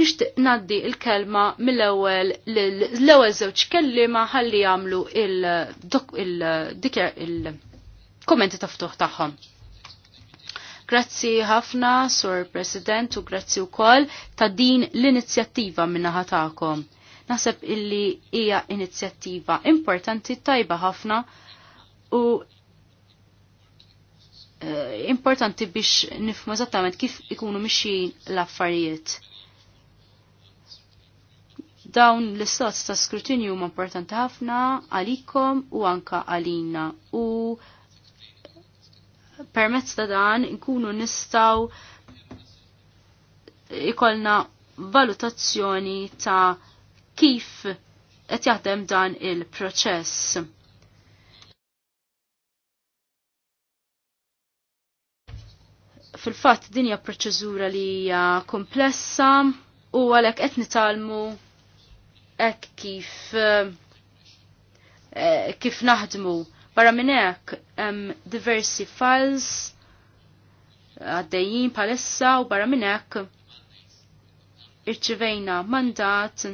Nixtieq naddi il-kelma mill-ewwel l-ewwel żewġ kellima ħalli jagħmlu il-kommenti ta' ftuħ tagħhom. Grazzi ħafna, Sur President, u grazzi wkoll ta' din l-inizjattiva minna tagħkom. Naħseb illi hija inizjattiva importanti tajba ħafna u uh, importanti biex nifmu eżattament kif ikunu mixin l-affarijiet. Dawn l-istat ta' skrutinju huma importanti ħafna għalikom u anka għalina u permezz ta' dan nkunu nistaw ikolna valutazzjoni ta' kif qed jaħdem dan il-proċess. Fil-fatt din hija proċeżura li hija komplessa u għalhekk qed nitalmu hekk kif eh, kif naħdmu Barra minn hekk hemm diversi files għaddejjin palissa u barra minn hekk irċivejna mandat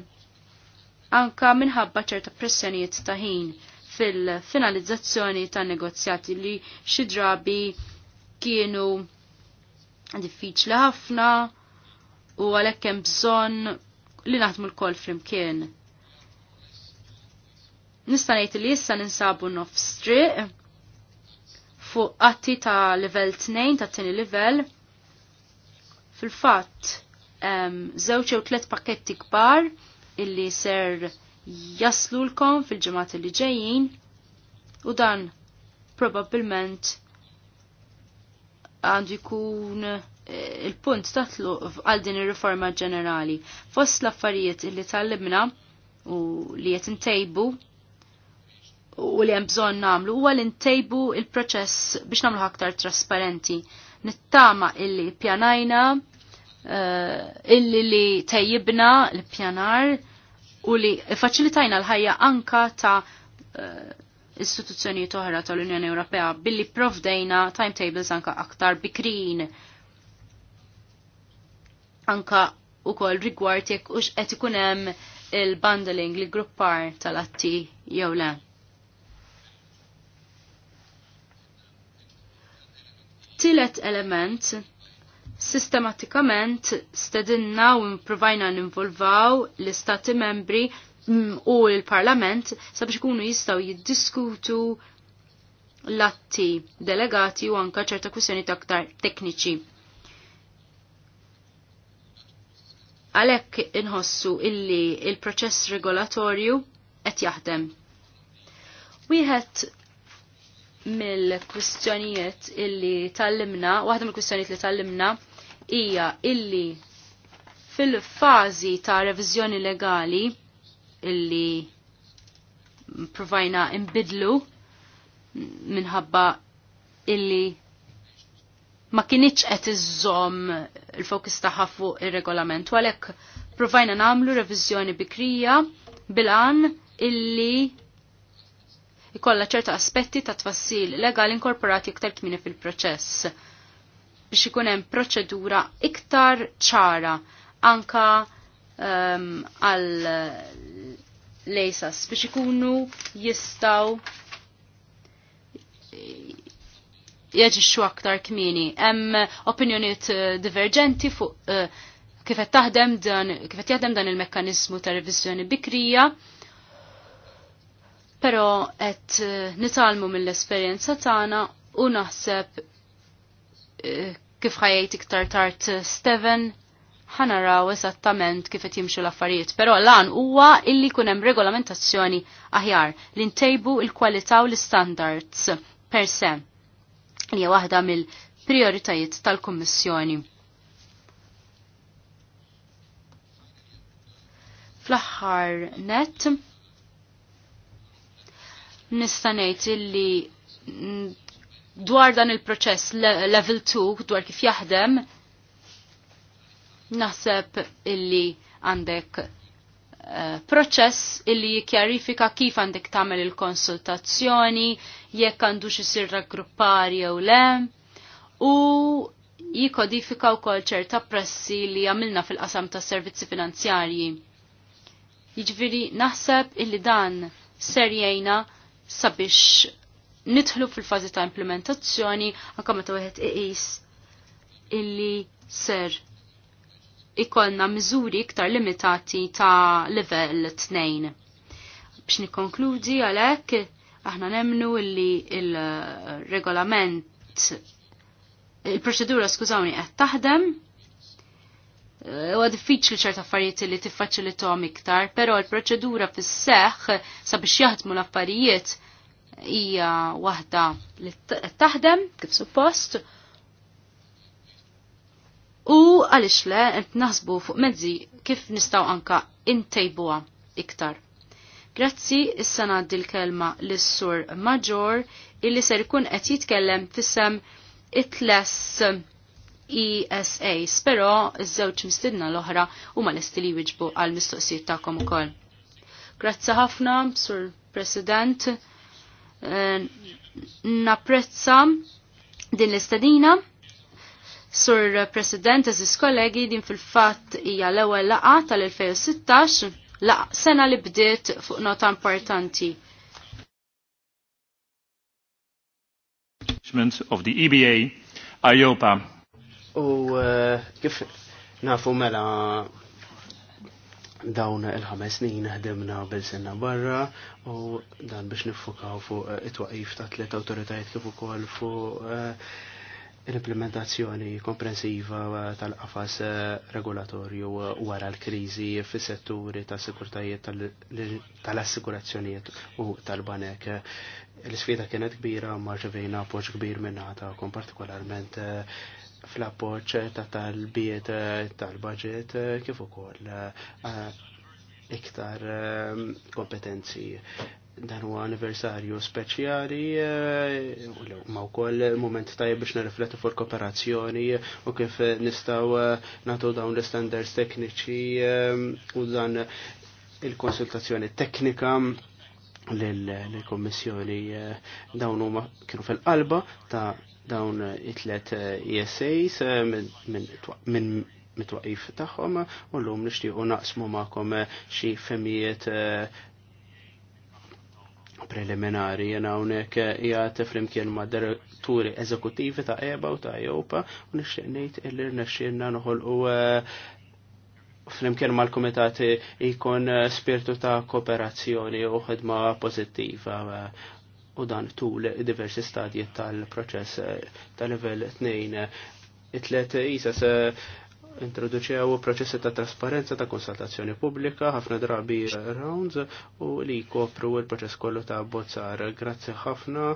anka minħabba ċerta pressjonijiet ta' ħin fil-finalizzazzjoni ta' negozjati li xi drabi kienu diffiċli ħafna u għalhekk hemm bżonn li naħdmu l-kol flimkien. Nista' ngħid li issa ninsabu nofs triq fuq qatti ta' livell 2 ta' tieni livell. Fil-fatt żewġ u tliet pakketti kbar illi ser l-kom fil-ġemat li ġejjin u dan probabbilment għandu jkun eh, il-punt tatlu għal din ir-riforma ġenerali. Fost l-affarijiet illi tal-libna u li qed intejbu u li hemm bżonn nagħmlu huwa li ntejbu il-proċess biex nagħmlu aktar trasparenti. Nittama illi pjanajna, eh, illi li tejjibna l-pjanar u li faċilitajna l-ħajja anka ta' eh, istituzzjonijiet oħra tal-Unjoni Ewropea billi provdejna timetables anka aktar bikrin anka u kol rigward jekk ux etikunem ikun hemm il-bundling, li gruppar tal-atti jew le. tillet element, sistematikament stedinna u provajna ninvolvaw l-istati membri mm, u l-parlament sabiex ikunu jistaw jiddiskutu l-atti delegati u anka ċerta kwistjoni aktar tekniċi. Għalek inħossu illi il-proċess regolatorju qed jaħdem. Wieħed mill-kwistjonijiet illi tal-limna, waħda mill-kwistjonijiet li tallimna hija illi fil-fażi ta' reviżjoni legali illi provajna imbidlu minħabba illi ma kienieċ qed iżżomm il-fokus tagħha fuq ir-regolament u għalhekk provajna nagħmlu reviżjoni bikrija bilan illi ikolla ċerta aspetti ta' tfassil legali inkorporati iktar kmini fil-proċess biex ikun hemm proċedura iktar ċara anka ehm, għal lejsas biex ikunu jistaw jeġixxu aktar kmini. Hemm opinjoniet eh, divergenti fuq uh, kifet taħdem dan jaħdem dan il-mekkanizmu ta' revizjoni bikrija Pero qed eh, nitalmu mill-esperjenza tagħna u naħseb eh, kif ħajjejt iktar tard eh, Steven ħanaraw eżattament kif qed jimxu l-affarijiet, però lan huwa illi jkun hemm regolamentazzjoni aħjar li ntejbu l-kwalità u l-standards per se li hija waħda mill-prioritajiet tal-Kummissjoni. Fl-aħħar net nista' ngħid illi dwar dan il-proċess level 2 dwar kif jaħdem naħseb illi għandek eh, proċess illi jikjarifika kif għandek tagħmel il-konsultazzjoni, jekk għandux isir raggruppari jew le, u jikodifika wkoll ċerta pressi li għamilna fil-qasam ta' servizzi finanzjarji. Jiġifieri naħseb illi dan serjejna sabiex nidħlu fil-fazi ta' implementazzjoni anke meta wieħed iqis illi ser ikollna miżuri iktar limitati ta' level 2. Biex nikkonkludi għalhekk aħna nemnu illi il-regolament il-proċedura skużawni qed taħdem huwa diffiċli ċert affarijiet li tiffaċilithom iktar, però l-proċedura fis-seħħ sabiex jaħdmu l-affarijiet hija waħda li taħdem kif suppost u għaliex le qed naħsbu fuq mezzi kif nistgħu anka intejbuha iktar. Grazzi issa ngħaddi l-kelma lis-sur Maġor illi ser ikun qed jitkellem fis-sem itless e ESA, spero iż-żewġ mistidna l-oħra u ma lesti li jwiġbu għal mistoqsijiet tagħkom ukoll. Grazzi ħafna, Sur President, Eh, napprezza din l-istadina. Sur President, eżis kollegi, din fil-fat hija l-ewwel laqa tal-2016, laqa sena li bdiet fuq nota importanti. of the EBA, IOPA. U eh, kif nafu mela dawn il-ħames snin ħdimna bil sena barra u dan biex nifukaw fuq eh, it-twaqif ta' tliet awtoritajiet kif ukoll fuq eh, l-implementazzjoni komprensiva eh, tal-qafas regolatorju wara l-kriżi fis-setturi ta' sikurtajiet tal-assikurazzjonijiet u tal-banek. L-sfida kienet kbira ma poċ kbir minna ta' partikolarment fl-appoċ ta' tal-biet eh, tal-budget eh, kif ukoll eh, iktar kompetenzi dan huwa anniversarju speċjali ma wkoll moment tajjeb biex nirrifletti fuq kooperazzjoni u kif nistgħu nagħtu dawn l-standards tekniċi u dan il-konsultazzjoni teknika lill-Kommissjoni dawn huma kienu fil-qalba ta' dawn it-tlet ESAs eh, e eh, minn mitwaqif tagħhom u llum nixtiequ naqsmu magħkom eh, xi femijiet preliminari jena unek jgħat flimkien ma' diretturi eżekutivi ta' EBA u ta' Jopa, e u nixtieq ngħid nishtiqna rnexxielna noħolqu flimkien mal-komitati jkun spirtu ta' kooperazzjoni u ħidma pozittiva u dan tul diversi stadji tal-proċess eh, tal-level 2. It-tlet ISA se eh, introduċew proċessi ta' trasparenza ta' konsultazzjoni pubblika, ħafna drabi rounds u li kopru il-proċess kollu ta' bozzar. Grazzi ħafna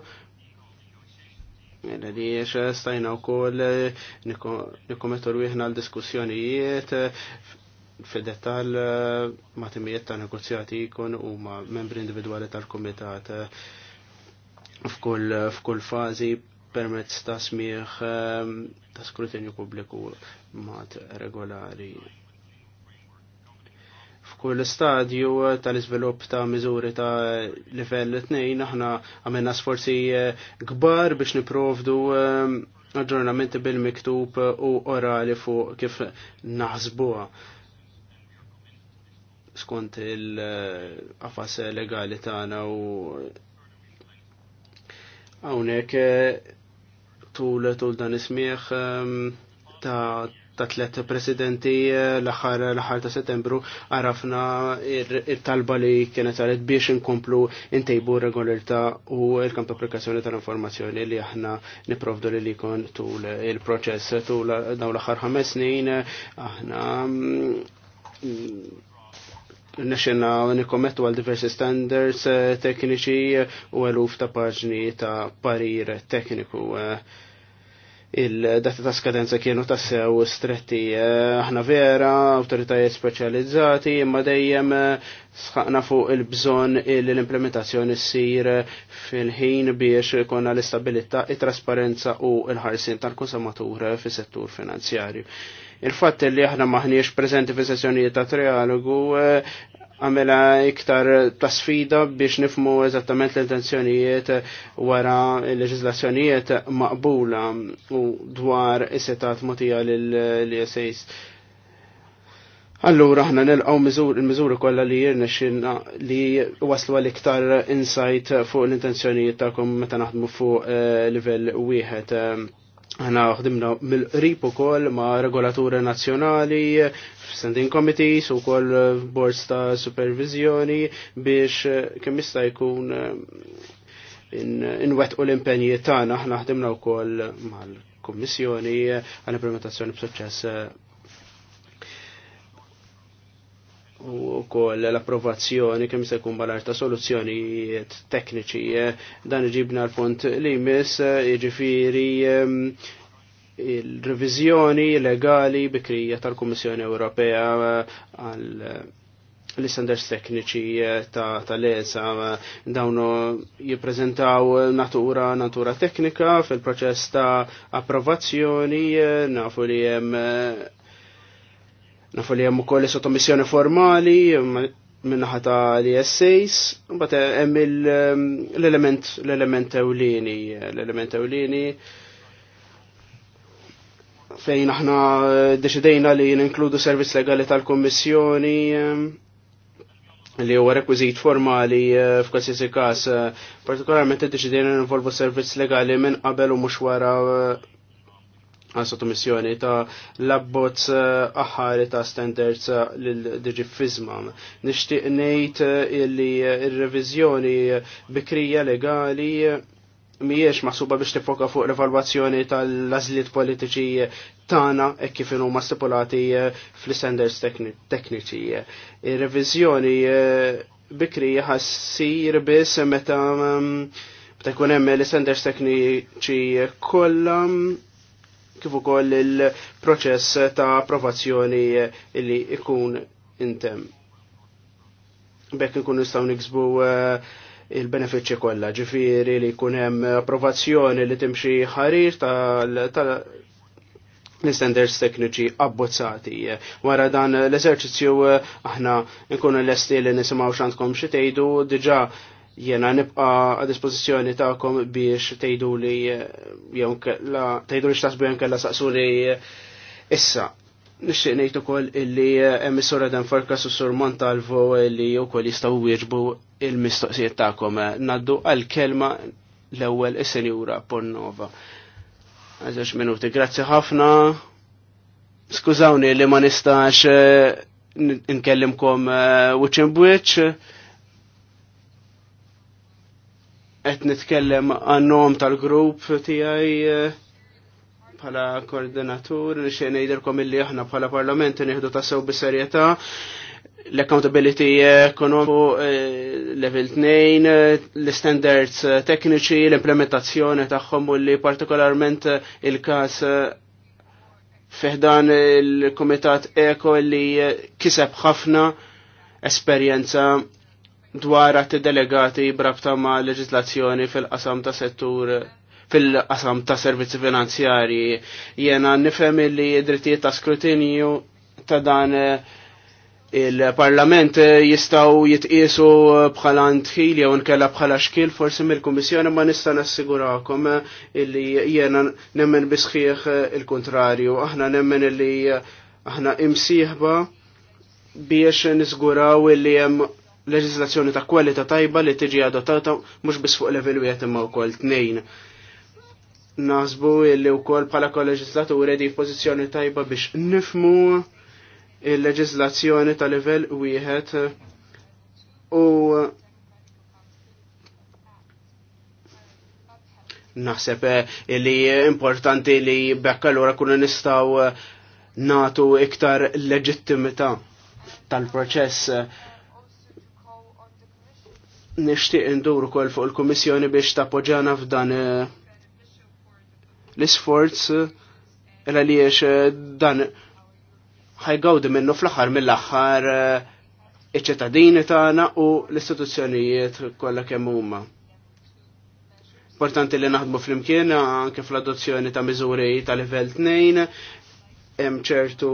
li eh, stajna u koll nikometor wieħna l-diskussjonijiet fil-detal ma' timijiet ta' negozjati kon u ma' membri individuali tal-komitat f'kull f'kull fażi permezz ta' smieħ ehm, ta' skrutinju pubbliku mat regolari. F'kull stadju tal-iżvilupp ta' miżuri ta' livell 2 aħna għamilna sforzi eh, kbar biex niprovdu ehm, aġġornamenti bil-miktub u orali fuq kif naħsbuha skont il-qafas eh, legali tagħna u Hawnhekk eh, tul tul dan ismiħ ehm, ta' ta' tlet presidenti eh, l-axar l-axar ta' settembru għarafna il-talba li kienet għalet biex inkomplu intejbu regolarita u il-kamp applikazzjoni tal-informazzjoni li aħna niprofdu li likon tul il-proċess tul daw l-axar ħames snin eh, aħna mm, nexxena nikkommettu għal diversi standards eh, tekniċi eh, u għaluf ta' paġni ta' parir tekniku. Eh. Il-data ta' skadenza kienu ta' sew stretti aħna vera, autoritajiet speċjalizzati, imma dejjem sħaqna fuq il-bżon l-implementazzjoni ssir fil-ħin biex konna l istabilita it-trasparenza u l-ħarsin tal-konsumatur fis-settur finanzjarju. Il-fatt li aħna maħniex prezenti fi sessjonijiet ta' trialogu eh, għamela iktar ta' sfida biex nifmu eżattament l-intenzjonijiet wara l-leġizlazzjonijiet maqbula u dwar is-setat motija l-ESAs. Allura ħna nilqgħu il-miżuri kollha li jirnexxinna li waslu għal iktar insight fuq l-intenzjonijiet tagħkom meta naħdmu fuq eh, livell wieħed. Għana ħdimna mill-qrib u koll ma' regolaturi nazjonali, standing committees u koll boards ta' supervizjoni biex eh, kemm jista' jkun eh, wet u l-impenji tagħna aħna ħdimna wkoll mal-Kummissjoni għal implementazzjoni b'suċċess eh, u koll l-approvazzjoni kemm se jkun ta' soluzzjonijiet tekniċi dan iġibna l-punt li jmiss jiġifieri il revizjoni legali bikrija tal-Kummissjoni Ewropea għal l-istandards tekniċi tal-ESA dawnu jippreżentaw natura natura teknika fil-proċess ta' approvazzjoni nafu li hemm Nafu li hemm ukoll sottomissjoni formali minnaħa ta' li essays, mbagħad hemm um, l-element l-element ewlieni, l-element ewlieni fejn aħna deċidejna li ninkludu servizz legali tal-Kommissjoni um, li huwa rekwiżit formali uh, f'kwalsiasi każ uh, partikolarment deċidejna ninvolvu servizz legali minn qabel u mhux wara uh, għan missjoni ta' labbot eh, aħħari ta' standards eh, l-digifizma. Nishtiq nejt eh, illi il-revizjoni bikrija legali miex maħsuba biex tifoka fuq l-evalwazzjoni tal-azliet politiċi tana e kif ma stipulati fl-standards tekniċi. ir revizjoni bikri ħassir biss meta mm, ta' jkun hemm l-standards tekniċi kollha kif ukoll il-proċess ta' approvazzjoni li ikun intem. Bekk ikun nistgħu niksbu eh, il-benefiċċji kollha, ġifieri li jkun hemm approvazzjoni li timxi ħarir tal l-standards tekniċi abbozzati. Wara dan l-eżerċizzju eh, aħna nkunu l li nisimgħu x'għandkom xi tgħidu diġà jena nibqa a dispozizjoni ta'kom biex tejdu li eh, tejdu li xtasbu jen kella saqsuri eh, issa. Nixtieq ngħid ukoll illi eh, hemm is dan farkas u sur Montalvo li kol jistgħu wieġbu il-mistoqsijiet tagħkom. Naddu għal-kelma l-ewwel is-senjura Pornova. Għazġ minuti, grazzi ħafna. Skużawni li ma nistax nkellimkom wiċċ in qed nitkellem għan għan-nom tal-grupp tiegħi eh, bħala koordinatur, xejn ngħidilkom illi aħna bħala parlament nieħdu tassew bis-serjetà l-accountability ekonomiku eh, level 2, eh, l-standards tekniċi, l-implementazzjoni tagħhom u li partikolarment il-każ fiħdan il-Komitat Eko li kiseb ħafna esperjenza dwar għat delegati brabta ma' leġislazzjoni fil-qasam ta' settur fil-qasam ta' servizzi finanzjari. Jena nifhem li drittijiet ta' skrutinju ta' dan eh, il-parlament eh, jistaw jitqisu eh, bħala ntħil jew nkella bħala xkil forsi mill-Kummissjoni ma nista' nassigurakom illi jiena nemmen bisħieħ il-kontrarju. Aħna nemmen illi aħna imsieħba biex niżguraw illi hemm leġislazzjoni ta' kwalità tajba li tiġi adottata mhux biss fuq level wieħed imma wkoll tnejn. Nasbu li wkoll bħala kol-leġislaturi di f'pożizzjoni tajba biex nifmu il-leġislazzjoni ta' level wieħed u naħseb li importanti li bekk allura kunu nistgħu natu iktar leġittimità tal-proċess nishtiq nduru kol fuq il-Komissjoni biex tappoġġana f'dan eh, l-isforz eh, l għaliex eh, dan ħajgawdi minnu fl-axar mill-axar iċ-ċittadini tagħna u l-istituzzjonijiet kollha kemm huma. Importanti li naħdmu fl-imkien anke fl-adozzjoni ta' miżuri ta' livell 2 hemm ċertu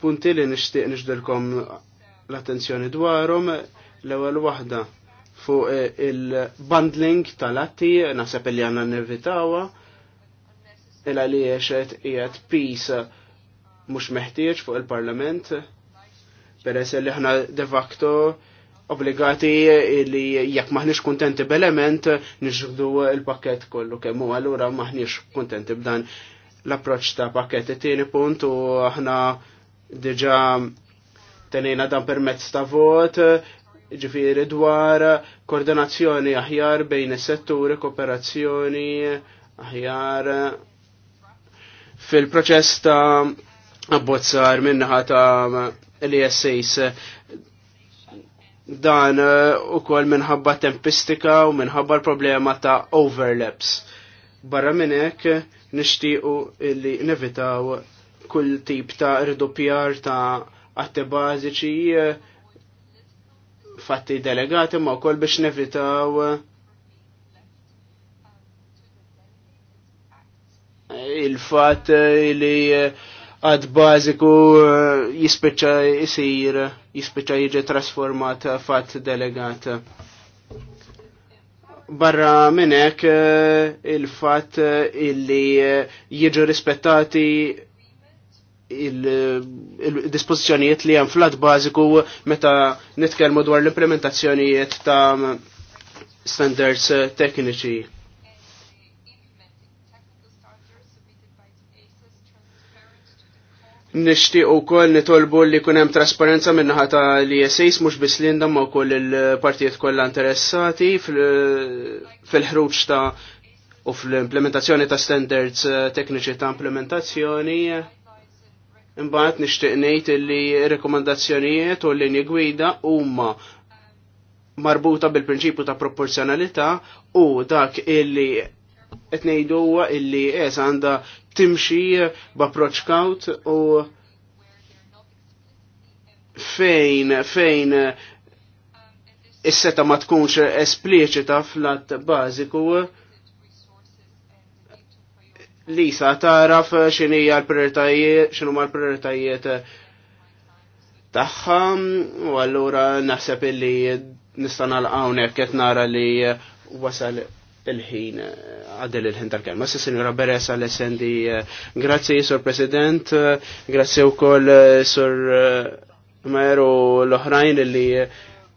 punti li nixtieq nixdilkom l-attenzjoni dwarhom L-ewwel waħda fuq eh, il-bundling tal-atti, naħseb li għandna nevitawa, illa li jiexet jgħat pis mhux meħtieġ fuq il-parlament, peress li aħna de facto obbligati eh, li jekk maħniex kuntenti b'element eh, nixħdu il-pakket kollu kemm u allura maħniex kuntenti b'dan l-approċċ ta' pakket. It-tieni punt u aħna diġa' tenejna dan permezz ta' vot ġifiri dwar koordinazzjoni aħjar bejn is-setturi, kooperazzjoni aħjar fil-proċess ta' abbozzar minnaħa ta' l e dan eh, u kol minħabba tempistika u minħabba l-problema ta' overlaps. Barra minnek nishtiqu illi nevitaw kull tip ta' irdupjar ta' għatte bażiċi eh, fatti delegati ma wkoll biex nevitaw eh, il-fat eh, li eh, għad baziku jispiċċa jisir, jispiċċa jiġi trasformat fat delegat. Barra minnek il-fat illi jiġu rispettati il-dispozizjonijiet li hemm flat baziku meta nitkellmu dwar l-implementazzjonijiet ta' standards tekniċi. Nishtiq u koll nitolbu li kun hemm trasparenza minnaħa ta' li jesejs mux bis li ndamma koll il-partijiet kollha interessati fil-ħruġ ta' u fl-implementazzjoni ta' standards tekniċi ta' implementazzjoni. Imbagħad nixtieq ngħid li rekomandazzjonijiet u l-linji gwida huma marbuta bil-prinċipju ta' proporzjonalità u dak illi qed ngħidu huwa illi qes għandha timxi b'approċċ kawt u fejn fejn is-seta ma tkunx espliċita fl-att bażiku Lisa, taraf xinija l-prioritajiet, xinu ma l-prioritajiet eh, taħħam, u għallura naħseb illi nistana l-għawnek ket nara li eh, wasal il-ħin eh, għadil il-ħin tal-kelma. Sa' Signora Beres għal-essendi, grazzi Sur President, grazzi u koll Sur Meru l-oħrajn li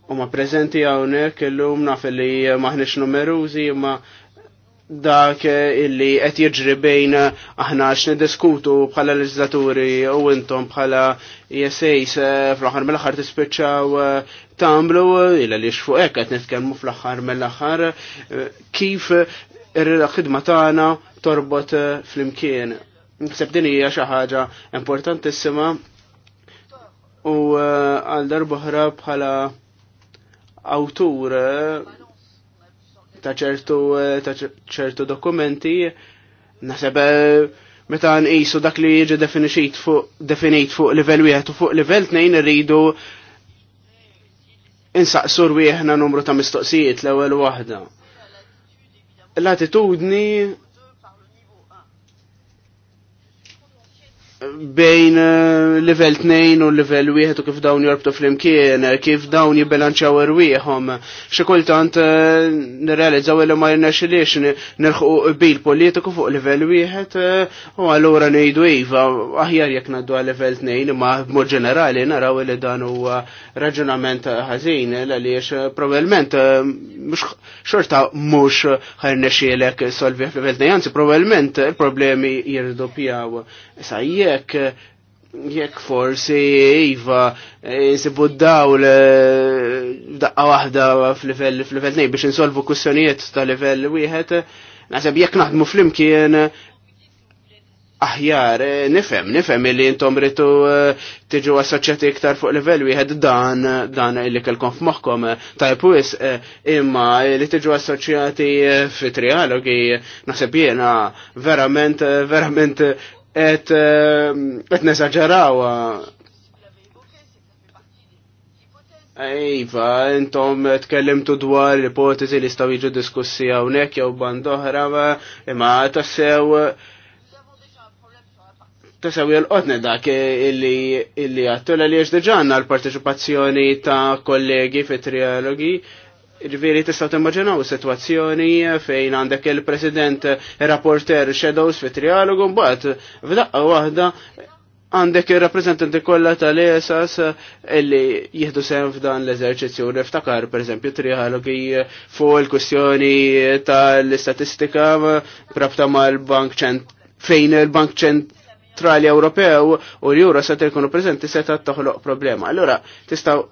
huma prezenti għawnek l-lum naf li maħnix numerużi, ma' dak eh, illi qed jiġri bejn eh, aħna diskutu bħala leġislaturi u intom bħala ESAs eh, fl-aħħar mill-aħħar tispiċċaw tamblu illa li xfuq hekk qed nitkellmu fl-aħħar mill-aħħar kif il ħidma tagħna torbot fl-imkien. Nkseb din hija xi ħaġa importantissima u għal darbohra bħala awtur ta' ċertu eh, ta' ċertu dokumenti naħseb eh, meta nqisu dak li jiġi definixit fuq definit fuq livell wieħed u fuq livell tnejn irridu insaqsur wieħna numru ta' mistoqsijiet l-ewwel waħda. L-attitudni bejn eh, level 2 u level 1 u kif dawn jorbtu fl-imkien, eh, kif dawn jibbilanċaw irwieħom. Xikultant eh, nirrealizzaw il ma jirna xiliex nirħu bil politiku fuq level 1 u għallura nejdu iva, aħjar jek naddu għal level 2 ma mod ġenerali naraw li dan huwa raġunament ħażin għaliex probabbilment xorta mhux ħajrnexxielek solvi fl-level 2, anzi probabbilment il-problemi jirdu pjaw. Sa jekk jekk forsi iva nsibu eh, d-dawl eh, daqqa waħda f'livell f'livell nej biex insolvu kussjonijiet ta' livell wieħed naħseb jekk naħdmu flimkien aħjar eh, nifhem nifhem li intom rritu tiġu assoċjati iktar fuq livell wieħed dan dan illi kelkom f'moħħkom tajb wis imma li tiġu assoċjati fi trialogi naħseb jiena verament verament et, ehm, et nesaġerawa. Ejva, intom tkellimtu dwar l-ipotezi li staw jiġu diskussi hawnhekk jew bandoħra, imma tassew tassew jolqotni dak illi illi għattu li diġanna l-parteċipazzjoni ta' kollegi fit trialogi Ġviri tistaw timmaġinaw situazzjoni fejn għandek il-president rapporter shadows fi trialogu, mbagħad f'daqqa waħda għandek il-rappresentanti kollha tal-ESAS illi jieħdu sehem f'dan l-eżerċizzju. Niftakar pereżempju trialogi fuq il kwistjoni tal-istatistika prabta mal-Bank fejn il-Bank Ċentrali Ewropew u l jura se tkunu preżenti se taħloq problema. Allura tistgħu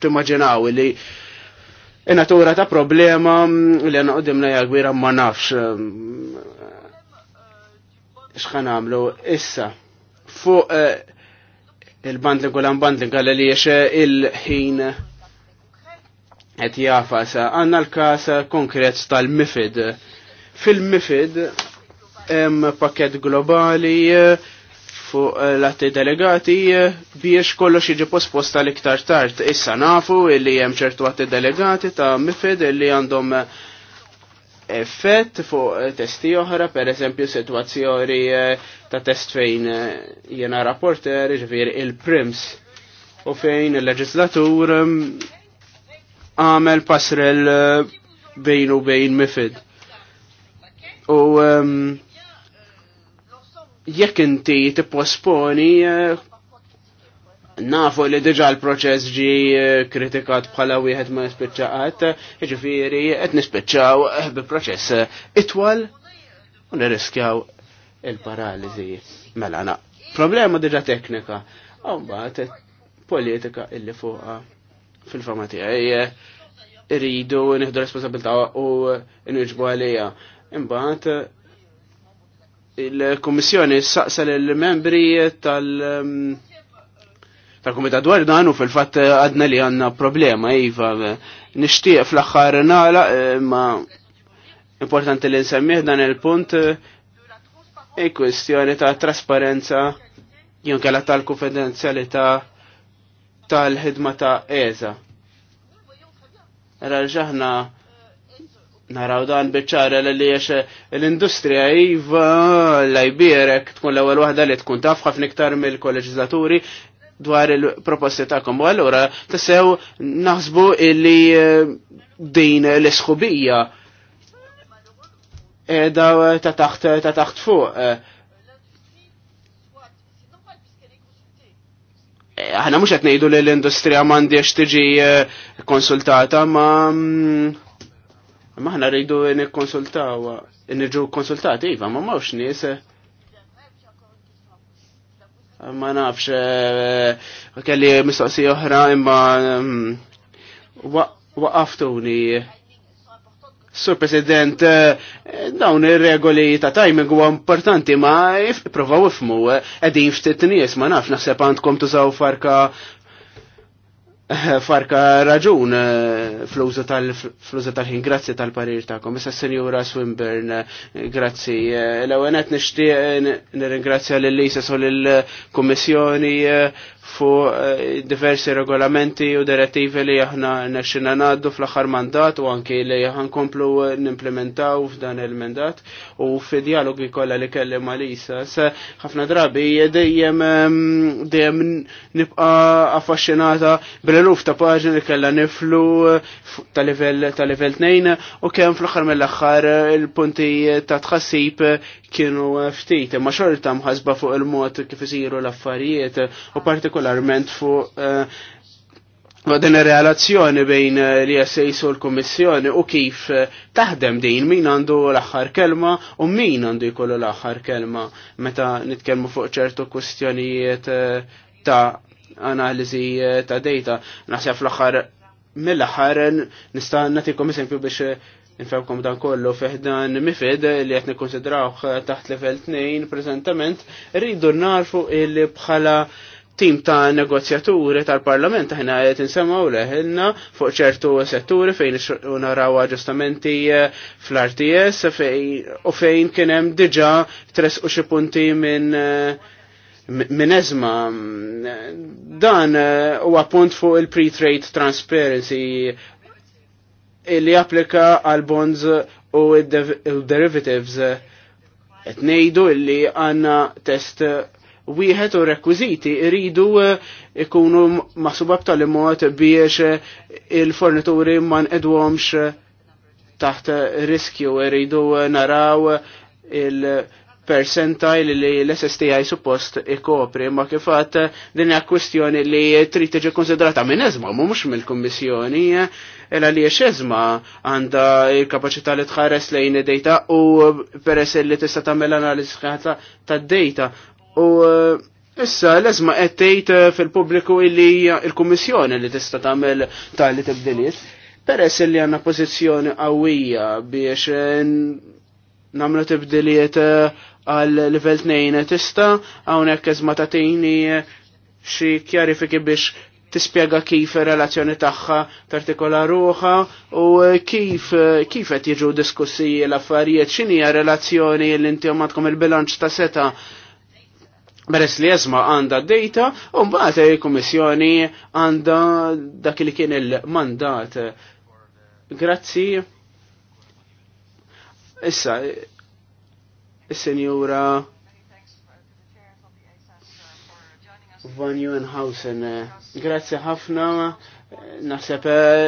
timmaġinaw li natura ta' problema mm, li għanna għoddimna jgħagwira ma' nafx. Mm, xħan għamlu issa. Fuq eh, il-bandling u l bandling għalla li jiexe il-ħin għet jafas. Għanna l-kas konkret tal-mifid. Fil-mifid, pakket globali fuq eh, l-atti delegati eh, biex kollox jiġi posposta l-iktar tard. Issa nafu illi hemm ċertu atti delegati ta' mifed illi għandhom eh, effett fuq testi oħra, per eżempju situazzjoni ta' test fejn jena rapporter, ġifir il-prims, u fejn il-leġislatur għamel pasrel bejn u bejn mifid. U um, jekk inti tipposponi eh, nafu li diġa l-proċess ġi eh, kritikat bħala wieħed ma nispiċċaqat, ġifiri qed nispiċċaw eh, bi-proċess itwal u nirriskjaw il paralizi Mela na. Problema diġa teknika. Mbagħad politika illi fuqha fil famati tiegħi iridu nħidu responsabilta u nwiġbu għalija. Imbagħad il-Kommissjoni saqsa l-membri tal- um, tal-Komitat dwar dan u fil-fatt għadna li għanna problema, Iva, nishtiq fl-axħar nala, eh, ma importanti li nsemmih dan il-punt, eh, il-kwestjoni ta' trasparenza, kalla tal-konfidenzjalità tal-ħidma ta' EZA. Raġaħna Naraw dan bieċara li jiex l-industrija jiva lajbirek tkun l-ewel wahda li tkun taf ħafna iktar mill-kolleġizaturi dwar il-proposti ta'kom. U allura tassew naħsbu illi eh, din l-isħubija edha ta' taħt ta' taħt fuq. Eh, aħna mhux qed ngħidu li l-industrija m'għandix tiġi eh, konsultata ma' mm, Ma ħna rridu nikkonsultaw, nirġu konsultati, iva, ma mawx nies. Ma nafx, eh, kelli mistoqsija oħra imma mm, waqaftuni. Sur President, eh, dawn ir-regoli ta' timing huwa importanti ma provaw ifmu qegħdin eh, ftit nies ma nafx naħseb għandkom tużaw farka *laughs* farka raġun eh, fl-użu tal-ħin, grazzi tal-parir kom. Issa Senjura Swinburne, eh, grazzi. Eh, L-ewenet nishtiq nirringrazzja l-Lisa u l-Kommissjoni fuq eh, diversi regolamenti u direttivi li aħna nexxina ngħaddu fl-aħħar mandat u anki li ħankomplu eh, nimplementaw f'dan il-mandat u fid-dialogi kollha li kelli ma' Se ħafna drabi dejjem dejjem nibqa' affaxxinata bil luf ta' paġni li kellha niflu eh, ta' livell ta' 2 u kemm fl-aħħar mill-aħħar il-punti ta' tħassib kienu ftit, ma xorta mħasba fuq il-mod kif isiru l-affarijiet u partikolarment fuq eh, din ir-relazzjoni bejn li jessejsu l kummissjoni u kif eh, taħdem din min għandu l-aħħar kelma u min għandu jkollu l-aħħar kelma meta nitkellmu fuq ċertu kwistjonijiet eh, ta' analiżi ta' data. Naħseb fl-aħħar mill-aħħar nista' nagħtikom esempju biex Nifemkom dan kollu feħdan mifid li għetni konsidrawħ taħt level 2 prezentament, rridu narfu il bħala tim ta' negozjaturi tal-parlament aħna għet insemaw leħilna fuq ċertu setturi fejn naraw aġġustamenti eh, fl-RTS u fejn kien hemm diġà u xi punti minn eh, minn dan eh, huwa punt fuq il-pre-trade transparency li applika għal bonds u derivatives. Et nejdu li għanna test wieħed u rekwiziti iridu eh, ikunu masuba b'tali mod biex eh, il-fornituri ma nqedwomx eh, taħt riskju iridu naraw il- percentile li l-SSTI suppost ikopri, ma kifat eh, din hija kwestjoni li trid tiġi konsidrata minn eżma, ma mhux mill-Kummissjoni, eh, ela li eżma għandha l-kapaċità li tħares lejn id-data u peress li tista' tagħmel analiżi tad-data. U eh, issa l-eżma qed tgħid fil-pubbliku li l-Kummissjoni li tista' tagħmel tali tibdiliet. Peress li għandna pożizzjoni qawwija biex namlu tibdiliet għal level 2 tista hawnhekk eżma tini eh, xi kjarifiki biex tispjega kif relazzjoni tagħha partikola ruħa u eh, kif eh, kif qed jiġu diskussi l-affarijiet x'inhi relazzjoni l inti għamadkom il-bilanċ ta' seta' Beres li jazma għanda d-data, un baħt il-Komissjoni għanda dak li kien il-mandat. Grazzi. Issa, Is-Senjura Van Juenhausen. Grazzi ħafna, naħseb eh,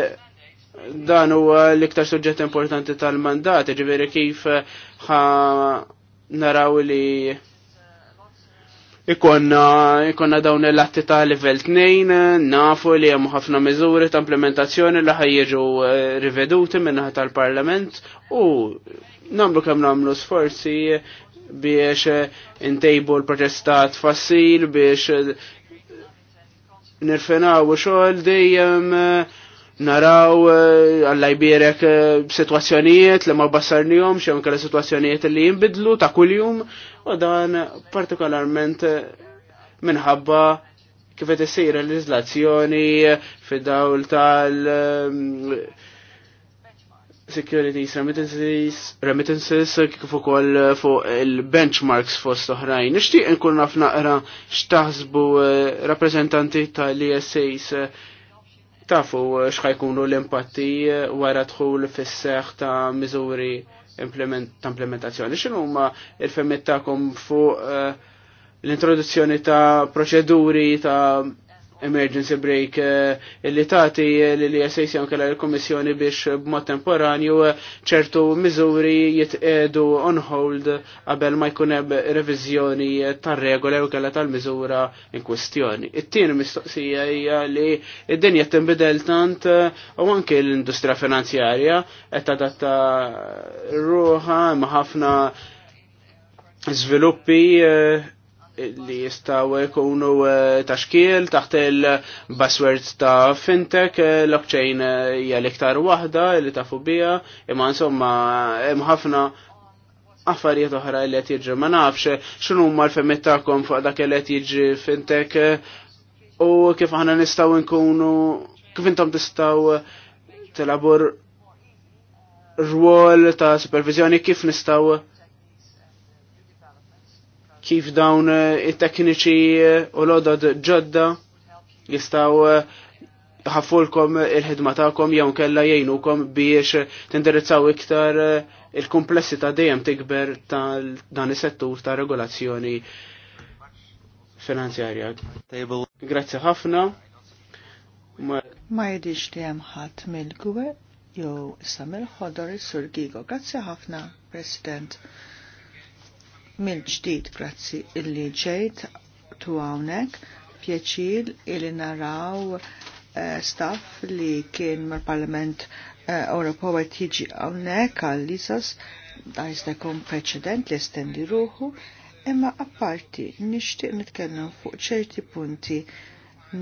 dan huwa l-iktar suġġett importanti tal-mandat, ġifieri kif eh, ħa naraw li ikonna, ikonna dawn l-atti ta' level 2, nafu li hemm ħafna miżuri ta' implementazzjoni li ħajjiġu eh, riveduti minnaħat tal-Parlament u namlu kem namlu sforzi biex intejbu l-protestat fassil biex nirfenaw u xoll dejjem naraw eh, għallajbirek eh, situazzjonijiet li ma bassarnijom xie kalla situazzjonijiet li jimbidlu ta' kuljum u dan partikolarment eh, minħabba kifet issir l-izlazzjoni fid-dawl tal- securities remittances, remittances kif ukoll fuq il-benchmarks fost oħrajn. Nixtieq inkun naf naqra x'taħsbu eh, rappreżentanti tal-ESAs eh, tafu eh, x'ħajkunu l-impatti wara dħul fis-seħħ ta' miżuri ta' implementazzjoni. X'inhu huma l-femmet tagħkom fuq l-introduzzjoni ta' proċeduri ta' emergency break eh, li tati eh, li jassajsi anke l-Komissjoni biex b'mod temporanju eh, ċertu miżuri jitqedu on hold qabel ma jkun hemm reviżjoni tar-regola u kellha tal-miżura in kwestjoni. It-tieni mistoqsija hija li id-dinja tinbidel tant u anke l-industrija finanzjarja qed tadatta ruħa ma' ħafna żviluppi li jistaw ikunu eh, taxkiel taħt il password ta' fintech, eh, blockchain eh, hija l-iktar waħda li tafu bija, imma insomma hemm ħafna affarijiet oħra li qed jiġri ma nafx x'inhu huma l tagħkom fuq dak li qed jiġri fintech u kif aħna nistgħu nkunu kif intom tistgħu tilabur rwol ta' supervizjoni kif nistgħu kif dawn eh, it-tekniċi eh, u l-odod ġodda jistaw eh, ħafulkom il-ħidma tagħkom jew kella jgħinukom biex tindirizzaw iktar il-komplessità dejjem tikber tal dan is-settur ta' regolazzjoni finanzjarja. Grazzi ħafna. Ma jidix li hemm ħadd mill-gwe jew issa mill-ħodor is-Sur Gigo. Grazzi ħafna, President mill-ġdid grazzi illi ġejt tu għawnek pjaċir illi naraw eh, staff li kien mal-Parlament eh, Ewropew qed jiġi hawnhekk għal lisas għajsta jkun preċedent li estendi ruħu, imma apparti nixtieq nitkellem fuq ċerti punti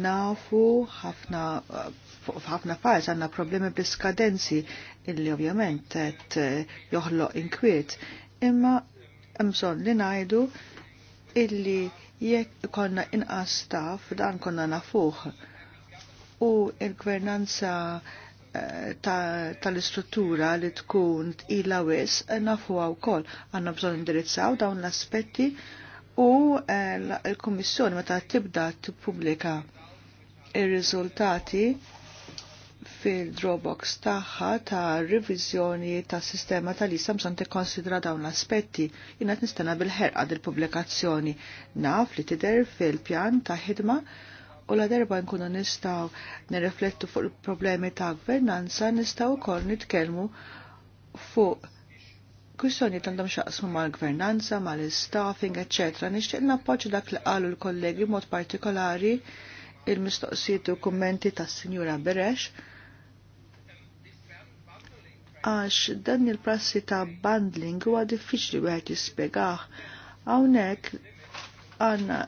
nafu ħafna f'ħafna pajz għandna problemi bl-skadenzi illi ovvjament qed eh, joħloq inkwiet imma mżon li najdu illi jekk konna inqas taf dan konna nafuħ u il-gvernanza eh, tal-istruttura li tkun ila wis nafu u kol għanna bżon indirizzaw dawn l-aspetti u eh, l-Komissjoni meta tibda tippubblika il riżultati fil-Dropbox tagħha ta' riviżjoni ta' sistema tal-isa bżon tikkonsidra dawn l-aspetti jina nistana bil-ħerqa dil-publikazzjoni naf li tider fil-pjan ta' ħidma u la derba nkunu nistaw nirreflettu fuq il-problemi ta' gvernanza nistaw kol nitkellmu fuq kwistjoni tandom xaqsmu mal-gvernanza, mal-staffing, eccetera. Nixtieq nappoġġ dak li qalu l-kollegi mod partikolari il-mistoqsijiet u kummenti tas-Sinjura Beresh għax dan il-prassi ta' bundling huwa diffiċli wieħed jispjegaħ. Hawnhekk għandna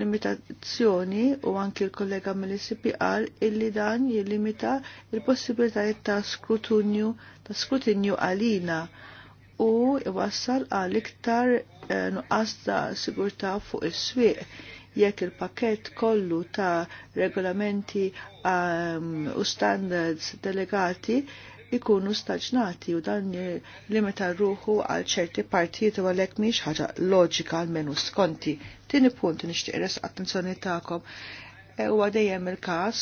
limitazzjoni u anki l-kollega mill-ICP qal illi dan jillimita il-possibilitajiet ta' skrutinju ta' skrutinju għalina u iwassal għal iktar eh, nuqqas ta' sigurtà fuq is-swieq jekk il pakett kollu ta' regolamenti ehm, u standards delegati ikunu staġnati u dan limita rruħu għal ċerti partijiet u għalek miex ħaġa loġika għal-menu skonti. Tini punt nishtiq res attenzjoni ta'kom e, u għadajem il-kas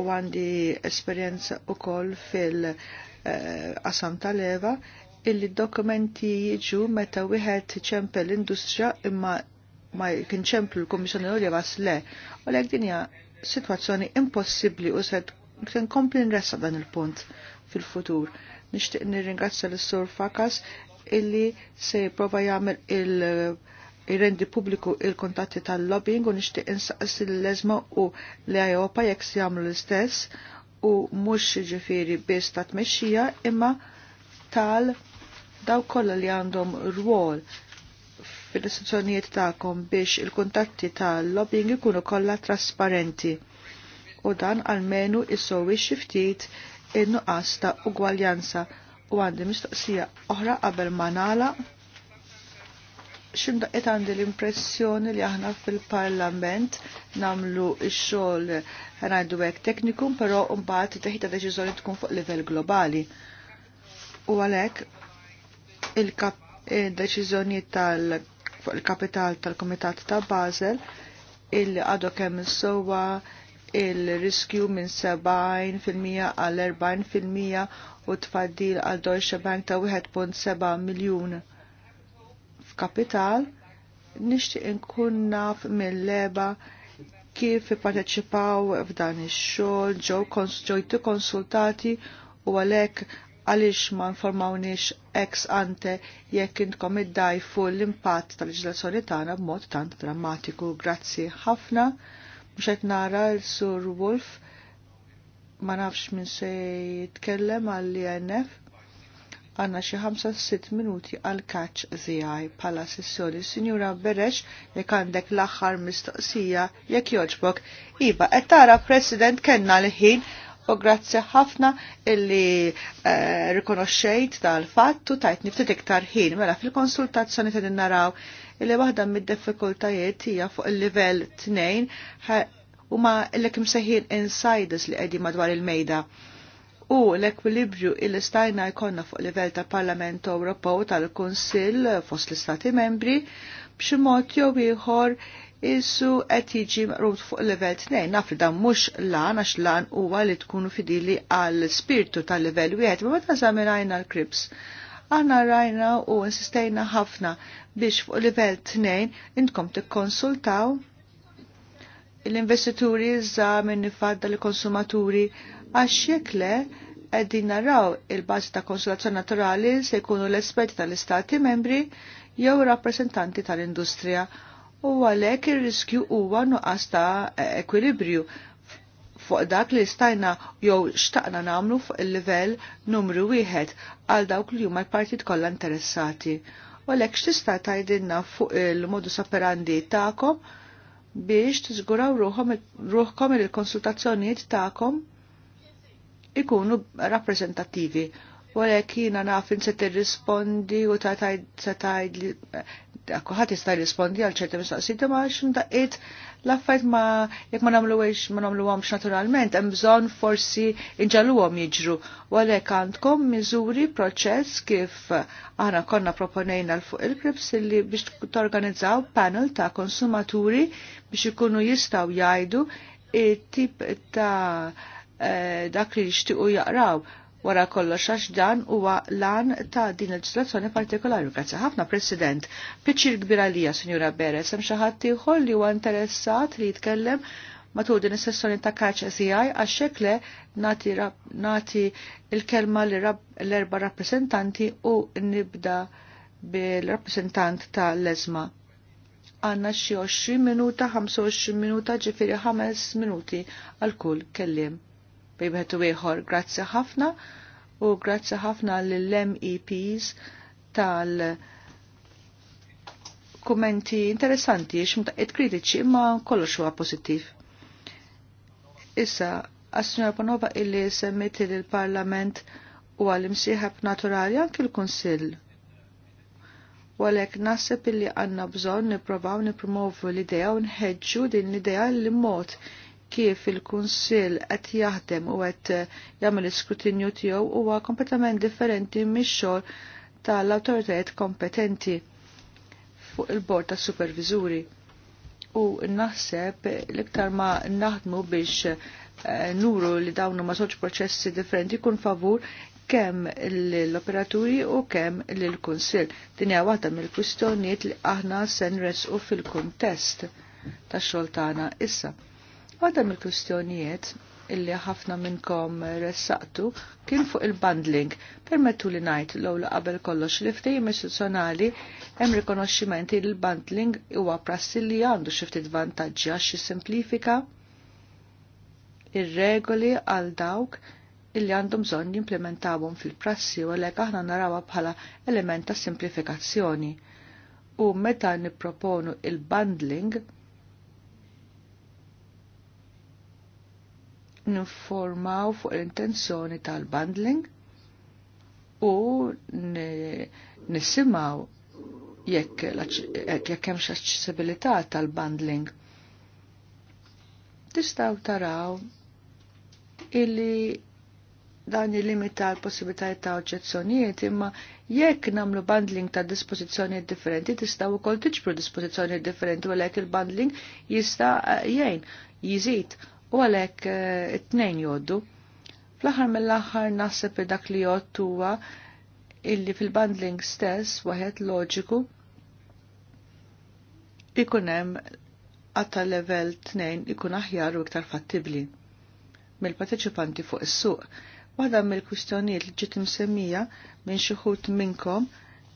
u għandi esperienza u koll fil-qasam e, tal-eva illi dokumenti jiġu meta wieħed ċempel l-industrija imma ma kien ċemplu l-Komissjoni l vas le, u l dinja situazzjoni impossibli u sed kien kompli nressa dan il-punt fil-futur. Nixtieq nirringrazzja l-Sur Fakas illi se jiprofa jagħmel il- rendi pubbliku il-kontatti tal-lobbying u nixtieq insaqs l-lezma u li Ajopa jekk se jagħmlu l-istess u mhux ġifieri biss ta' tmexxija imma tal daw kollha li għandhom rwol fil-istituzzjonijiet tagħkom biex il-kuntatti tal-lobbying ikunu kollha trasparenti u dan għalmenu issowi xi ftit in-nuqqas ta' ugwaljanza u għandi mistoqsija oħra qabel ma nala ximdaqet għandi l-impressjoni li aħna fil-parlament namlu x-xol għandu għek teknikum, pero mbagħad teħita deċiżjoni tkun fuq livell globali. U għalhekk il-deċiżjoni tal fuq il-kapital tal-Komitat ta' Basel il għadu kemm sowa il-riskju minn 70% għal 40% u tfaddil għal Deutsche Bank ta' 1.7 miljun f'kapital, nixtieq inkun naf mill-leba kif ipparteċipaw f'dan ix-xogħol ġew ġejtu konsultati u għalhekk għaliex ma informawniex ex ante jekk intkom iddajfu l-impatt tal-leġislazzjoni tagħna b'mod tant drammatiku. Grazzi ħafna. Mux għet nara l-Sur Wolf ma nafx minn se jitkellem għall-INF għanna xi 5-6 minuti għal kaċ zijaj pala sessjoni. Sinjura Berex, jekk għandek l-axħar mistoqsija, jekk joġbok. Iva, qed tara President kenna l-ħin u grazzi ħafna illi eh, rikonoxxejt tal-fattu tajt niftit iktar ħin. Mela fil-konsultazzjoni din naraw illi waħda mid-diffikultajiet hija fuq il-livell 2 huma l-ek msejħin insiders li qegħdin madwar il-mejda. U l ekwilibru il stajna jkollna fuq livell ta' Parlament Ewropew tal-Kunsill fost l-Istati Membri b'xi mod jew ieħor Isu qed jiġi maqrud fuq level 2, naf li dan mhux lan għax lan huwa li tkunu fidili għal spirtu tal-level 1, ma meta żaminajna l-krips Aħna rajna u insistejna ħafna biex fuq livell tnejn intkom tikkonsultaw l-investituri za minn fadda l-konsumaturi għax jekk le qegħdin naraw il-bażi ta' konsultazzjon naturali se jkunu l-esperti tal-istati membri jew rappresentanti tal-industrija u għalek ir-riskju huwa nuqqas ta' ekwilibrju fuq dak li stajna jew xtaqna namlu fuq il-livell numru wieħed għal dawk li huma l-partit kollha interessati. U għalhekk x'tista' tajdinna fuq il-modus operandi tagħkom biex tiżguraw ruħkom il-konsultazzjonijiet tagħkom ikunu rappreżentattivi. U għalhekk jiena naf se tirrispondi u ta' tajd se tajd li ħadd jista' jrispondi għal ċerti mistoqsijiet ma x'imdaqqiet l ma jekk ma għiex ma nagħmluhomx naturalment hemm bżonn forsi inġaluhom jiġru. U għalhekk għandkom miżuri proċess kif aħna konna proponejna l fuq il-krips li biex torganizzaw panel ta' konsumaturi biex ikunu jistgħu jgħidu it-tip ta' eh, dak li jixtiequ jaqraw Wara kollox għax dan huwa lan ta' din il-ġislazzjoni partikolari. Grazzi ħafna, President. Piċir kbir lija, Sinjura Beres, hemm xi ħadd ieħor li huwa interessat li jitkellem matul din is-sessjoni ta' kaċ SEI għax le nati, nati il-kelma l-erba rappresentanti u nibda bil-rappresentant ta' l-ezma. Għanna xi 20 minuta, 25 minuta, ġifiri 5 minuti għal kull kellim bejbetu ieħor. Grazzi ħafna u grazzi ħafna lill-MEPs tal- kummenti interessanti it kritiċi imma kollox huwa pożittiv. Issa, għas-Sinjor Panova illi semmiti l-Parlament u għal-imsieħab naturali anki l-Kunsill u għalek nasib illi għanna bżon niprovaw nipromovu l-idea u nħedġu din l-idea l-mod kif il-Kunsill qed jaħdem u qed eh, jagħmel iskrutinju tiegħu huwa kompletament differenti mix-xogħol tal-awtoritajiet kompetenti fuq il-bord tas superviżuri U naħseb l-iktar ma naħdmu biex eh, nuru li dawnu ma soċ proċessi differenti kun favur kemm l-operaturi u kemm l-Kunsill. Dinja hija waħda mill-kwistjonijiet li aħna se nresqu fil-kuntest tax-xogħol tagħna issa Għadha mill-kwistjonijiet illi ħafna minnkom ressaqtu kien fuq il-bundling. Permettu li ngħid l-ewwel qabel kollox li ftehim istituzzjonali hemm rikonoxximenti li l-bundling huwa prassi li għandu xi ftit vantaġġi għax simplifika ir-regoli għal dawk illi għandhom bżonn jimplementawhom fil-prassi u għalhekk aħna narawha bħala element ta' simplifikazzjoni. U meta nipproponu il-bundling, ninformaw fuq l-intenzjoni tal-bundling u nisimaw jekk jekk hemm aċċessibilità tal-bundling. Tistgħu taraw illi dan limita l-possibilitajiet ta' oġġezzjonijiet imma jekk namlu bundling ta' dispożizzjonijiet differenti tista' wkoll tiġbru dispożizzjoni differenti u għalhekk il-bundling jista' jgħin jiżid u għalhekk eh, it-tnejn joddu. Fl-aħħar mill-aħħar naħseb dak li jgħod illi fil-bundling stess waħed loġiku ikun hemm għatta level 2 ikun aħjar u iktar fattibli mill-parteċipanti fuq is-suq. Waħda mill-kwistjonijiet li ġiet msemmija minn xi ħut minnkom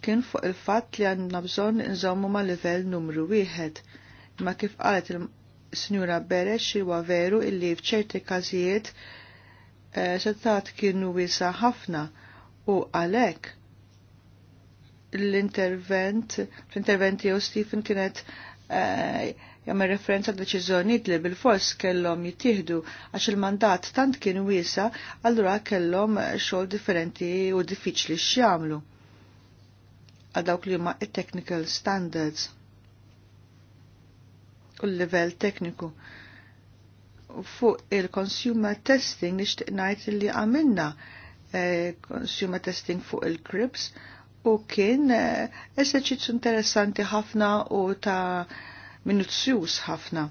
kien fuq il-fatt li għandna bżonn nżommu ma' livell numru wieħed. Ma kif qalet Sinjura Beres huwa veru illi f'ċerti każijiet e, setat kienu wiesa ħafna u għalek l-intervent, l intervent jew Stephen kienet e, jagħmel referenza deċiżjonijiet li bil-fors kellhom jittieħdu għax il-mandat tant kien wiesa, allura kellhom xogħol differenti u diffiċli x'jagħmlu għal dawk li huma technical standards u l-level tekniku. Fuq il-consumer testing nixtieq ngħid li għamilna eh, consumer testing fuq il-crips u kien eh, interessanti ħafna u ta' minuzzjus ħafna.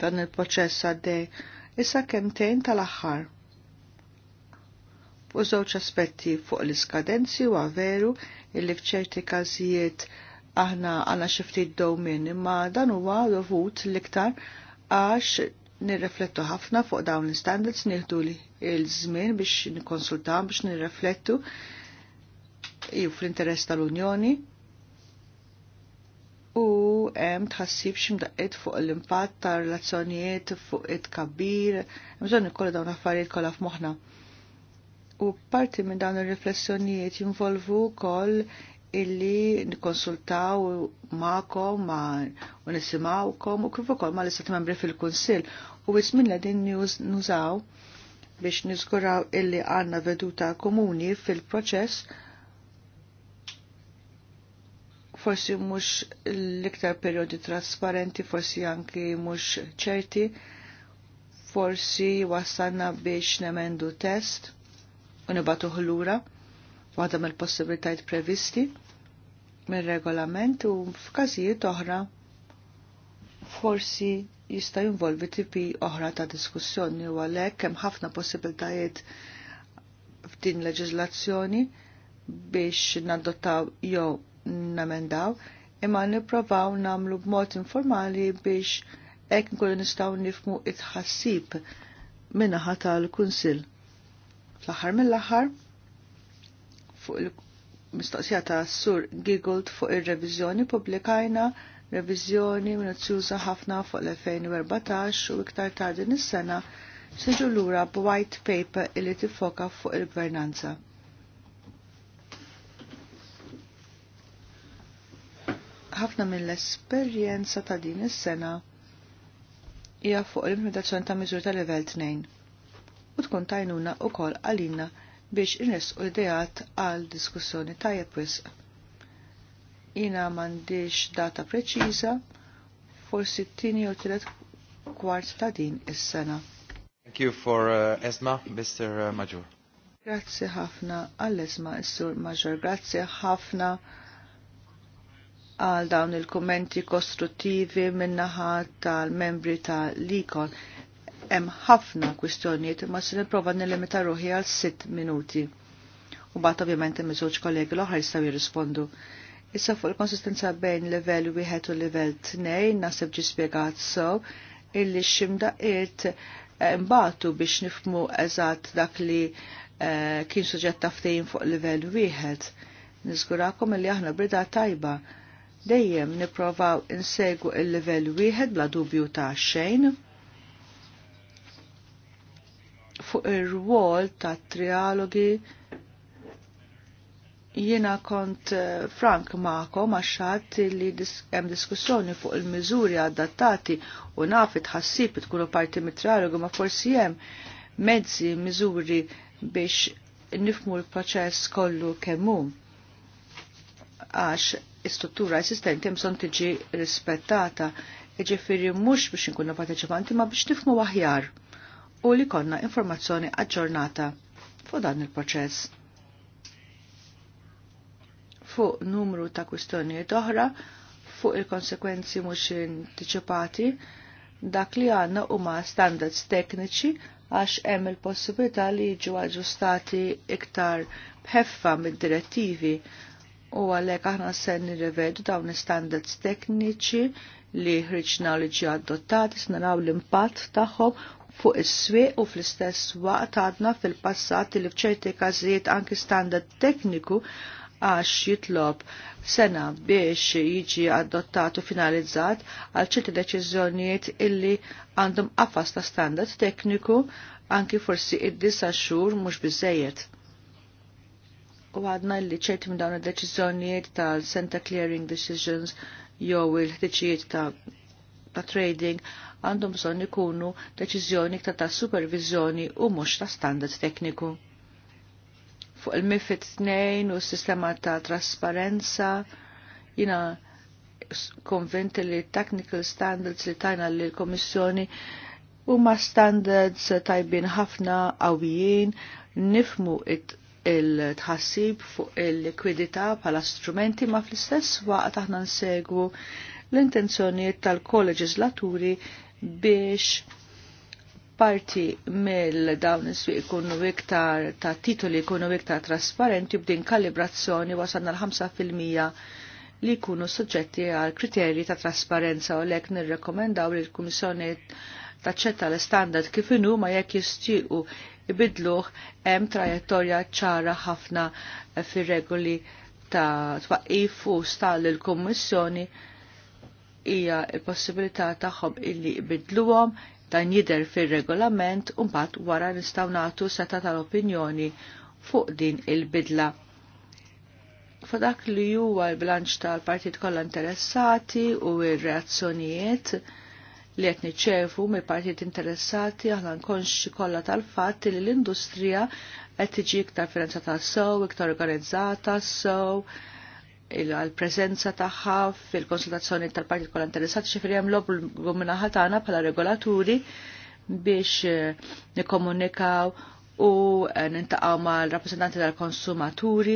Dan il-proċess għaddej issa kemtejn tal-aħħar u żewġ aspetti fuq l-iskadenzi u għaveru illi fċerti każijiet aħna għana d-domin imma dan huwa dovut l-iktar għax nirreflettu ħafna fuq dawn l-standards nieħdu li il-żmien biex nikkonsultaw biex nirreflettu jew fl-interess tal-Unjoni u hemm tħassib x'imdaqqiet fuq l-impatt tar-relazzjonijiet fuq it-kabbir, hemm bżonn ikollha dawn affarijiet kollha f'moħħna. U parti minn dawn ir-riflessjonijiet jinvolvu wkoll illi nikonsultaw ma'kom, ma' u nisimawkom u kif ukoll ma' l-istat membri fil-Kunsill u wismin li din nużaw biex niżguraw illi għanna veduta komuni fil-proċess forsi mhux l-iktar periodi trasparenti, forsi anki mhux ċerti, forsi wasanna biex nemendu test u nibatuh lura waħda mill-possibilitajiet previsti mir-regolament u f'każijiet oħra forsi jista' jinvolvi tipi oħra ta' diskussjoni u għalhekk hemm ħafna possibiltajiet f'din leġiżlazzjoni biex nadottaw jew namendaw imma nipprovaw namlu b'mod informali biex hekk nkunu nistgħu nifmu it-ħassib naħa tal-Kunsill Fl-aħħar mill-aħħar fuq il-mistoqsija ta' Sur Giggled fuq ir-reviżjoni pubblikajna reviżjoni minuzzjuża ħafna fuq l-2014 u iktar ta' din is-sena seġu lura b'white paper illi tifoka fuq il-gvernanza. ħafna mill-esperjenza ta' din is-sena hija fuq l-implementazzjoni ta' miżur ta' level 2 u tkun tajnuna u kol għalina biex ines u l-idejat għal diskussjoni tajjeb wisq. Ina mandiġ data preċiża, forsi t-tini u t-tret kwart ta' din is-sena. Thank you for uh, Esma, Mr. Uh, Major. Grazie ħafna għall-Esma, Sur Major. Grazie ħafna għal dawn il-kommenti kostruttivi minnaħat tal-membri tal-Likon. Hemm ħafna kwistjonijiet imma se nipprova nilimita ruħi għal sitt minuti. U bat ovvjament hemm żewġ kollegi l-oħra jistgħu jirrispondu. Issa fuq il-konsistenza bejn level wieħed u level tnejn naħseb ġi spjegat sew illi x'imdaqiet eh, mbagħtu biex nifmu eżatt dak li eh, kien suġġett taftejn fuq livell wieħed. Niżgurakom li aħna brida tajba dejjem nipprovaw insegu il-livell wieħed bla dubju ta' xejn fuq ir-rwol ta' trialogi jiena kont eh, frank ma'kom xatt li hemm diskussjoni fuq il-miżuri adattati u naf tħassib tkunu parti mit-trialogu ma forsi hemm mezzi miżuri biex nifmu l-proċess kollu kemmu. Għax struttura esistenti jemson tiġi rispettata, ġifiri mux biex inkunu parteċipanti ma biex nifmu aħjar u li konna informazzjoni aġġornata fuq dan il-proċess. Fuq numru ta' kwistjonijiet oħra, fuq il-konsekwenzi mhux anticipati, dak li għanna huma standards tekniċi għax hemm il-possibilità li jiġu aġġustati iktar bħeffa mid-direttivi u għalhekk aħna se nirrevedu dawn standards tekniċi li ħriġna li ġi adottati, naraw l-impatt tagħhom fuq is-swieq u fl-istess waqt għadna fil-passat li f'ċerti każijiet anki standard tekniku għax jitlob sena biex jiġi adottat u finalizzat għal ċerti deċiżjonijiet illi għandhom qafas ta' standard tekniku anki forsi id-disa xhur mhux biżejjed. U għadna li ċerti minn dawn id-deċiżjonijiet tal-Center Clearing Decisions jew il-ħtiċijiet ta' ta' trading għandhom bżonn ikunu deċiżjoni ta' ta' supervizjoni u mhux ta' standard tekniku. Fuq il-MIFID 2 u s-sistema ta' trasparenza jina konvinti li technical standards li tajna li l-Komissjoni u ma standards tajbin ħafna għawijin nifmu il-tħassib fuq il-likwidità bħala strumenti ma fl-istess waqt aħna nsegwu l-intenzjoniet tal-kolleġislaturi biex parti mill dawn is-swieq ikunu iktar ta' titoli ikunu iktar trasparenti b'din kalibrazzjoni wasalna l-5% li jkunu suġġetti għal kriterji ta' trasparenza u lek nirrekomendaw li l-Kummissjoni taċċetta l-standard kif inhu ma jekk jistiequ ibidluh hemm trajettorja ċara ħafna fir-regoli ta' twaqqif u stall il-Kummissjoni hija l-possibilità tagħhom illi jbidluhom dan jidher fir-regolament u mbagħad wara nistgħu nagħtu seta' tal-opinjoni fuq din il-bidla. Fadak li huwa l-bilanċ tal-partit kollha interessati u r-reazzjonijiet li qed niċċevu mill-partit interessati aħna nkonxi kollha tal-fatt li l-industrija qed tiġi iktar finanzjata sew, iktar organizzata sew, so, il-prezenza tagħha fil-konsultazzjoni tal-partit kollha interessati xifri hemm l-obbligu tagħna bħala regolaturi biex eh, nikkomunikaw u eh, nintaqgħu mal-rappreżentanti tal-konsumaturi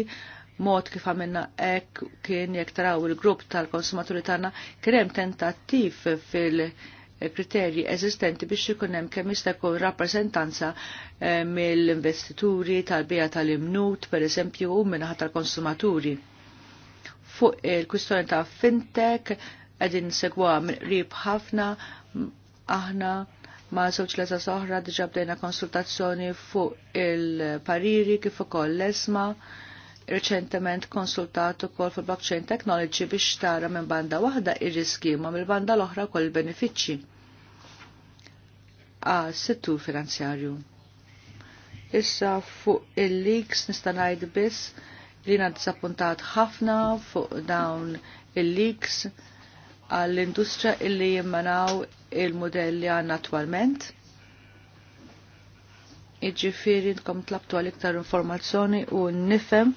mod kif għamilna ek kien jek taraw il-grupp tal-konsumaturi tagħna kien hemm tentattiv fil-kriterji eżistenti biex ikun hemm kemm jista' jkun rappreżentanza eh, mill-investituri tal-bija tal-imnut pereżempju u minnaħa tal-konsumaturi fuq il-kwistjoni ta' fintech għedin segwa minn rib ħafna aħna ma' żewġ leza soħra diġa bdejna konsultazzjoni fuq il-pariri kif ukoll l-esma reċentement konsultatu kol fil blockchain technology biex tara minn banda waħda ir-riski ma mill banda l-oħra kol benefiċċji a settur finanzjarju. Issa fuq il-leaks nista' ngħid biss Rina disappuntat ħafna fuq dawn il-leaks għall-industrija illi jimmanaw il-modelli għanna attualment. Iġifiri nkom tlabtu għal iktar informazzjoni u nifem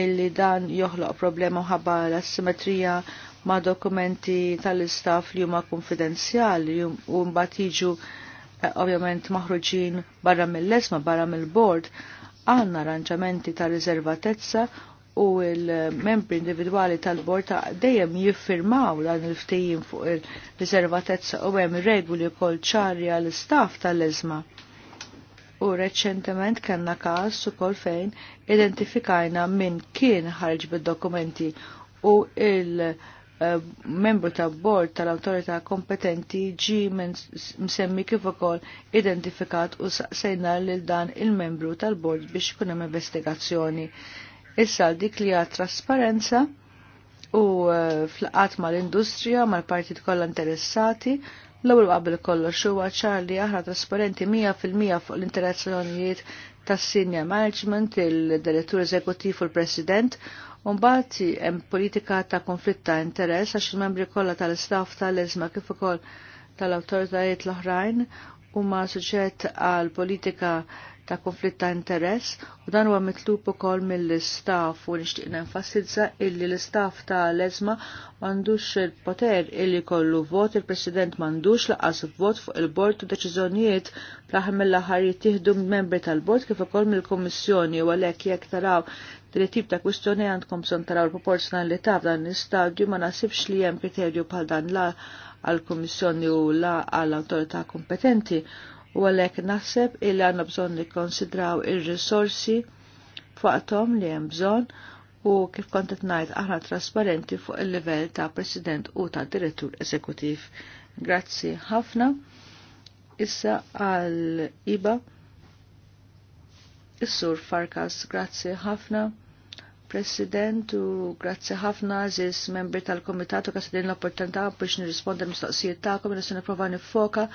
illi dan joħloq problema ħabba l assimetrija ma' dokumenti tal-istaff li huma konfidenzjali u mbagħad jiġu eh, ovvjament maħruġin barra mill-lesma, barra mill-bord. mill lesma barra mill bord għanna arranġamenti ta' riservatezza u il-membri individuali tal-bord ta' dejjem jiffirmaw dan il-ftejjin fuq il-riservatezza u hemm regoli wkoll ċari għall istaff tal izma U reċentement kellna każ kol fejn identifikajna min kien ħarġ bid-dokumenti u il- Eh, membru ta' bord tal-autorità kompetenti ġi msemmi kif ukoll identifikat u saqsejna lil dan il-membru tal-bord biex ikun hemm investigazzjoni. Issa dik li għat trasparenza u eh, flaqat mal-industrija mal-partit kollha interessati l-ewwel qabel kollox huwa ċar li aħna trasparenti 100% fuq l-interazzjonijiet tas-senior management, il-direttur eżekuttiv u l-president Mbagħad hemm politika ta' konflitt ta' interess għax il-membri kollha tal-istaff tal eżma kif ukoll tal-awtoritajiet l-oħrajn huma suġġett għal politika ta' konflitt ta' interess u dan huwa mitlub ukoll mill-istaff u nixtieq nenfasizza illi l-istaff ta' leżma m'għandux il-poter illi kollu vot, il-President m'għandux laqas vot fuq il-bord u deċiżjonijiet fl-aħħar mill-aħħar jittieħdu membri tal-bord kif ukoll mill-Kummissjoni u għalhekk jekk taraw din tip ta' kwistjoni għandkom bżonn taraw l-proporzjonalità f'dan l-istadju ma nasibx li hemm kriterju bħal dan la għall-Kummissjoni u la għall-awtorità kompetenti u għalhekk naħseb illi għandna bżonn nikkonsidraw ir-risorsi fuqhom li hemm bżonn u kif kont qed ngħid aħna trasparenti fuq il-livell ta' President u ta' Direttur Eżekutiv. Grazzi ħafna. Issa għal IBA. Is-Sur Farkas, grazzi ħafna. President u grazzi ħafna ziz membri tal-Komitatu din l-opportunità biex nirrisponda mistoqsijiet ta'kom jena sena nipprova nifoka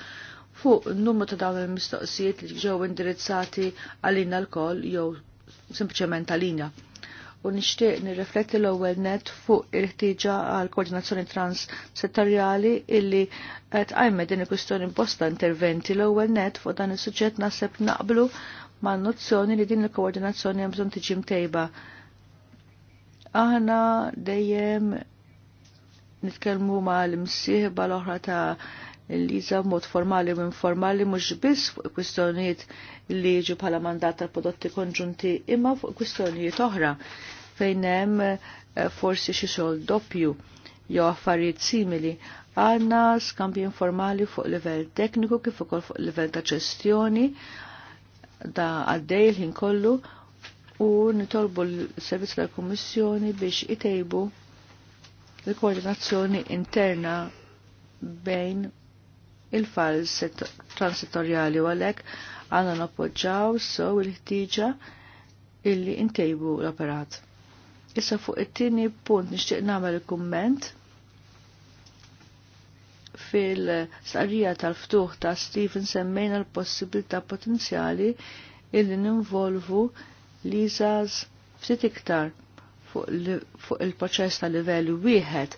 fuq n-numru ta' dawn il-mistoqsijiet li ġew indirizzati għalina l-koll jew sempliċement għalina. U nixtieq nirrifletti l-ewwel net fuq il-ħtieġa għal koordinazzjoni transsettorjali illi tqajmet din il-kwistjoni imposta interventi l-ewwel net fuq dan is-suġġett naħseb naqblu ma' nozzjoni li din il-koordinazzjoni hemm bżonn tiġi mtejba Aħna dejjem nitkellmu l-imsieħ l-oħra ta' l-liża mod formali u informali mhux biss fuq kwistjonijiet li jiġu bħala mandat tal-prodotti konġunti imma fuq kwistjonijiet oħra fejn hemm eh, forsi xi xogħol doppju jew affarijiet simili. Għandna skambji informali fuq livell tekniku kif ukoll fuq livell ta' ġestjoni da għaddej ħin kollu u nitolbu l-servizz tal-Kummissjoni biex itejbu l-koordinazzjoni interna bejn il-files transitorjali u għalek għanna nappoġġaw so il ħtieġa illi intejbu l-operat. Issa fuq it-tieni punt nixtieq nagħmel kumment fil-sarija tal-ftuħ ta' Stephen semmejna l-possibilità potenzjali illi ninvolvu li ftit iktar fuq il-proċess ta' livell wieħed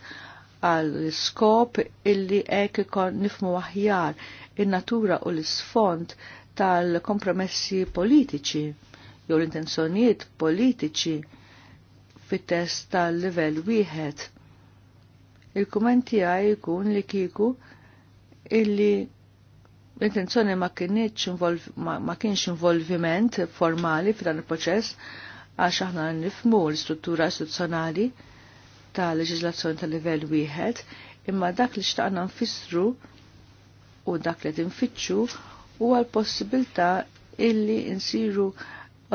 għal skop illi hekk ikon nifmu aħjar in-natura u l-isfond tal-kompromessi politiċi jew l-intenzjonijiet politiċi fit-test tal-livell wieħed. Il-kumenti għaj jkun li kiku illi L-intenzjoni ma kienx involviment formali f'dan il-proċess għax aħna nifmu l-struttura istituzzjonali ta' leġislazzjoni ta' livell wieħed, imma dak li xtaqna nfissru u dak li tinfittxu huwa l-possibilità illi insiru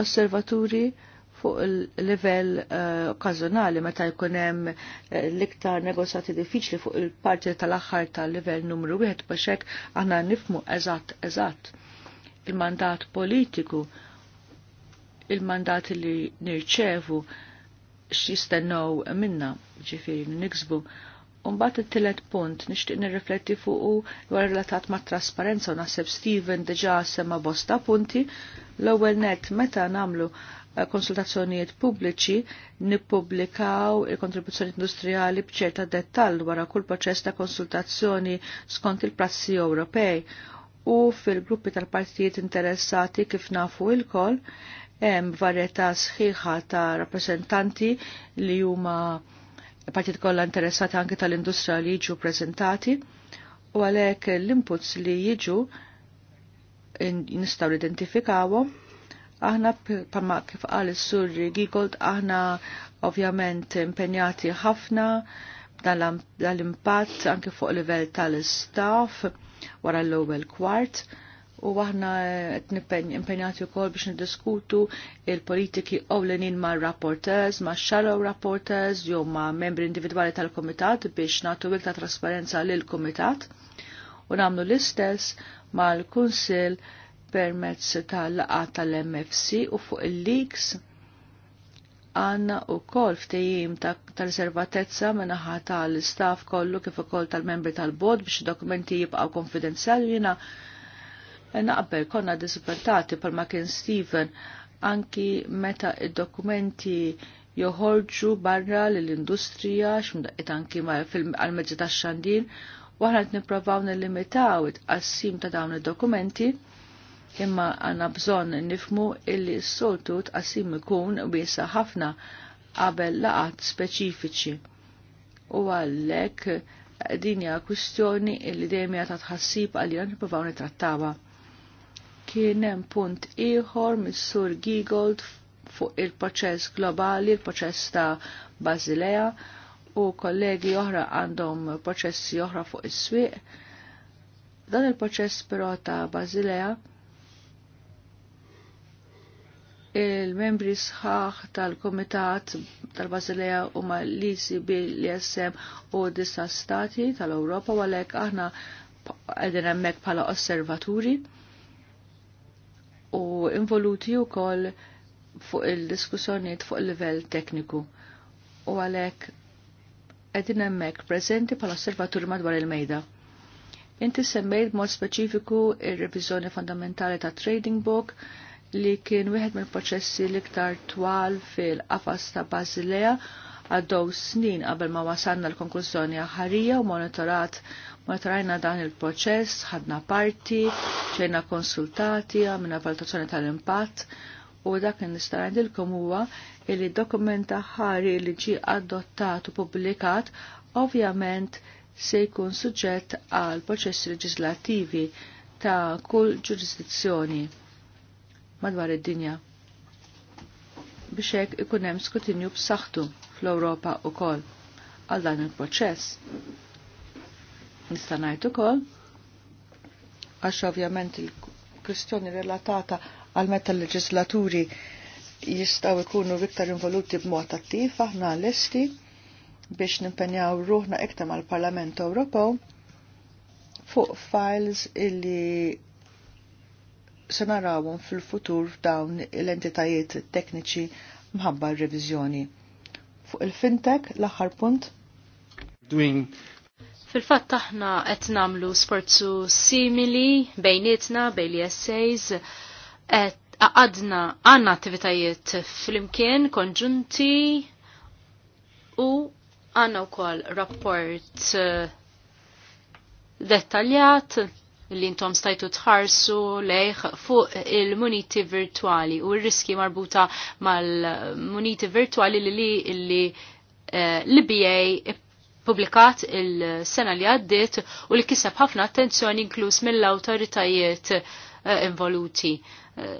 osservaturi fuq il-level eh, okkazjonali meta jkun hemm eh, l-iktar negozjati diffiċli fuq il-parti tal-aħħar tal-level numru wieħed biex hekk aħna nifmu eżatt eżatt il-mandat politiku il-mandat li nirċevu x'jistennew minna ġifieri niksbu. Umbat il-tillet punt nixtieq nirrifletti fuq dwar relatat ma' trasparenza u naħseb Steven deġa sema bosta punti l-ewwel net meta nagħmlu Eh, konsultazzjonijiet pubbliċi nippubblikaw il-kontribuzzjoni industrijali bċerta dettall wara kull proċess ta' konsultazzjoni skont il-prassi Ewropej u fil-gruppi tal-partijiet interessati kif nafu il-kol hemm varjetà sħiħa ta' rappresentanti li huma partit kollha interessati anke tal-industrija li jiġu prezentati u għalhekk l-inputs li jiġu nistgħu identifikawhom Aħna pama kif qal is-sur Gigold aħna ovvjament impenjati ħafna dal-impatt anke fuq livell tal-istaff wara l-ewwel kwart u aħna qed impenjati wkoll biex niddiskutu il-politiki ewlenin ma' rapporters, ma' shallow rapporters, jew ma' membri individwali tal-kumitat biex nagħtu iktar trasparenza lil kumitat u nagħmlu l-istess mal-Kunsill permezz tal-laqa tal-MFC u fuq il-leaks għanna u kol ftejim ta' riservatezza minnaħa tal-staff kollu kif ukoll tal-membri tal-bod biex dokumenti jibqaw konfidenzjali jina eh, naqbel konna dispettati pal ma kien Steven anki meta id-dokumenti joħorġu barra l-industrija x'mdaqqiet anki għal-mezzi tax-xandin u qed nipprovaw nillimitaw it-qassim ta' dawn id-dokumenti imma għanna bżon nifmu illi s-soltu tqasim ikun wiesa ħafna qabel laqat speċifiċi. U għallek dinja kwistjoni illi dejjem ta' tħassib għalina nippruvaw nitrattawa. Kien hemm punt ieħor mis-Sur Gigold fuq il-proċess globali, il-proċess ta' Basilea u kollegi oħra għandhom proċessi oħra fuq is-swieq. Dan il-proċess però ta' Basilea il-membri sħaħ tal-Komitat tal-Basilea u ma l-ICB, l-ISM u disa stati tal-Europa u għalek aħna għedin emmek pala osservaturi u involuti u kol fuq il-diskussjoniet fuq il-level tekniku u għalek għedin emmek prezenti pala osservaturi madwar il-mejda. Inti semmejt mod speċifiku il-revizjoni fundamentali ta' trading book, li kien wieħed mill-proċessi l-iktar twal fil-qafas ta' Basilea għaddew snin qabel ma wasanna l-konklużjoni aħħarija u monitorat monitorajna dan il-proċess, ħadna parti, ċejna konsultati, għamilna valutazzjoni tal-impatt u dak li nista' ngħidilkom huwa li d-dokument aħħari li ġie adottat u pubblikat ovvjament se jkun suġġett għal proċessi leġislativi ta' kull ġurisdizzjoni madwar id-dinja biex hekk ikun hemm skrutinju b'saħħtu fl-Ewropa wkoll għal dan il-proċess. Nista' ngħid ukoll għax ovvjament il-kwistjoni relatata għal meta l-leġislaturi jistgħu jkunu iktar involuti b'mod attiv aħna lesti biex nimpenjaw ruħna iktar mal-Parlament Ewropew fuq files illi se narawhom fil-futur f'dawn l-entitajiet tekniċi mħabba r-reviżjoni. Fuq il-fintech l-aħħar punt. Doing Fil-fatt aħna qed nagħmlu sforzu simili bejnietna bejn essays qed għadna għandna attivitajiet fl-imkien konġunti u għandna wkoll rapport eh, dettaljat li intom stajtu tħarsu leħ fuq il-muniti virtuali u r-riski marbuta mal-muniti virtuali li li li eh, l-BA publikat il-sena li għaddit u li kiseb ħafna attenzjoni inkluż mill-autoritajiet eh, involuti. Eh,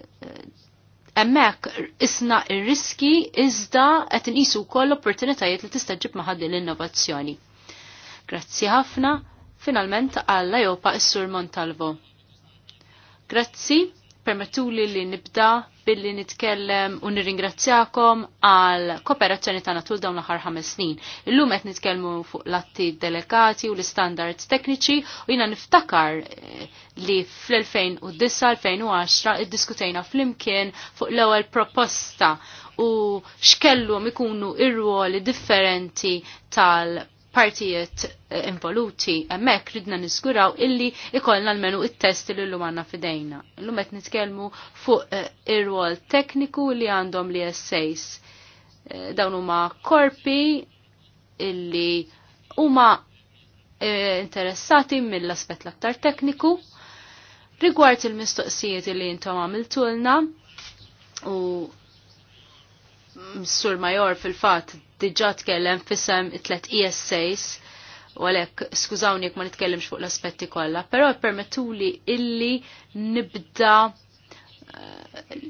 emmek isna ir-riski iżda qed inqisu wkoll opportunitajiet li tista' ġib maħaddi l-innovazzjoni. Grazzi ħafna finalment għalla jopa s-sur Montalvo. Grazzi, permettuli li nibda billi nitkellem u nirringrazzjakom għal kooperazzjoni tagħna tul dawn l-aħħar ħames snin. Illum qed nitkellmu fuq l-atti delegati u l-istandards tekniċi u jiena niftakar eh, li fl-2009-2010 iddiskutejna flimkien fuq l-ewwel proposta u xkellhom ikunu ir-ruoli differenti tal partijiet eh, involuti, emmek ridna niskuraw illi ikollna l-menu il-test li l-lum għanna fidejna. L-lum għet nitkelmu fuq eh, ir-rol tekniku li għandhom li essays. Eh, dawn huma korpi illi huma interessati mill-aspet l-aktar tekniku. Rigward il-mistoqsijiet li intom għamiltulna u Sur Major fil-fat diġa tkellem fissem it-tlet ESAs u għalek skużawni ma nitkellimx fuq l-aspetti kollha, però permettuli illi nibda eh,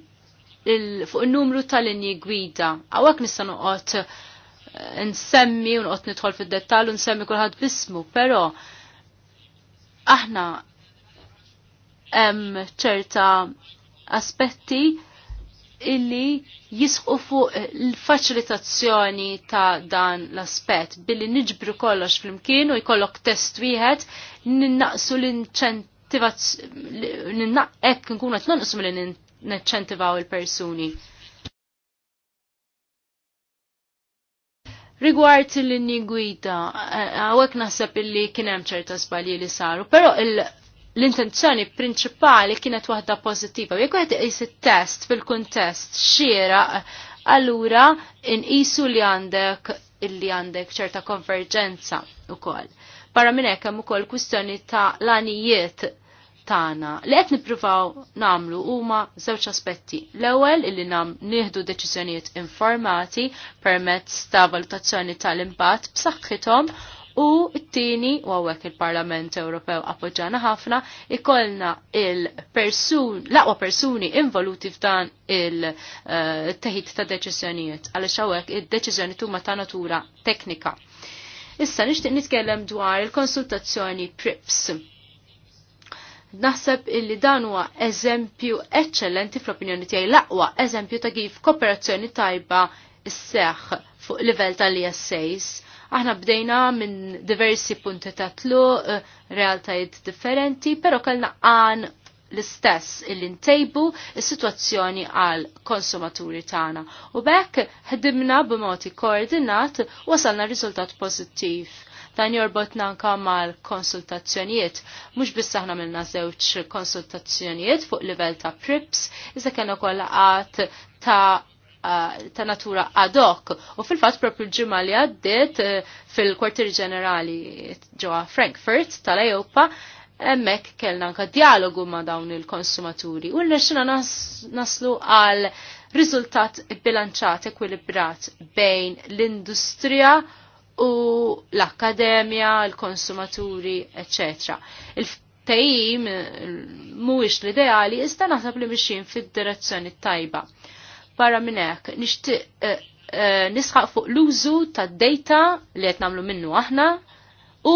fuq il-numru tal-linji gwida. Għawak nista' noqgħod eh, nsemmi u noqgħod nidħol fid-dettall u nsemmi kulħadd bismu, però aħna hemm ċerta aspetti illi jisqu fuq l-faċilitazzjoni ta' dan l-aspet billi niġbru kollox fl-imkien u jkollok test wieħed ninnaqsu l-inċentivazzjoni ek nkunu qed nonqsu milli niċċentivaw il-persuni. Rigward l-inni gwida, għawek naħseb illi kienem ċerta sbalji li saru, pero il- l-intenzjoni prinċipali kienet waħda pozittiva. Jekk qed is test fil-kuntest xiera, allura isu li għandek illi għandek ċerta konverġenza ukoll. Barra minn hekk hemm ukoll kwistjoni ta' lanijiet tagħna li qed nippruvaw nagħmlu huma żewġ aspetti. L-ewwel illi nam nieħdu deċiżjonijiet informati permezz ta' valutazzjoni tal-impatt b'saħħithom U t-tini, u għawek il-Parlament Ewropew appoġġana ħafna, ikollna il-persun, laqwa persuni involuti f'dan il-teħid eh, ta' deċizjonijiet, għalix għawek il-deċizjoni tuma ta' natura teknika. Issa nixtieq nitkellem dwar il-konsultazzjoni PRIPS. Naħseb illi dan huwa eżempju eċċellenti fl-opinjoni tiegħi l-aqwa eżempju ta' kif kooperazzjoni tajba s-seħ fuq livell tal isas Aħna bdejna minn diversi punti ta' tlu, eh, realtajiet differenti, pero kellna għan l-istess il-intejbu il-situazzjoni għal konsumaturi tagħna. U bekk ħdimna b'mod koordinat wasalna riżultat pożittiv dan jorbot nanka mal konsultazzjonijiet. Mux biss aħna minna zewċ konsultazzjonijiet fuq livell ta' PRIPS, iżda kena kolla ta' ta' natura ad hoc u fil-fatt propju l-ġimgħa li għaddiet eh, fil-kwartier ġenerali ġewwa Frankfurt tal-Ewpa emmek kellna anka dialogu ma' dawn il-konsumaturi u l-nexxina naslu għal riżultat bilanċat ekwilibrat bejn l-industrija u l-akkademja, l-konsumaturi, etc. Il-tejim eh, mhuwiex l-ideali iżda naħseb li mixin fid-direzzjoni tajba. Barra minn hekk uh, uh, nisħaq fuq l-użu tad-data li qed nagħmlu minnu aħna u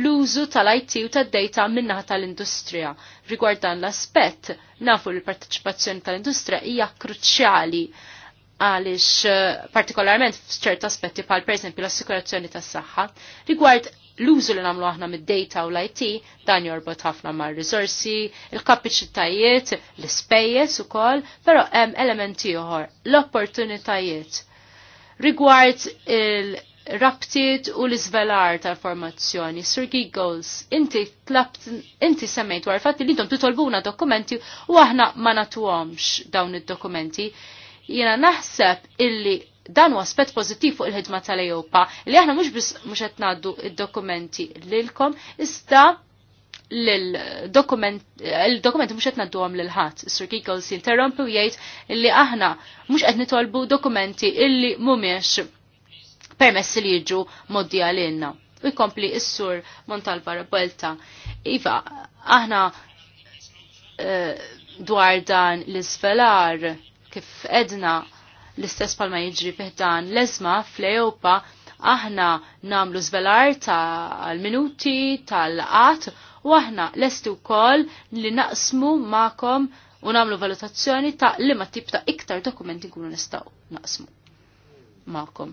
l-użu tal-IT u ta' data minnaħa tal-industrija. Rigward dan l-aspett, nafu li l-parteċipazzjoni tal-industrija hija kruċjali għaliex eh, partikolarment f'ċert aspetti bħal pereżempju l-assikurazzjoni tas-saħħa. Rigward l-użu li namlu aħna mid-data u l-IT dan jorbot ħafna ma' risorsi, il-kapaċitajiet, l-spejjes u koll, pero hemm elementi uħor, l-opportunitajiet. Rigward il-rabtiet u l-izvelar tal-formazzjoni, surgi Goals, inti tlabt, inti semmejt fatti li intom tutolbuna dokumenti u aħna ma natuhomx dawn id-dokumenti. Jena naħseb illi dan u aspet pozittiv fuq il-ħidma tal-Ejopa li aħna mhux biss mhux qed ngħaddu id-dokumenti lilkom iżda l-dokumenti mhux qed ngħadduhom lil ħadd. Sir Kikos jinterrompi u jgħid li aħna mhux qed nitolbu dokumenti illi mhumiex permessi li jiġu moddi għalilna. U jkompli s-sur Montalva Rebelta. Iva, aħna eh, dwar dan l-isfelar kif edna l-istess palma jiġri peħdan l-ezma fl-Ejopa aħna namlu zvelar tal-minuti, tal-qat, u aħna l-estu kol li naqsmu ma'kom u namlu valutazzjoni ta' li ma' tip ta' iktar dokumenti kunu nistaw naqsmu ma'kom.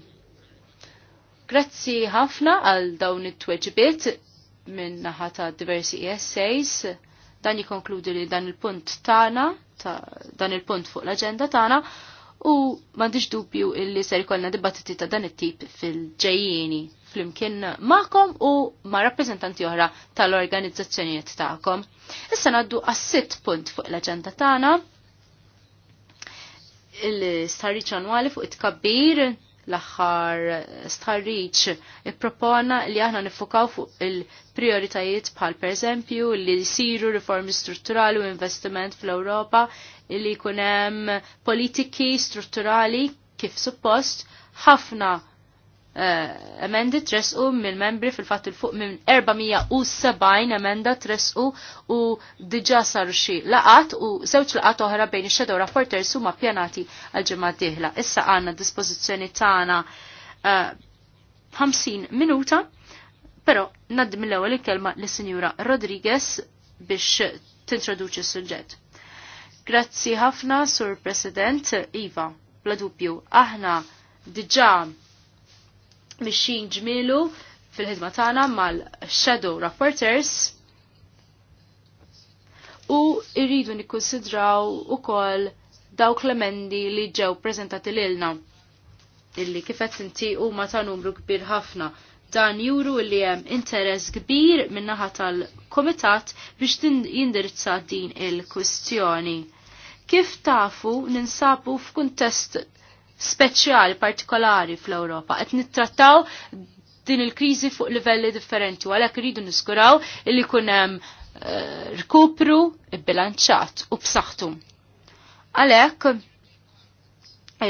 Grazzi ħafna għal dawn it-tweġibiet minn naħa ta' diversi essays. Dan jikonkludi li dan il-punt tana, ta dan il-punt fuq l-agenda tana u m'għandix dubju illi ser jkollna dibattiti ta' dan it-tip fil-ġejjieni flimkien ma'kom u ma' rappreżentanti oħra tal-organizzazzjonijiet tagħkom. Issa ngħaddu għas-sitt punt fuq l-aġenda tagħna il-starriċ annwali fuq it-kabbir l-axħar starriċ propona li aħna nifukaw fuq il-prioritajiet bħal per li jisiru riformi strutturali u investiment fl-Europa, li kunem politiki strutturali kif suppost ħafna uh, emendi tresqu mill membri fil-fatt il-fuq minn 470 emenda tresqu u diġa saru xi laqat u żewġ laqat oħra bejn ix-shadow rapporters huma pjanati għal ġimgħa dieħla. Issa għandna dispożizzjoni tagħna uh, eh, 50 minuta, però naddim l-ewwel il-kelma lis-Sinjura Rodriguez biex tintroduċi s-suġġett. Grazzi ħafna, Sur President Iva, bla dubju, aħna diġa mixin ġmilu fil-ħidma tagħna mal-Shadow Rapporters u irridu nikkonsidraw ukoll dawk l-emendi li ġew preżentati lilna illi kifet inti huma ta' numru kbir ħafna dan juru li hemm interess kbir min-naħa tal-Komitat biex jindirizza din il-kwistjoni. Kif tafu ninsabu f'kuntest speċjali partikolari fl-Ewropa qed nittrattaw din il-kriżi fuq livelli differenti u għalhekk iridu niskuraw li jkun hemm uh, rkupru bilanċat u b'saħħtu. Għalhekk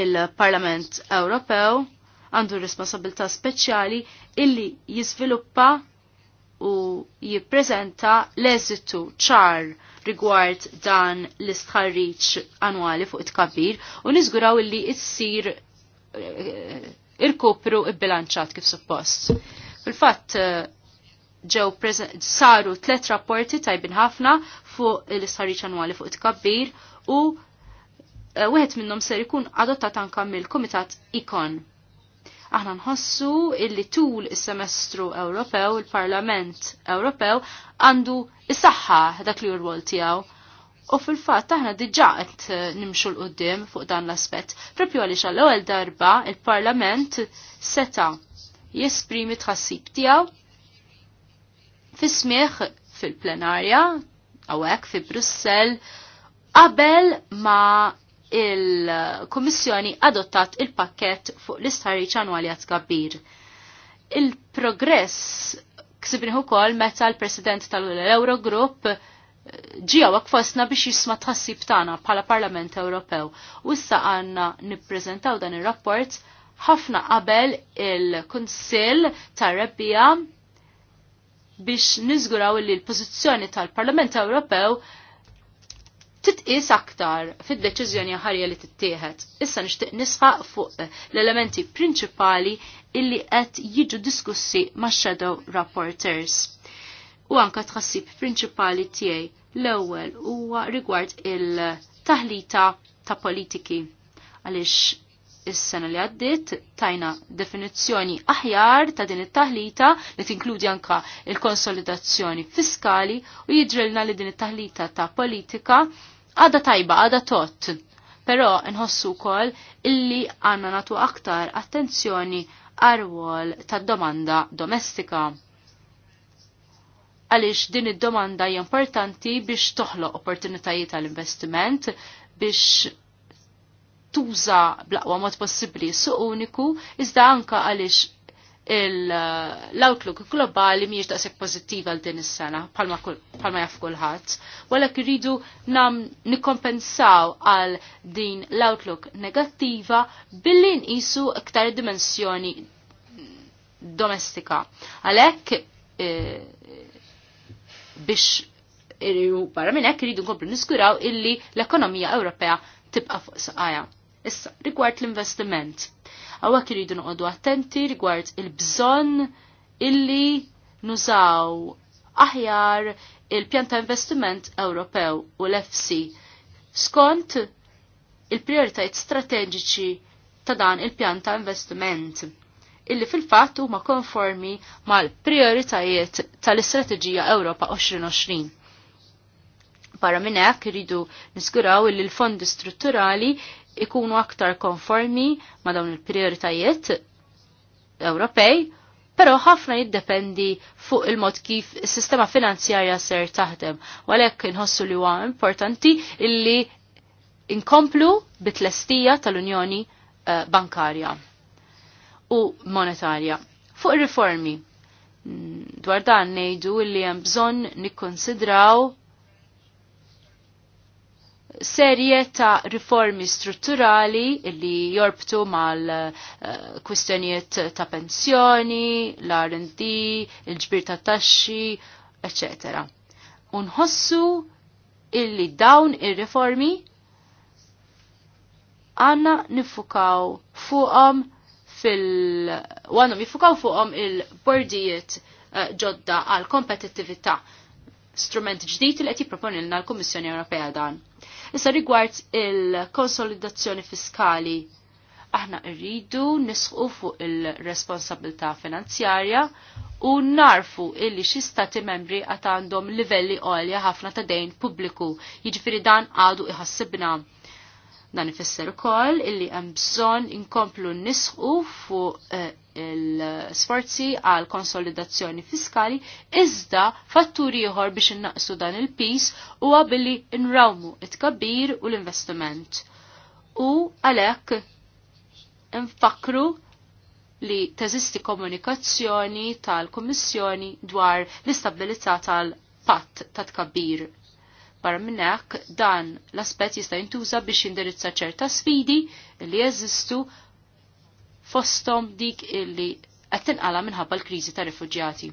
il-Parlament Ewropew għandu responsabilità speċjali illi jizviluppa u jipprezenta l-eżitu ċar rigward dan l-istħarriċ annwali fuq it-kabir u nizguraw illi issir eh, irkupru il-bilanċat kif suppost. Fil-fatt, eh, ġew saru tlet rapporti tajbin ħafna fuq l-istħarriċ annwali fuq it kabir u eh, wieħed minnhom ser ikun adottat anke mill-Kumitat Ikon. Aħna nħossu illi tul is-semestru Ewropew, il-Parlament Ewropew għandu is-saħħa dak li rwol tiegħu. U fil-fatt aħna diġà qed eh, nimxu l qudiem fuq dan l-aspett. Propju għaliex għall-ewwel darba il-Parlament seta' jesprimi tħassib tiegħu fismieħ fil-plenarja hawnhekk fi Brussell qabel ma il-Kummissjoni adottat il-pakket fuq l-istħarriċ annwali għat kabbir. Il-progress ksibniħu kol meta l-President tal-Eurogrupp eh, ġija wakfosna biex jisma tħassib tana bħala Parlament Ewropew. U issa għanna nippreżentaw dan il-rapport ħafna qabel il-Kunsill tar-Rebbija biex nizguraw li l-pożizzjoni tal-Parlament Ewropew titqis aktar fid-deċiżjoni ħarja li tittieħed. Issa nixtieq nisħaq fuq eh, l-elementi prinċipali illi qed jiġu diskussi max-shadow rapporters. U anka tħassib prinċipali tiegħi l-ewwel huwa rigward il-taħlita ta' politiki. Għaliex is-sena li għaddit tajna definizzjoni aħjar ta' din it-taħlita li tinkludi anka il-konsolidazzjoni fiskali u jidrilna li din it-taħlita ta' politika għada tajba, għada tot. Pero nħossu kol illi għanna natu aktar attenzjoni għarwol ta' domanda domestika. Għalix din id-domanda hija importanti biex toħloq opportunitajiet tal investiment biex tuża blaqwa mod possibbli suq uniku, iżda anka għalix l-outlook globali miex daqseg pozittiva għal din is-sena palma jaf kulħadd, walek iridu nam nikkompensaw għal din l-outlook negattiva billi nqisu iktar dimensjoni domestika. Għalhekk eh, biex barra minn hekk irridu nkomplu niskuraw illi l-ekonomija Ewropea tibqa' fuq saqajja. Issa, rigward l-investiment. Għawak kiridu noqodu attenti rigward il-bżon illi nużaw aħjar il-pjan ta' investiment Ewropew u l-FC skont il prioritajt strateġiċi ta' dan il-pjan ta' investiment illi fil-fatt huma konformi mal-prioritajiet tal-Istrateġija Ewropa 2020. Barra minn hekk iridu niskuraw illi l-fondi strutturali ikunu aktar konformi ma dawn il-prioritajiet Ewropej, pero ħafna jiddependi fuq il-mod kif is-sistema finanzjarja ser taħdem. Walek nħossu li huwa importanti illi inkomplu bitlestija tal-Unjoni eh, Bankarja u Monetarja. Fuq ir-riformi, mm, dwar dan ngħidu li hemm bżonn nikkonsidraw serje ta' riformi strutturali li jorbtu mal-kwistjonijiet eh, ta' pensjoni, l-R&D, il-ġbir ta' taxxi, etc. Unħossu illi dawn ir-riformi għanna nifukaw fuqom fil- għanna nifukaw fuqom il-bordijiet eh, ġodda għal kompetittività strument ġdijt li għeti proponilna l komissjoni Ewropea dan. Issa rigward il-konsolidazzjoni fiskali, aħna rridu nisqu fuq il-responsabilità finanzjarja u narfu illi xi stati membri għat għandhom livelli għolja ħafna ta' dejn pubbliku, jiġifieri dan għadu iħassibna Dan ifisser ukoll illi hemm bżonn inkomplu nisħu fuq eh, il-sforzi għal konsolidazzjoni fiskali iżda fatturi ieħor biex innaqsu dan il-pis huwa billi nrawmu it-kabbir u l-investiment. U għalhekk infakru li teżisti komunikazzjoni tal-Kummissjoni dwar l-istabilità tal-patt ta' tkabbir Barra minnek dan l-aspet jista' jintuża biex jindirizza ċerta sfidi li jeżistu fostom dik illi qed tinqala minħabba l-kriżi ta' rifuġjati.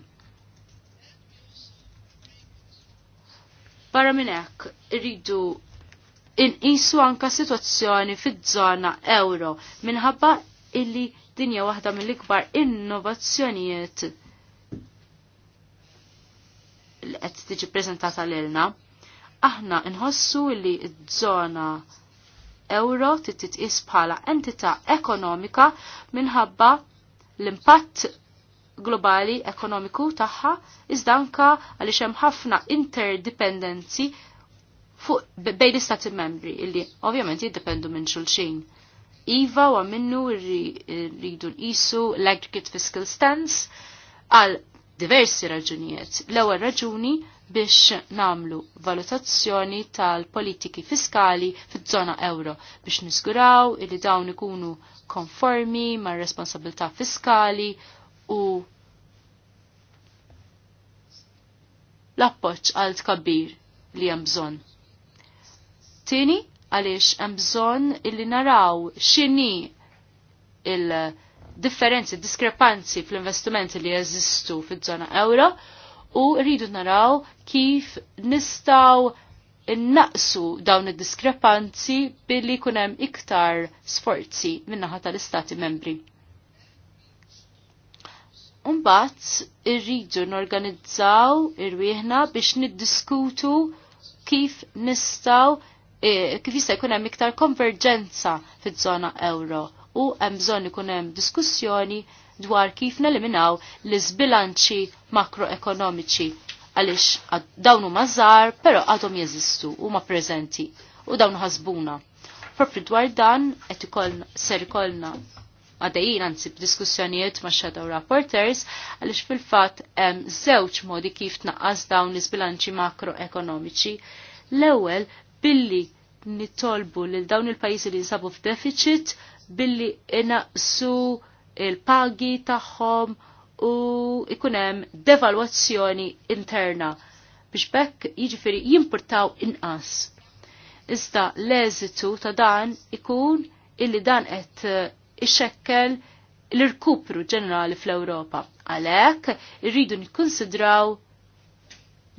Barra minn hekk irridu inqisu anka sitwazzjoni fiż-żona euro minħabba illi dinja waħda mill-ikbar innovazzjonijiet li qed tiġi preżentata lilna. Aħna nħossu li d-żona euro titqis bħala entità ekonomika minħabba l-impatt globali ekonomiku tagħha iżda anka għaliex hemm ħafna interdependenzi fuq bejn l-istati membri illi ovvjament jiddependu minn xulxin. Iva wa minnu rridu nqisu l-aggregate fiscal stance għal diversi raġunijiet. L-ewwel raġuni biex namlu valutazzjoni tal-politiki fiskali fiż-żona euro biex nisguraw li dawn ikunu konformi ma' responsabilità fiskali u l-appoċ għal tkabbir li hemm bżonn. Tieni għaliex hemm bżonn illi naraw x'inhi il- differenzi, diskrepanzi fl-investimenti li jeżistu fil-żona euro u rridu naraw kif nistaw innaqsu dawn id-diskrepanzi billi kunem iktar sforzi minnaħa tal-istati membri. Umbat irridu norganizzaw irwieħna biex niddiskutu kif nistaw eh, kif jista' jkun hemm iktar konverġenza fiż-żona euro u hemm bżonn ikun hemm diskussjoni dwar kif neliminaw l-iżbilanċi makroekonomiċi għaliex dawn huma żgħar però għadhom jeżistu huma preżenti u dawn ħasbuna. Propri dwar dan qed ikollna ser ikollna għadajin anzi b'diskussjonijiet ma' shadow rapporters għalix fil-fat hemm żewġ modi kif tnaqqas dawn l iżbilanċi makroekonomiċi. L-ewwel billi nitolbu lil dawn il-pajjiżi li jinsabu f'deficit billi inaqsu il-pagi tagħhom u ikunem devalwazzjoni interna biex bekk jiġifieri jimportaw inqas. Iżda l-eżitu ta' dan ikun illi dan qed ixekkel l-irkupru ġenerali fl-Ewropa. Għalhekk irridu nikkonsidraw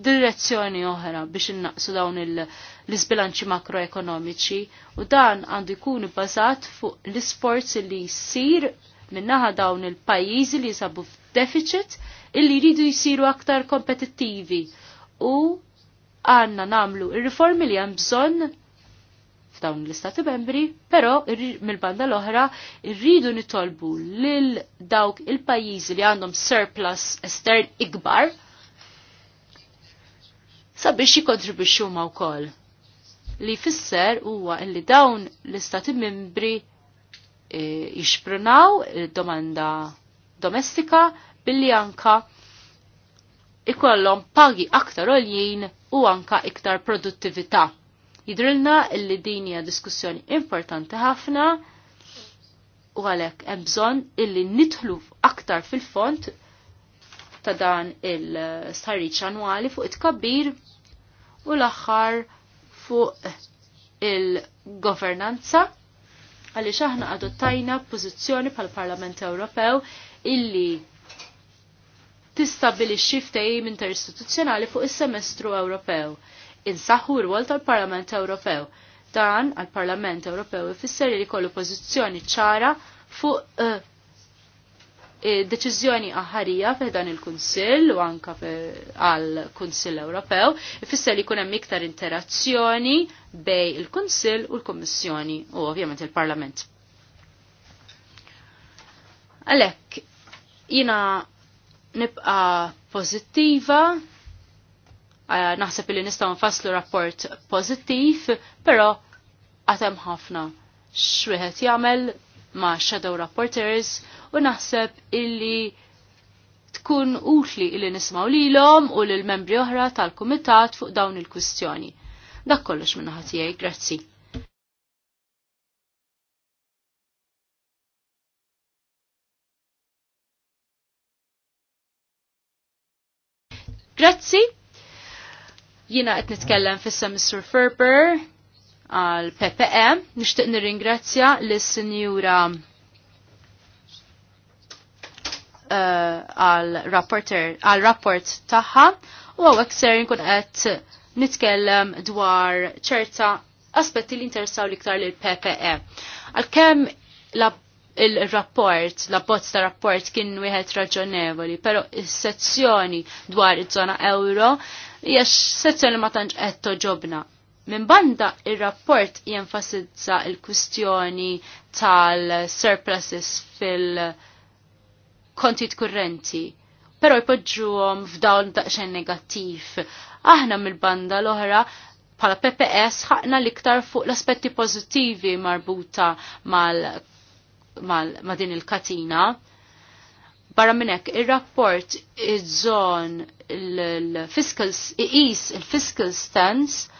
direzzjoni oħra biex innaqsu dawn l-isbilanċi makroekonomiċi u dan għandu jkun bbażat fuq l-isforz li jsir minnaħa dawn il-pajjiżi li jisabu f'deficit illi jridu jisiru aktar kompetittivi u għanna namlu il-riformi li hemm bżonn f'dawn l-istati membri, però mill-banda l-oħra jridu nitolbu lil dawk il-pajjiżi li għandhom surplus estern ikbar sabiex jikontribwixxu ma wkoll. Li fisser huwa li dawn l-istati membri e, jixprunaw domanda domestika billi anka ikollhom pagi aktar oljin u anka iktar produttività. Jidrilna illi din hija diskussjoni importanti ħafna u għalhekk hemm bżonn illi nidħlu aktar fil-font ta' dan il-sarriċ annwali fuq it-kabbir u l-aħħar fuq il-governanza għaliex aħna adottajna pożizzjoni pal parlament Ewropew illi tistabilixxi ftehim interistituzzjonali fuq is-semestru Ewropew. Insaħħu r-wol tal-Parlament Ewropew. Dan għal-Parlament Ewropew ifisser li kollu pożizzjoni ċara fuq uh, deċiżjoni aħarija f'dan il-Kunsill u anka għal Kunsill Ewropew ifisser li jkun hemm iktar interazzjoni bej il-Kunsill u l-Kummissjoni u ovvjament il-Parlament. Għalhekk jina nibqa pozittiva naħseb li nistgħu nfasslu rapport pozittiv, però għatem ħafna x'wieħed jagħmel ma' shadow rapporters u naħseb illi tkun utli illi nismaw lilhom u l membri oħra tal-kumitat fuq dawn il-kwistjoni. Dak kollox minna ħatijaj, grazzi. Grazzi. Jina qed nitkellem fissa Mr. Ferber għal PPE, nixtieq nirringrazzja l sinjura Eh, għal rapport tagħha u għawek ser nkun qed nitkellem dwar ċerta aspetti li interessaw liktar l PPE. Għalkemm il-rapport, la bozz ta' rapport kien wieħed raġonevoli, però is-sezzjoni dwar iż-żona euro hija sezzjoni ma tantx qed toġobna. Min banda il-rapport jenfasizza il-kustjoni tal-surpluses fil- kontit kurrenti, pero jpoġġuhom f'dawn daqsxejn negattiv. Aħna mill-banda l-oħra bħala PPS ħaqna l-iktar fuq l-aspetti pożittivi marbuta mal, mal ma din il-katina. Barra minnek, il-rapport id żon il-fiscal, il-fiscal stance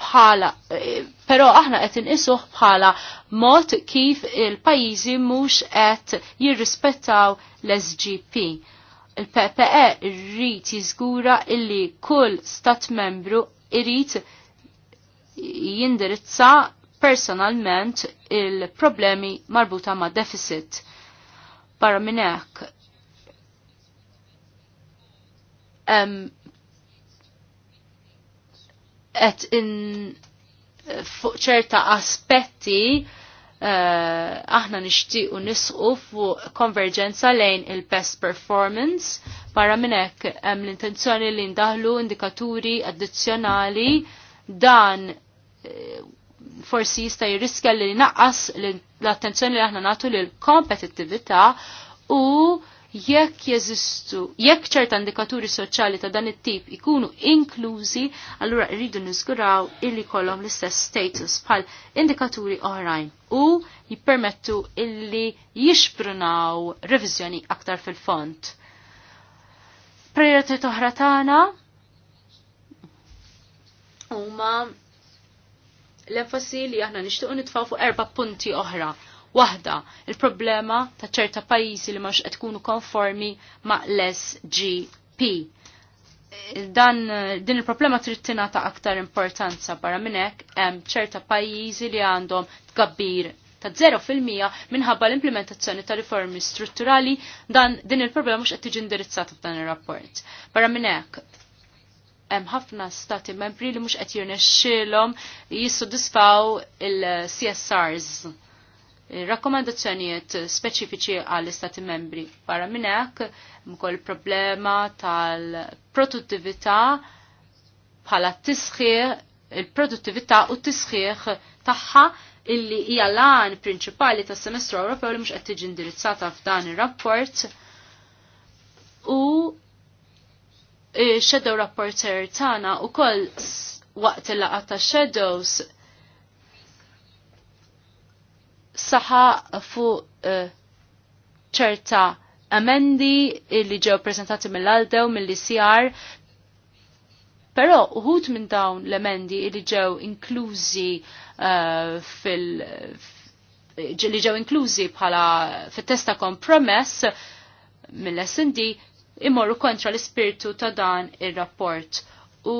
bħala, eh, pero aħna qed inqisuh bħala mod kif il-pajjiżi mhux qed jirrispettaw l-SGP. Il-PPE rrit jiżgura illi kull stat membru irrit jindirizza personalment il-problemi marbuta ma' deficit. Barra minn hekk qed in fuq ċerta aspetti uh, aħna nixtiequ nisqu fuq konverġenza lejn il-best performance barra minn hekk hemm l-intenzjoni li ndaħlu indikaturi addizzjonali dan uh, forsi jista' jirriskja li naqqas l-attenzjoni li aħna nagħtu lil kompetittività u jekk jeżistu, jekk ċerta indikaturi soċjali ta' dan it-tip ikunu inklużi, allura rridu niżguraw illi kollhom l-istess status bħal indikaturi oħrajn u jippermettu illi jixprunaw reviżjoni aktar fil-font. Prioritet oħra tagħna huma l-enfasi li aħna nixtiequ nitfgħu fuq erba' punti oħra waħda il-problema ta' ċerta pajjiżi li mhux qed tkunu konformi ma' l-SGP. Dan din il-problema trid tingħata aktar importanza barra minn hekk hemm ċerta pajjiżi li għandhom tkabbir ta' 0% minħabba l-implementazzjoni ta' riformi strutturali dan din il-problema mhux qed tiġi indirizzata f'dan ir-rapport. Barra minn hekk hemm ħafna stati membri li mhux qed jirnexxielhom jissodisfaw il-CSRs rakkomandazzjonijiet speċifiċi għall-Istati membri. Barra minn hekk mkoll problema tal-produttività bħala tisħiħ il-produttività u t-tisħiħ tagħha illi hija l-għan prinċipali tas semestru Ewropew li mhux qed tiġi indirizzata f'dan ir-rapport u shadow rapporter tagħna ukoll waqt il-laqgħa ta' shadows saħa fuq eh, ċerta amendi li ġew prezentati mill-Aldew, mill-ICR, però uħut minn dawn l-amendi li ġew inklużi uh, fil- li ġew inklużi bħala fit-testa kompromess mill-SND imorru kontra l-ispirtu ta' dan ir-rapport. U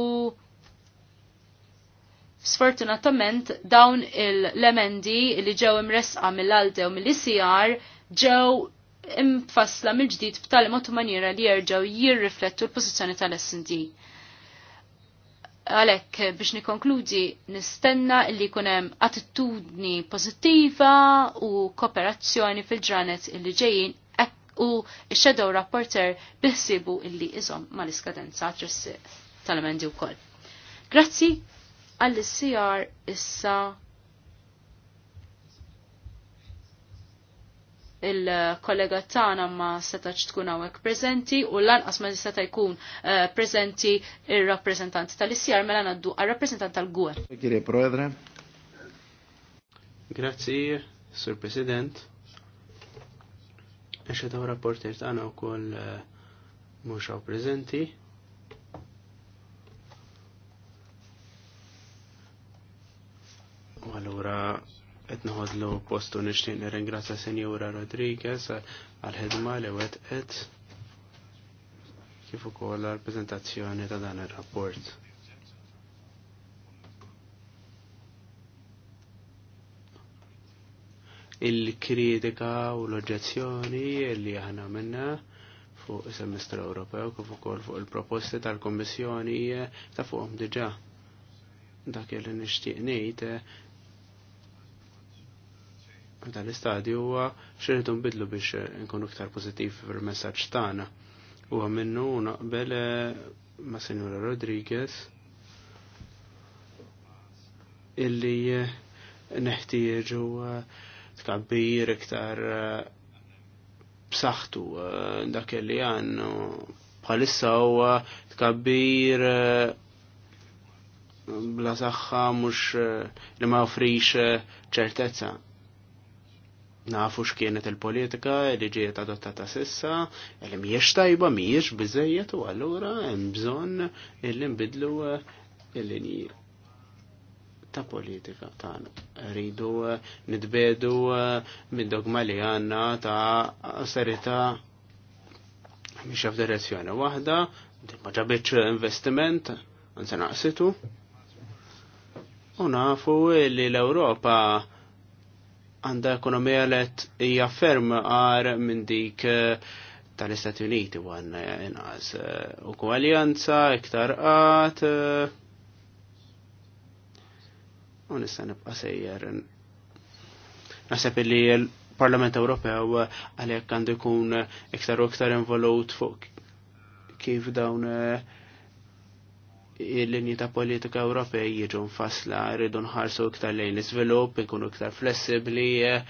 sfortunatament dawn il-lemendi li ġew imresqa mill-alde u mill-ICR ġew imfassla mill-ġdid b'tali mod maniera li jerġgħu jirriflettu l-pożizzjoni tal-SD. Għalhekk biex nikonkludi nistenna li jkun hemm attitudni pożittiva u kooperazzjoni fil-ġranet illi ġejjin u shadow rapporter biħsibu illi iżom mal-iskadenza tal-emendi wkoll. Grazzi għall-sijar issa il-kollega tagħna ma setax tkun hawnhekk prezenti u lanqas ma seta' jkun prezenti eh, preżenti ir tal-ISR mela ngħaddu għal-rappresentanti tal gwe Grazzi, Sur President. Eċa taw rapporter tagħna wkoll eh, mhux hawn prezenti. Allura qed noħodlu postu nixtieq nirringrazzja Senjura Rodriguez għal-ħidma li wetqet kif ukoll għall-preżentazzjoni ta' dan ir-rapport. Il-kritika u l-oġġezzjoni li aħna minna fuq is-semestru Ewropew kif ukoll fuq il-proposti tal-Kommissjoni ta' fuqhom diġà dak li nixtieq ngħid l istadju huwa xirritu nbidlu biex nkunu iktar pozittiv fil-messaġġ tagħna. Huwa minnu naqbel eh, ma' Senjora Rodriguez illi eh, neħtieġu eh, tkabbir iktar b'saħħtu dak li għannu bħalissa huwa tkabbir bla saħħa mhux li ma offrix ċertezza nafu x'kienet il-politika li ġiet adottata sissa, li mhijiex tajba, mhijiex biżejjed u allura hemm bżonn illi nbidlu eh, l-linji ta' politika tagħna. Rridu eh, nitbedu eh, mid-dogma li għandna ta' serita mhix f'direzzjoni waħda, ma ġabitx investiment, anzi naqsitu. U nafu li l-Ewropa għanda ekonomija li hija ferm għar minn dik eh, tal-Istati Uniti u għanna inqas eh, u koaljanza, iktar qat. Eh. U nista' nibqa' sejjer. Naħseb li l-Parlament Ewropew għalhekk għandu jkun iktar u iktar involut fuq kif dawn uh, il-linji ta' politika Ewropej jiġu nfasla, rridu nħarsu iktar lejn l-iżvilupp, ikunu iktar flessibli eh,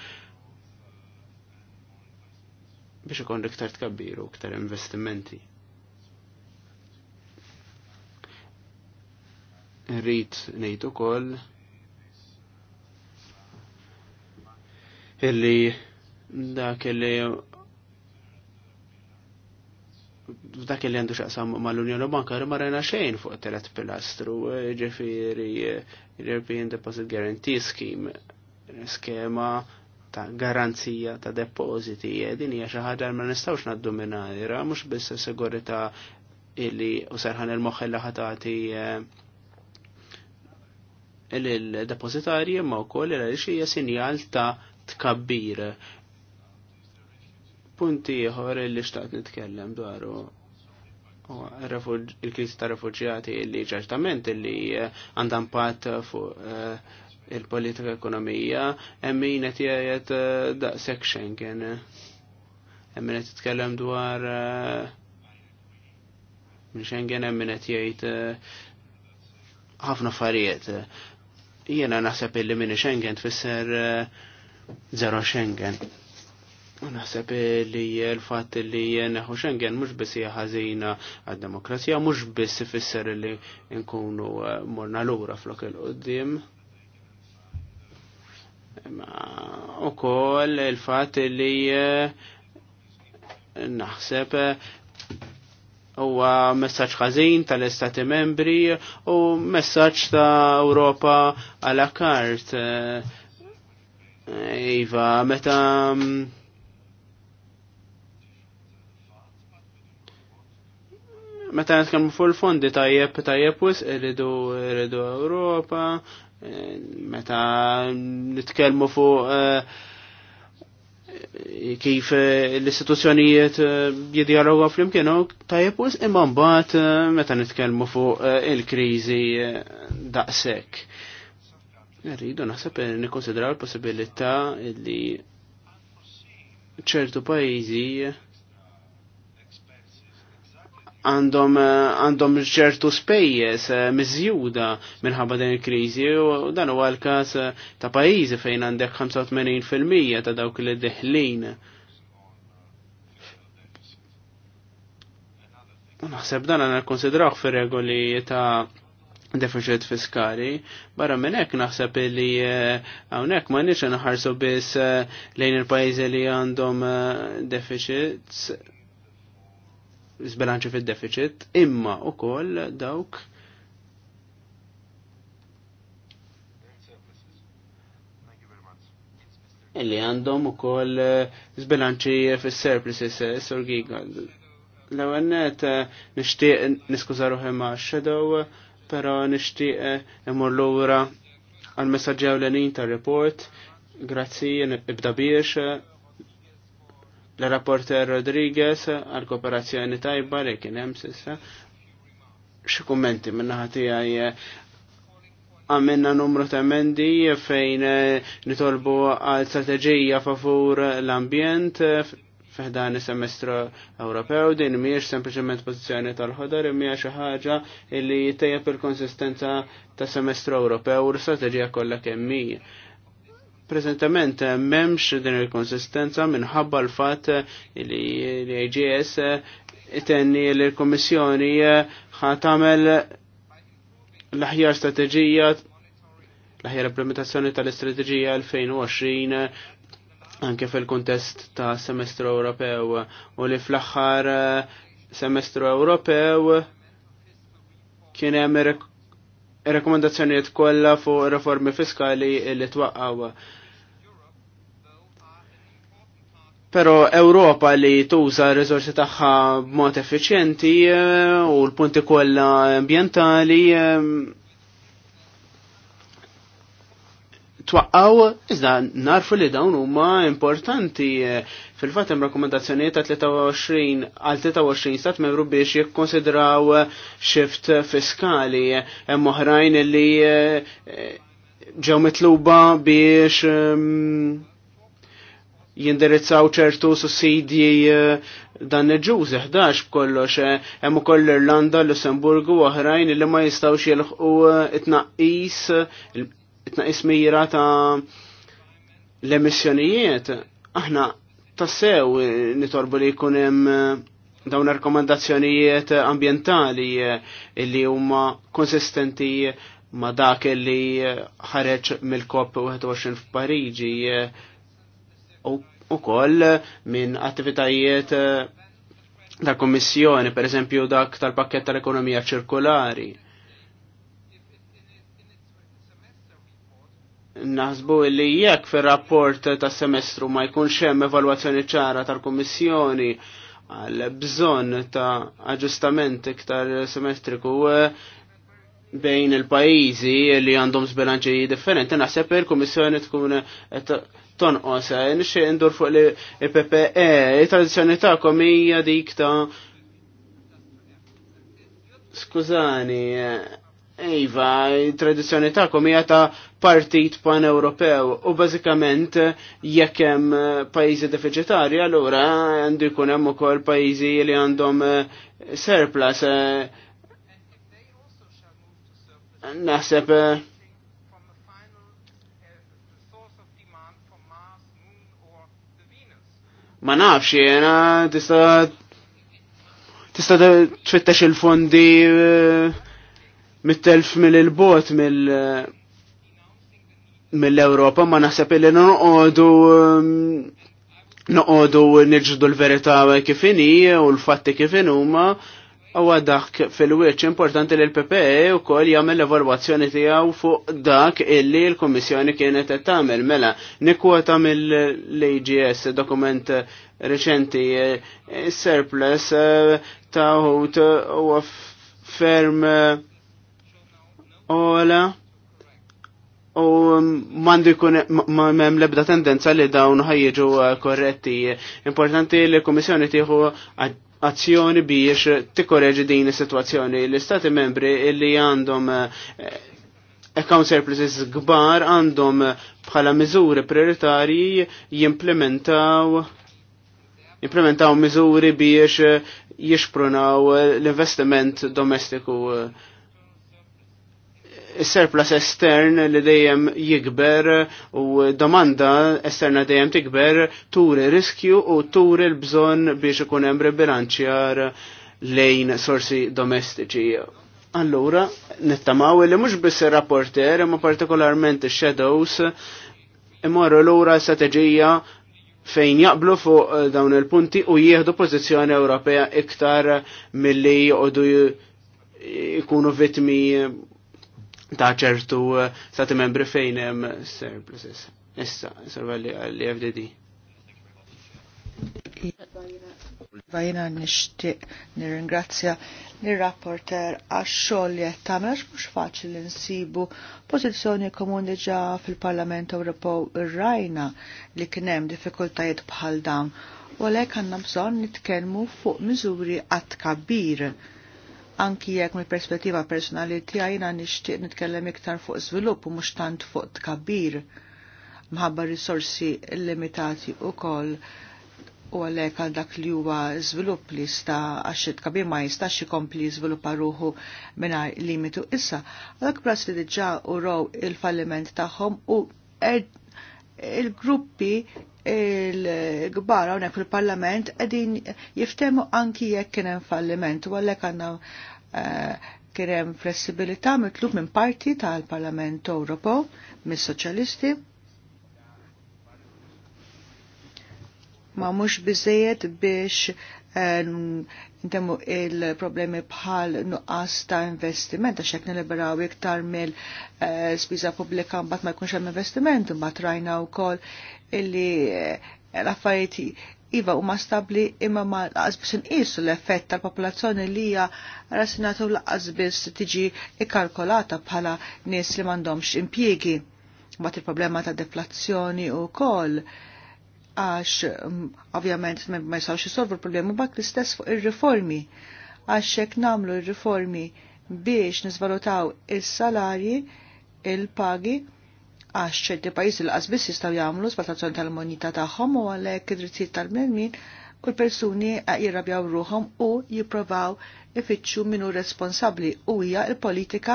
biex ikun iktar tkabbiru, iktar investimenti. Rrid ngħid ukoll illi dak li dak li għandu xaqsam mal-Unjoni Banka, ma rena xejn fuq telet pilastru, e, ġifiri e, European Deposit Guarantee Scheme, skema ta' garanzija ta' depositi, e, din hija xi ħaġa ma nistgħux naddu mingħajra, mhux biss segurità illi u serħan il-moħħ ħatati il-depozitarji ma' wkoll li hija sinjal ta' tkabbir Punti ieħor li xtaqt nitkellem dwaru il kriz ta' refuġjati li ċertament li eh, għandan pat fuq eh, il-politika ekonomija hemm min qed jgħid eh, daqshekk Schengen. Hemm qed titkellem dwar minn Schengen hemm min qed jgħid ħafna affarijiet. Jiena naħseb illi minn Schengen tfisser zero Schengen. Naħseb li l-fat li neħu Schengen mux biss ħażina għad-demokrazija, mux biss ifisser li nkunu eh, morna l-ura flok il-qoddim. U koll il-fat li eh, naħseb eh, huwa messaġġ ħażin tal-Istati membri u messaġġ ta' Ewropa għal kart. Iva, meta mm, Meta nitkellmu fuq il-fondi tajjeb tajjeb wis irridu iridu Ewropa, eh, meta nitkellmu fuq eh, kif eh, l-istituzzjonijiet jidjarawha flimkien tajjeb wis imma mbagħad meta nitkellmu fuq il-kriżi daqshekk. Rridu naħseb nikkonsidraw l-possibilità li ċertu pajjiżi għandhom eh, għandhom ċertu spejjeż eh, miżjuda minħabba din il-kriżi u dan huwa l-każ eh, ta' pajjiżi fejn għandek 85% ta' dawk li deħlin. Naħseb dan għandna konsidrawh fir-regoli ta' deficit fiskali, barra minn hekk naħseb li hawnhekk ma nix naħarsu biss lejn il-pajjiżi li għandhom deficits zbilanċi fil-deficit, imma u koll dawk illi għandhom u koll eh, zbilanċi fil-surpluses, eh, Sur Gigal. l għannet eh, nishtiq niskużaru ruħi ma' shadow, pero nishtiq imur l għura għal-messagġi għawlenin tal-report, grazzi, ibda biex, l-rapporter Rodriguez għal kooperazzjoni tajba li kien hemm sissa. Xi kummenti minnaħa tiegħi eh, għamilna numru ta' emendi fejn eh, nitolbu għal strateġija favur l-ambjent eh, f'dan is-semestru Ewropew din mhijiex sempliċement pożizzjoni tal-ħodar imija xi ħaġa li tejjeb il-konsistenza ta' semestru Ewropew u l-istrateġija kollha kemm hija. Prezentament eh, memx din il-konsistenza minħabba l-fat eh, li l itenni eh, itenni l-Komissjoni ħatamel l-aħjar strategija l-aħjar implementazzjoni tal-istrategija 2020 anke fil-kontest ta' semestru Ewropew u li fl-aħħar semestru Ewropew kien hemm rekomendazzjonijiet kollha fuq reformi fiskali li twaqqaw Pero Ewropa li tuża r rizorsi tagħha b'mod effiċjenti eh, u l-punti kollha ambjentali eh, twaqqaw iżda narfu li dawn huma importanti eh, fil-fatt hemm rakkomandazzjonijiet ta' 23 għal 23 stat membru biex jikkonsidraw shift fiskali hemm oħrajn li ġew mitluba biex ehm, jindirizzaw ċertu sussidji eh, dan il-ġuż 11 b'kollox eh, hemm ukoll l-Irlanda, Lussemburgu u oħrajn li ma jistgħux jilħqu eh, it-tnaqqis it-tnaqqis mira ta' l-emissjonijiet. Aħna tassew nitolbu li jkun hemm dawn rakkomandazzjonijiet ambientali li huma konsistenti ma dak li ħareġ mill-COP 21 f'Pariġi koll minn attivitajiet eh, ta' kommissjoni, per esempio dak tal-pakket tal-ekonomija ċirkolari. Naħsbu li jekk fir-rapport ta' semestru ma jkunx hemm evalwazzjoni ċara tal-Kummissjoni għal bżonn ta' aġġustament iktar semestriku eh, bejn il-pajizi li għandhom zbilanċi differenti, naħseb il-Komissjoni tkun tonqos, nixie ndur fuq il-PPE, il-tradizjoni ta' komija dik ta' skużani, Iva, tradizjoni ta' komija ta' partit pan-Ewropew u bazikament jekkem pajizi deficitari, allura għandu jkun hemm ukoll pajizi li għandhom surplus naħseb eh, ma nafx jena tista' tista' tfittex il-fondi eh, mit-telf mill-bot mill eh, mill-Ewropa ma naħseb li noqogħdu noqogħdu niġdu l-verità kif inhi u l-fatti kif in huma U dak fil wieċ importanti li l-PPE u koll jgħamil l-evaluazzjoni tijaw fuq dak illi l komissjoni kienet tamil. mela nikwota mill-AGS dokument reċenti eh, surplus eh, taħut eh, u ferm ola u mandu jkun mem lebda tendenza li dawn ħajġu korretti. Importanti li l komissjoni tieħu azzjoni biex tikkoreġi din is-sitwazzjoni. L-Istati membri illi għandhom eh, account surpluses gbar għandhom eh, bħala miżuri prioritarji jimplementaw implementaw miżuri biex eh, jixprunaw l-investiment domestiku surplus estern li dejjem jikber u domanda esterna dejjem tikber turi riskju u turi l-bżon biex ikun hemm ribilanċjar lejn sorsi domestiċi. Allura, nittamaw li mhux biss ir-rapporter imma partikolarment ix-shadows imorru lura strateġija fejn jaqblu fuq dawn il-punti u jieħdu pożizzjoni Ewropea iktar milli joqogħdu jkunu vittmi ta' ċertu eh, stati membri fejn hemm surpluses. Issa, sorba li FDD. Vajna nishtiq nirringrazzja nir-rapporter għax xogħol li qed tagħmel mhux faċli nsibu pożizzjoni komuni ġa fil-Parlament Ewropew ir-rajna li kien hemm diffikultajiet bħal dawn u għalhekk għandna bżonn nitkellmu fuq miżuri għat kabbir anki jekk mill perspettiva personali tiegħi jiena nixtieq nitkellem iktar fuq żvilupp u mhux tant fuq tkabbir mħabba risorsi limitati ukoll u għalhekk għal dak li huwa żvilupp li sta għax tkabbir ma jistax ikompli żviluppa ruħu mingħajr limitu issa. Għalhekk pras li diġà uraw il-falliment tagħhom u er- il-gruppi il-gbar hawnhekk fil-Parlament qegħdin jiftemu anki jekk kien hemm falliment u għalhekk għandna eh, kien hemm flessibilità mitlub minn parti tal-Parlament Ewropew mis-Soċjalisti. Ma mux biżejjed biex intemmu eh, il-problemi bħal nuqqas ta' investiment, għax jekk niliberaw iktar mill eh, spiża pubblika mbagħad ma jkunx hemm investiment, mbagħad rajna wkoll illi eh, l-affarijiet iva huma stabbli imma ma laqas biex inqisu l-effett tal-popolazzjoni li hija rasinatu laqas biss tiġi ikkalkolata bħala nies li m'għandhomx impjiegi. Mbagħad il-problema ta' deflazzjoni wkoll għax um, ovvjament ma jistgħux jisolvu l-problema bak l-istess fuq ir-riformi għax hekk nagħmlu r-riformi biex niżvalutaw is-salarji il-pagi għax ċerti pajjiżi l qasbis jistgħu jagħmlu spazzazzjoni tal-monita tagħhom u għalhekk id-drittijiet tal-bnedmin u l-persuni jirrabjaw ruħom u jipprovaw ifittxu minu responsabli u hija il-politika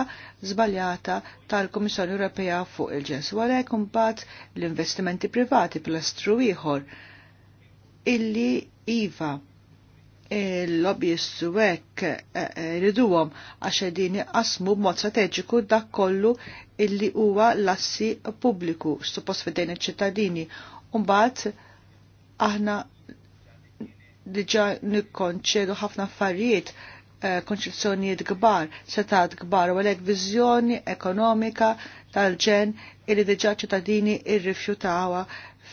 zbaljata tal-Komissjoni Ewropea fuq il-ġens. Warek kumbat l-investimenti privati plastru ieħor illi iva il-lobbyist suwek eh, eh, riduwom għax edini qasmu b'mod strateġiku dak kollu illi huwa lassi pubbliku suppost fidejn iċ-ċittadini. Mbagħad aħna diġa nikkonċedu ħafna affarijiet eh, konċezzjonijiet gbar, setat gbar, u għalek vizjoni ekonomika tal-ġen illi diġa ċittadini ir-rifjutawa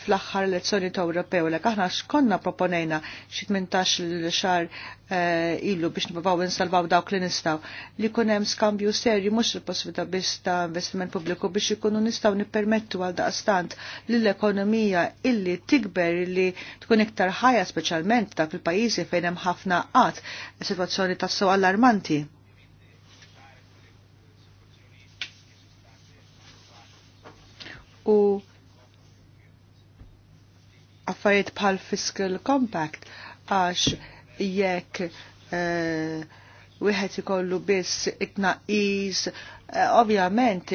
fl-aħħar elezzjoni ta' Ewropew lek aħna x'konna proponejna xi tmintax il xar eh, ilu biex nipprovaw insalvaw dawk li nistaw li jkun hemm skambju serju mhux il-possibilità biss ta' investiment pubbliku biex ikunu nistgħu nippermettu għal daqstant l ekonomija illi tikber li tkun iktar ħajja speċjalment dak il-pajjiżi fejn hemm ħafna qatt sitwazzjoni tassew allarmanti. U affarijiet bħal fiscal compact għax jekk eh, wieħed ikollu biss it tnaqqis eh, ovvjament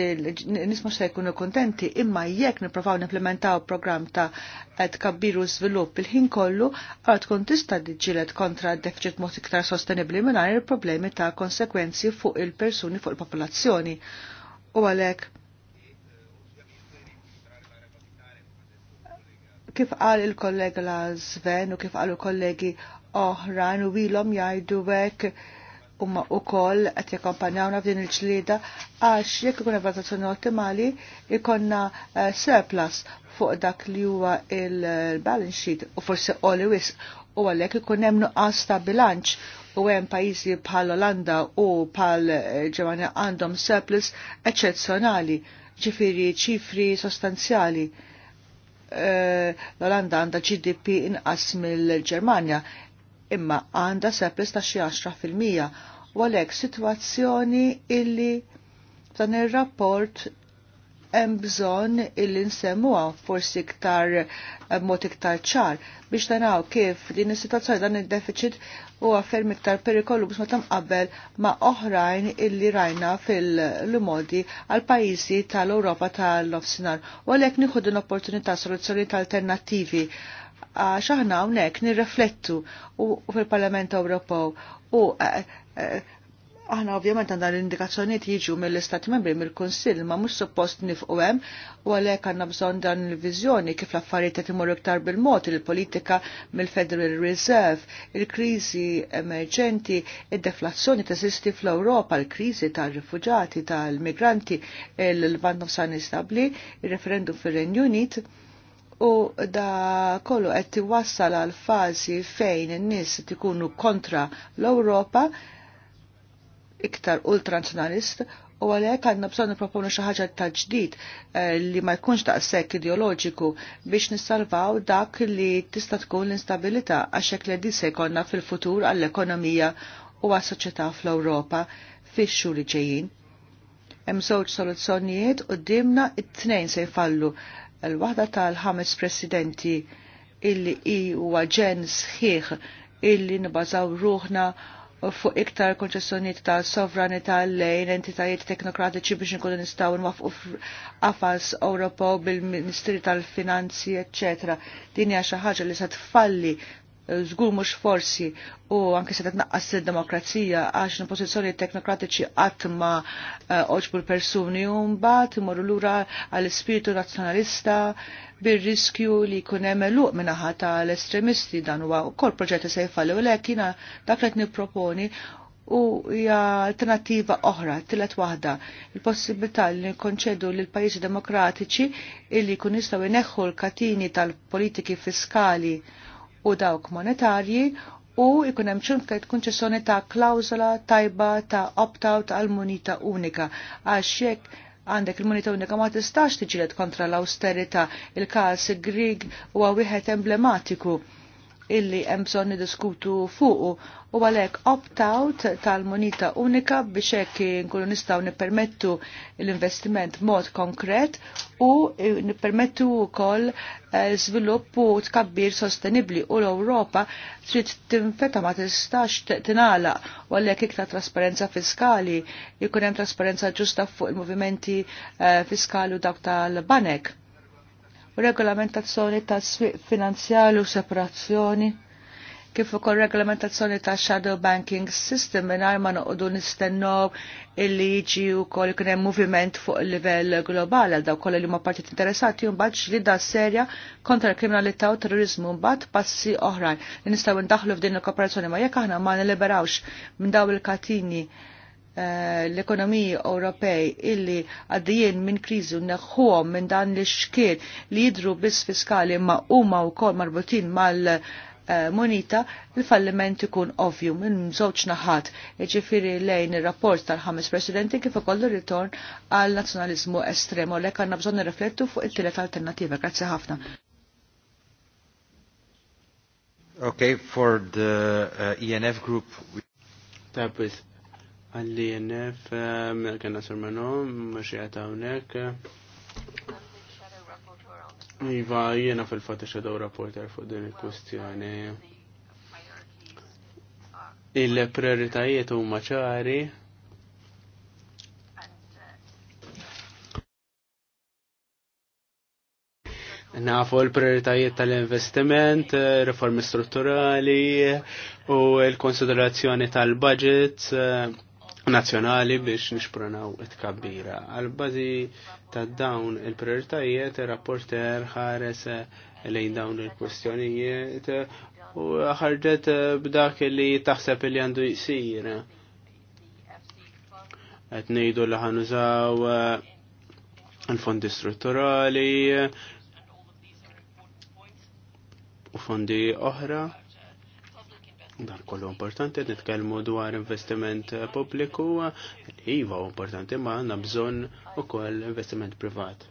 nismu se jkunu kontenti, imma jekk nipprovaw nimplementaw programm ta' eh, tkabbiru żvilupp il-ħin kollu, għad tkun tista' diġġieled kontra d-deficit mod iktar sostenibbli mingħajr il-problemi ta' konsekwenzi fuq il-persuni fuq il-popolazzjoni. U għalhekk Kif qal il-kollega Sven u kif qalu kollegi oħrajn u ilhom jgħidu hekk umma u koll għat jakompanjawna f'din il-ċlida għax jekk ikun evazazzjoni ottimali ikonna eh, surplus fuq dak li huwa il-balance sheet u forsi oli wis u għalhekk ikun hemm nuqqas ta' bilanċ u hemm pajjiżi bħal Olanda u bħal eh, Ġermanja għandhom surplus eċċezzjonali ċifiri ċifri sostanzjali l-Olanda għandha GDP inqas mill-Ġermanja imma għandha seppis ta' xi 10 u għalhekk sitwazzjoni illi dan ir-rapport hemm bżonn illi nsemmuha forsi iktar mod iktar ċar biex tanaw kif din is-sitwazzjoni dan id-deficit u għaffer miktar perikollu biex ma qabbel ma oħrajn illi rajna fil-modi għal pajjiżi tal-Europa tal-Nofsinar. U għalek nieħu din opportunità soluzzjoni alternattivi għax aħna hawnhekk nirreflettu u fil-Parlament Ewropew u eh, eh, Aħna ovvjament għandna l-indikazzjoniet jiġu mill-Istati Membri mill-Kunsill ma mhux suppost nifqu hemm u għalhekk għandna bżonn dan il-viżjoni kif l-affarijiet qed imorru iktar bil-mod il-politika mill-Federal Reserve, il-kriżi emerġenti, id-deflazzjoni teżisti fl-Ewropa, l-kriżi tal-rifuġati, tal-migranti, l-Lvant nofsan istabli, il-referendum fir-Renju Unit u da kollu qed tiwassal għal fażi fejn in-nies tikunu kontra l-Ewropa iktar ultranazzjonalist u għalhekk għandna bżonn nipproponu xi ħaġa ta' ġdid eh, li ma jkunx sekk ideoloġiku biex nissalvaw dak li tista' tkun l-instabilità għax hekk li se jkollna fil-futur għall-ekonomija u għas-soċjetà fl-Ewropa fix-xhur li ġejjin. Hemm żewġ soluzzjonijiet dimna it-tnejn se jfallu l-waħda tal-ħames presidenti illi i huwa ġen sħiħ illi nibażaw ruħna fuq iktar konċessjonijiet ta' sovranità lejn entitajiet teknokratiċi biex nkunu nistgħu nwafqu f'qafas Ewropew bil-Ministri tal-Finanzi, eċċetera. Din hija xi ħaġa li se tfalli żgur mhux forsi u anke se naqqas id-demokrazija għax n pożizzjoni teknokratiċi qatt ma personi eh, l-persuni u mbagħad imorru lura għall nazjonalista nazzjonalista bir-riskju li jkun hemm eluq minaħa tal-estremisti dan huwa wkoll proġett se jfalli u lek jiena dak qed nipproponi u hija alternattiva oħra, tillet waħda, il-possibilità li nkonċedu lil pajjiżi demokratiċi illi jkun jistgħu jneħħu l-katini tal-politiki fiskali u dawk monetarji u ikun hemm ċunka tkun ċessjoni ta' klawzola tajba ta' opt-out għal munita unika għax jekk għandek il-munita unika ma tistax tiġilet kontra l-austerita il-każ Grieg huwa wieħed emblematiku illi hemm bżonn fuqu u għalhekk opt-out tal-munita unika biex hekk nkunu nistgħu nippermettu l-investiment mod konkret u nippermettu wkoll svilupp eh, u tkabbir sostenibbli u l-Ewropa trid tinfeta ma tistax tinala u għalhekk ikta trasparenza fiskali jkun hemm trasparenza ġusta fuq il-movimenti eh, fiskali u dawk tal-banek regolamentazzjoni ta' swieq u separazzjoni kif ukoll regolamentazzjoni ta' shadow banking system mingħajr ma noqogħdu nistennew illi jiġi wkoll ikun hemm moviment fuq il-livell globali għal dawk kollha li huma partit interessati u mbagħad ġlida serja kontra l-kriminalità u terrorizmu mbagħad passi oħrajn li nistgħu ndaħlu f'din il-kooperazzjoni ma jekk aħna ma niliberawx minn dawn il-katini Eh, l-ekonomiji Ewropej illi għaddijin minn kriżu neħħuhom minn dan li xkien li jidru biss fiskali ma huma wkoll marbutin mal monita il-falliment ikun ovvju minn żewġ naħat ġifiri lejn ir-rapport tal-ħames presidenti kif ukoll ritorn għal nazzjonaliżmu estremo lek għandna bżonn nirriflettu fuq it-tielet alternattiva. Grazzi ħafna. Okay, for the uh, ENF group. We għalli jennef, um, kena surmenu, mħaxie għata Iva, jena fil-fat xedaw rapporter fuq din il-kustjoni. Il-prioritajiet huma ċari. Nafu l-prioritajiet tal-investiment, riformi strutturali u l-konsiderazzjoni tal-budget nazzjonali biex nixpronaw it-kabbira. Għal-bazi ta' dawn il-prioritajiet, il-rapporter ħares lejn dawn il-kwestjonijiet u ħarġet b'dak li taħseb li għandu jisir. Qed ngħidu li ħanużaw il-fondi strutturali u fondi oħra dan kollu importanti, nitkellmu dwar investiment pubbliku, iva importanti, ma għandna bżonn ukoll investiment privat.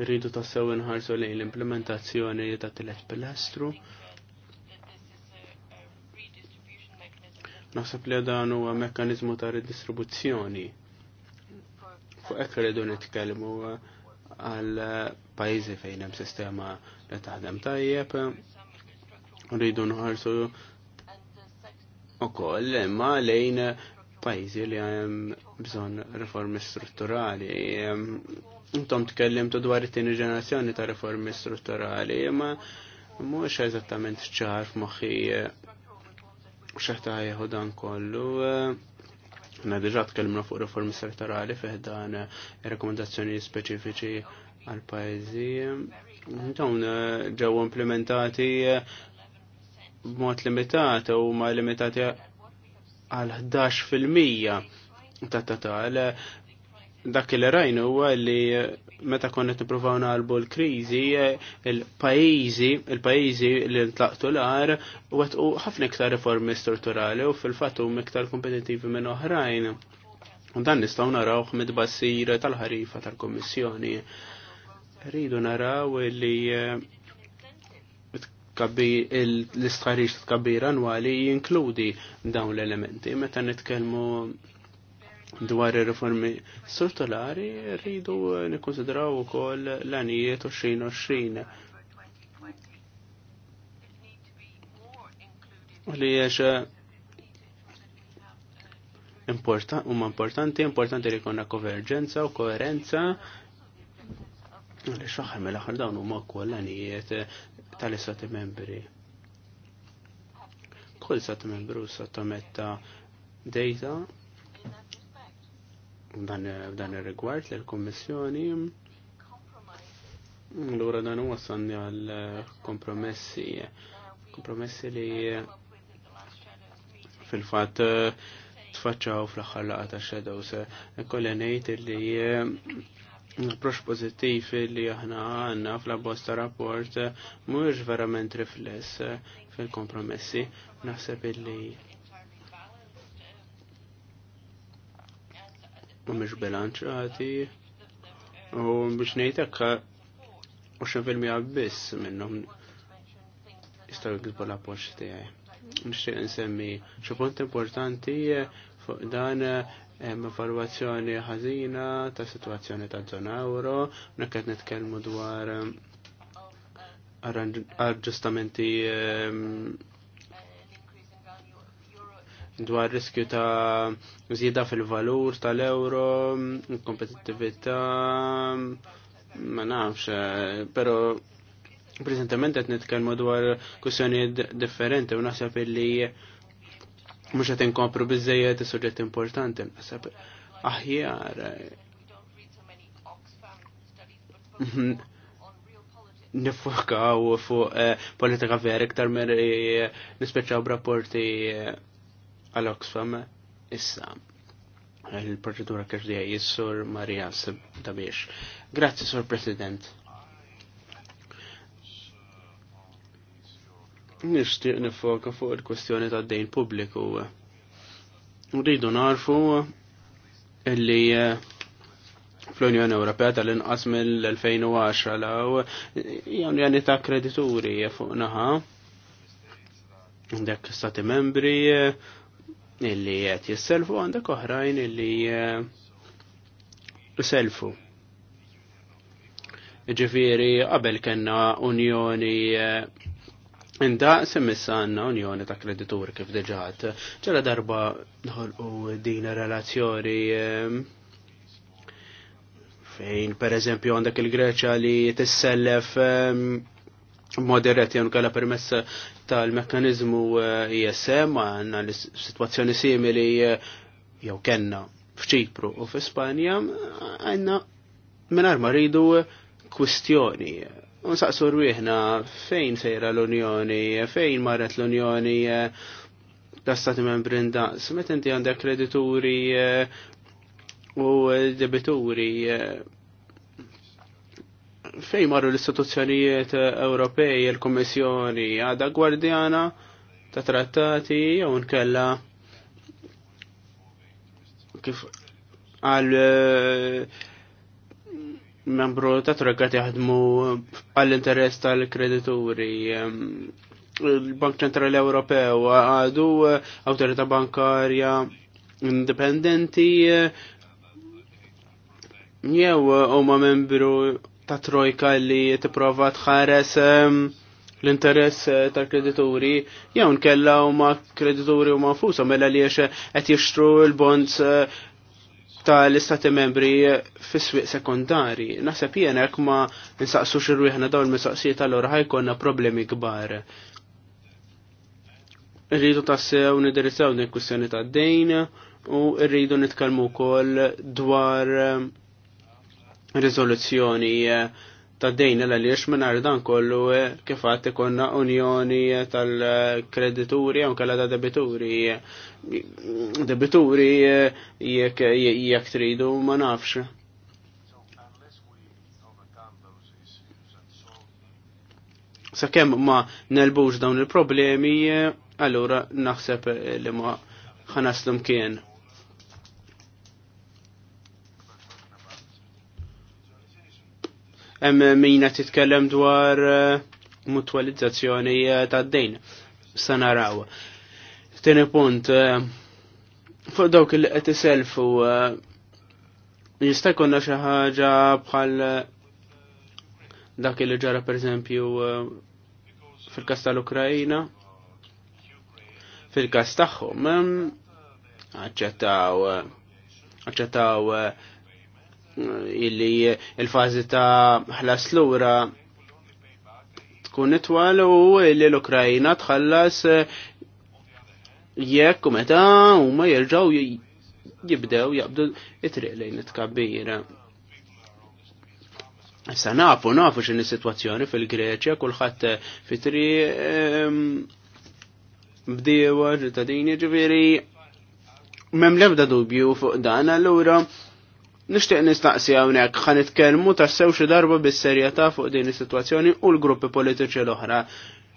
Rridu tassew nħarsu lejn l-implementazzjoni ta' tilet pilastru. Naħseb li dan huwa mekkaniżmu ta' redistribuzzjoni. Fuq hekk rridu nitkellmu għal pajjiżi fejn hemm sistema li taħdem tajjeb, rridu nħarsu u koll, imma lejn pajzi li għem bżon reformi strutturali. Intom tkellimtu dwar it-tieni ġenerazzjoni ta' reformi strutturali, imma mhux eżattament ċar f'moħħi eh, xeħta jieħu dan kollu. Eh, Na diġa tkellimna fuq reformi strutturali fih dan eh, rekomendazzjoni speċifiċi għal pajzi. Dawn ġew implementati b'mod limitat u ma limitati għal 11% ta' tatal. Dak li rajnu huwa li meta konna nippruvaw nagħlbu l-kriżi, il-pajjiżi, il-pajjiżi li ntlaqtu l-ar u ħafna iktar riformi strutturali u fil-fatt hum iktar kompetittivi minn oħrajn. U dan nistgħu narawh mid-bassir tal-ħarifa tal-Kummissjoni. Rridu naraw li l-istħarriġ tkabbir annwali jinkludi dawn l-elementi. Meta nitkellmu dwar ir-riformi strutturali rridu nikkonsidraw ukoll l-anijiet 2020. Li jiex important, umma importanti, importanti li konna konverġenza u koherenza Għalli xaħar mill-axar dawn huma kollanijiet tal-istati membri. Kull stati membru sottometta data dan ir-rigward l L-għura dan huwa sanni għal kompromessi. Kompromessi li fil-fatt eh, tfaċċaw fl-aħħar ta' shadows. se kollenejt li l-approċ pozittiv li aħna għanna fl-abbosta rapport mhuwiex verament rifless fil-kompromessi. Naħseb li mhumiex bilanċati u biex ngħid hekk u fil-mija biss minnhom jistgħu jkisbu l-appoġġ tiegħi. Nixtieq insemmi xi punt importanti fuq dan hemm evalwazzjoni ħażina ta' situazzjoni ta' żona euro, nek qed nitkellmu dwar ehm, aġġustamenti ehm, dwar riskju ta' zjida fil-valur tal-euro, kompetittività, ma nafx, però preżentament qed nitkellmu dwar kwistjonijiet differenti u naħseb illi mux għet inkompru bizzejiet suġġett importanti, nasab, aħjar. Mhm. Nifokaw fuq eh, politika vera iktar mer eh, nispeċaw b'rapporti eh, għal-Oxfam issa. Il-proċedura kħeġdija jissur Marijas Tabiex. Grazie, Sur President. nixtieq nifoka fuq il-kwestjoni ta' dejn pubbliku. Rridu narfu illi eh, fl-Unjoni Ewropea tal-inqas mill-2010 law unjoni ta' kredituri fuq naħa. Għandek stati membri eh, illi qed jisselfu għandek oħrajn illi eh, selfu. Ġifiri, qabel kena unjoni Inda semmissa għanna unjoni ta' kredituri kif deġat, ċela darba u din relazzjoni eh, fejn per eżempju għandak il-Greċa li tissellef eh, moderat jan kalla permessa tal-mekkanizmu eh, ISM għanna situazzjoni simili jew kenna f'ċipru u f-Spanja għanna minar maridu kwistjoni Unsaqsu wieħna fejn sejra l-Unjoni, fejn marret l-Unjoni tas eh, stati membri ndaqs. Met inti għandek kredituri eh, u debituri eh, fejn marru l-istituzzjonijiet Ewropej, il kummissjoni għada gwardjana ta' trattati jew nkella kif għal membru ta' traggat jaħdmu għall-interess tal-kredituri. Ehm, Il-Bank Ċentrali Ewropew għadu Awtorita' bankarja indipendenti jew huma membru ta' trojka li tipprova tħares ehm, l-interess tal-kredituri jew nkella huma kredituri huma fusa mela li qed jixtru l-bonds tal-istati membri fis swieq sekundari. Naħseb jien hekk ma nsaqsux irwieħna dawn il-mistoqsijiet allura ħajkonna problemi kbar. Irridu tassew nidirizzaw din kwistjoni ta' dejn u rridu nitkellmu wkoll dwar eh, riżoluzzjoni eh, ta' dejn l għaliex minn dan kollu eh, kifat ikonna unjoni eh, tal-kredituri u kalla ta' debituri. Debituri eh, jek tridu ma nafx. Sakemm ma nelbux dawn il-problemi, allura naħseb li ma ħanaslum kien. hemm mina titkellem dwar eh, mutwalizzazzjoni eh, ta' d-dejn. Sa naraw. Tieni punt, eh, fuq dawk il qed iselfu jista' jkollna xi ħaġa bħal dak li ġara pereżempju fil-każ tal ukraina fil-każ tagħhom aċċettaw aċċettaw illi il-fazi ta' ħlas lura tkun itwal u li l ukrajina tħallas eh, jekk u meta huma jerġgħu jibdew jaqbdu it-triq lejn it-kabbira. Issa nafu nafu x'inhi sitwazzjoni fil-Greċja kulħadd eh, fitri ehm, bdiewa ġitadini ġiviri. Mem l-ebda dubju fuq dan allura Nishtiq nistaqsi hawnhekk ħan nitkellmu tassew sewxi darba bis-serjetà fuq din is-sitwazzjoni u l-gruppi politiċi l-oħra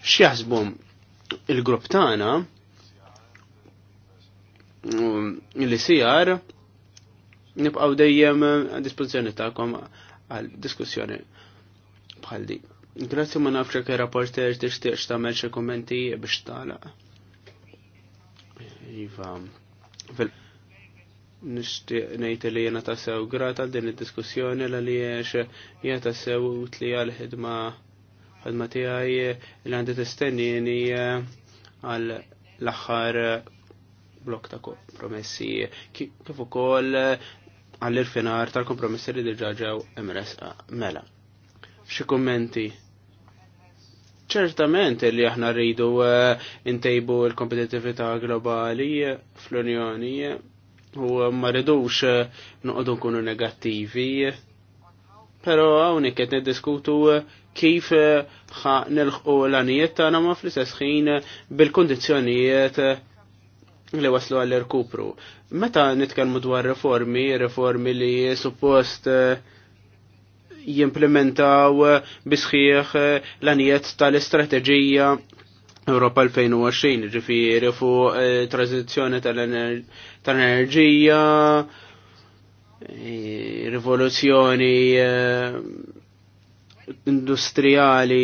x'jaħsbu il-grupp tagħna um, li sijar nibqgħu dejjem għad dispożizzjoni tagħkom għal diskussjoni bħal di. Grazzi ma nafx jekk ir-rapporter tixtieqx tagħmel xi kummenti biex tagħlaq. Iva, fil nishtiq nejt li jena tasew grata din id-diskussjoni l li jena tasew ut li għal-ħidma ħidma tijaj li għandi t-istenni eh, għal l-axħar eh, blok ta' kompromessi kif ukoll eh, għall-irfinar tal-kompromessi li dirġaġaw emresa mela. Xi kummenti ċertament li aħna rridu intejbu l-kompetitività globali fl-Unjoni u eh, ma ridux eh, noqogħdu nkunu negattivi. Però hawnhekk qed niddiskutu eh, kif ħa nilħqu l-anijiet tagħna ma fl-istess ħin bil-kundizzjonijiet li waslu għall-irkupru. Meta nitkellmu dwar reformi, reformi li suppost jimplementaw bisħieħ l-anijiet tal-istrateġija Europa 2020, ġifiri fu eh, tranzizjoni tal-enerġija, eh, rivoluzzjoni eh, industrijali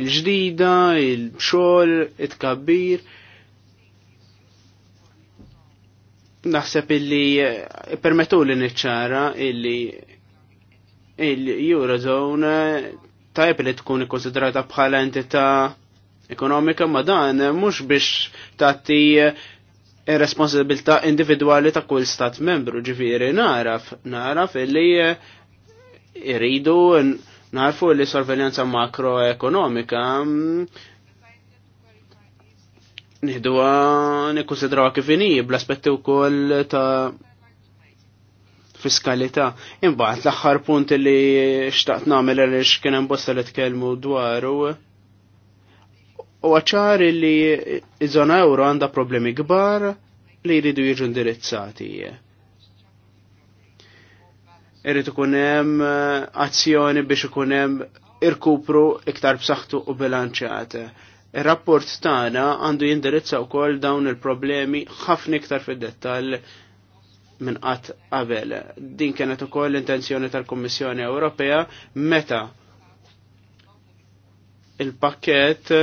il-ġdida, il bxol it-kabbir. Naħseb illi permetu li nċara illi il-Eurozone tajb li tkun ikkonsidrata bħala entità ekonomika ma dan mhux biex tagħti eh, responsabilità individwali ta' kull stat membru ġifieri naraf naraf illi eh, iridu narfu li sorveljanza makroekonomika mm, nidu nikkonsidraw kif inhi bl-aspetti wkoll ta' fiskalità. Imbagħad l-aħħar punt li xtaqt nagħmel għaliex kien hemm bosta li tkellmu dwaru. U għacċar li iż-żona euro għanda problemi kbar li jridu jiġu indirizzati. Irrid ikun hemm eh, azzjoni biex ikun hemm irkupru iktar b'saħħtu u bilanċjat. Ir-rapport tagħna għandu jindirizza wkoll dawn il-problemi ħafna iktar fid-dettall minn qatt qabel. Din kienet ukoll l-intenzjoni tal-Kummissjoni Ewropea meta il-pakket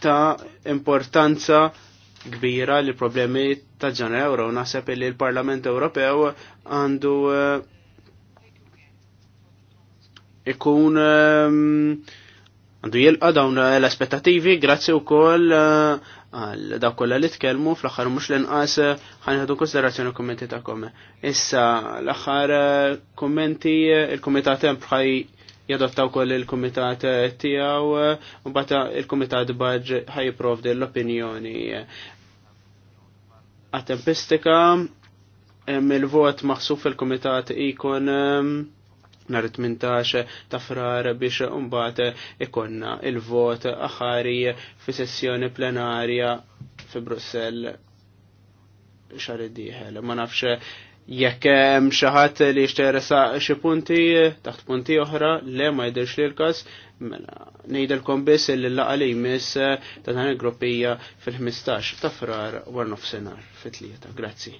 ta' importanza kbira li problemi ta' ġana euro. Naħseb li l-Parlament Ewropew għandu eh, ikun eh, għandu jilqa dawn l-aspettativi grazzi u koll eh, għal daw kolla li tkellmu fl-axar mux l-inqas ħanħadu konsiderazzjoni kommenti ta' komme. Issa l-axar kommenti il-komitat hemm bħaj jadottaw koll il-komitat eh, tijaw, eh, u bata il-komitat bħadġ ħajiprovdi l-opinjoni. Għatempistika, il-vot maħsuf il-komitat ikon nar 18 ta' frar biex umbat ikonna il-vot aħari fi sessjoni plenarja fi Brussel xar diħel. Ma nafxe jekk hemm xi ħadd li jixteresa xi punti taħt punti oħra le ma jidhirx li l-każ, mela ngħidilkom biss li laqa li jmiss ta' dan il-gruppija fil-15 ta' frar war nofsinhar fit-tlieta. Grazzi.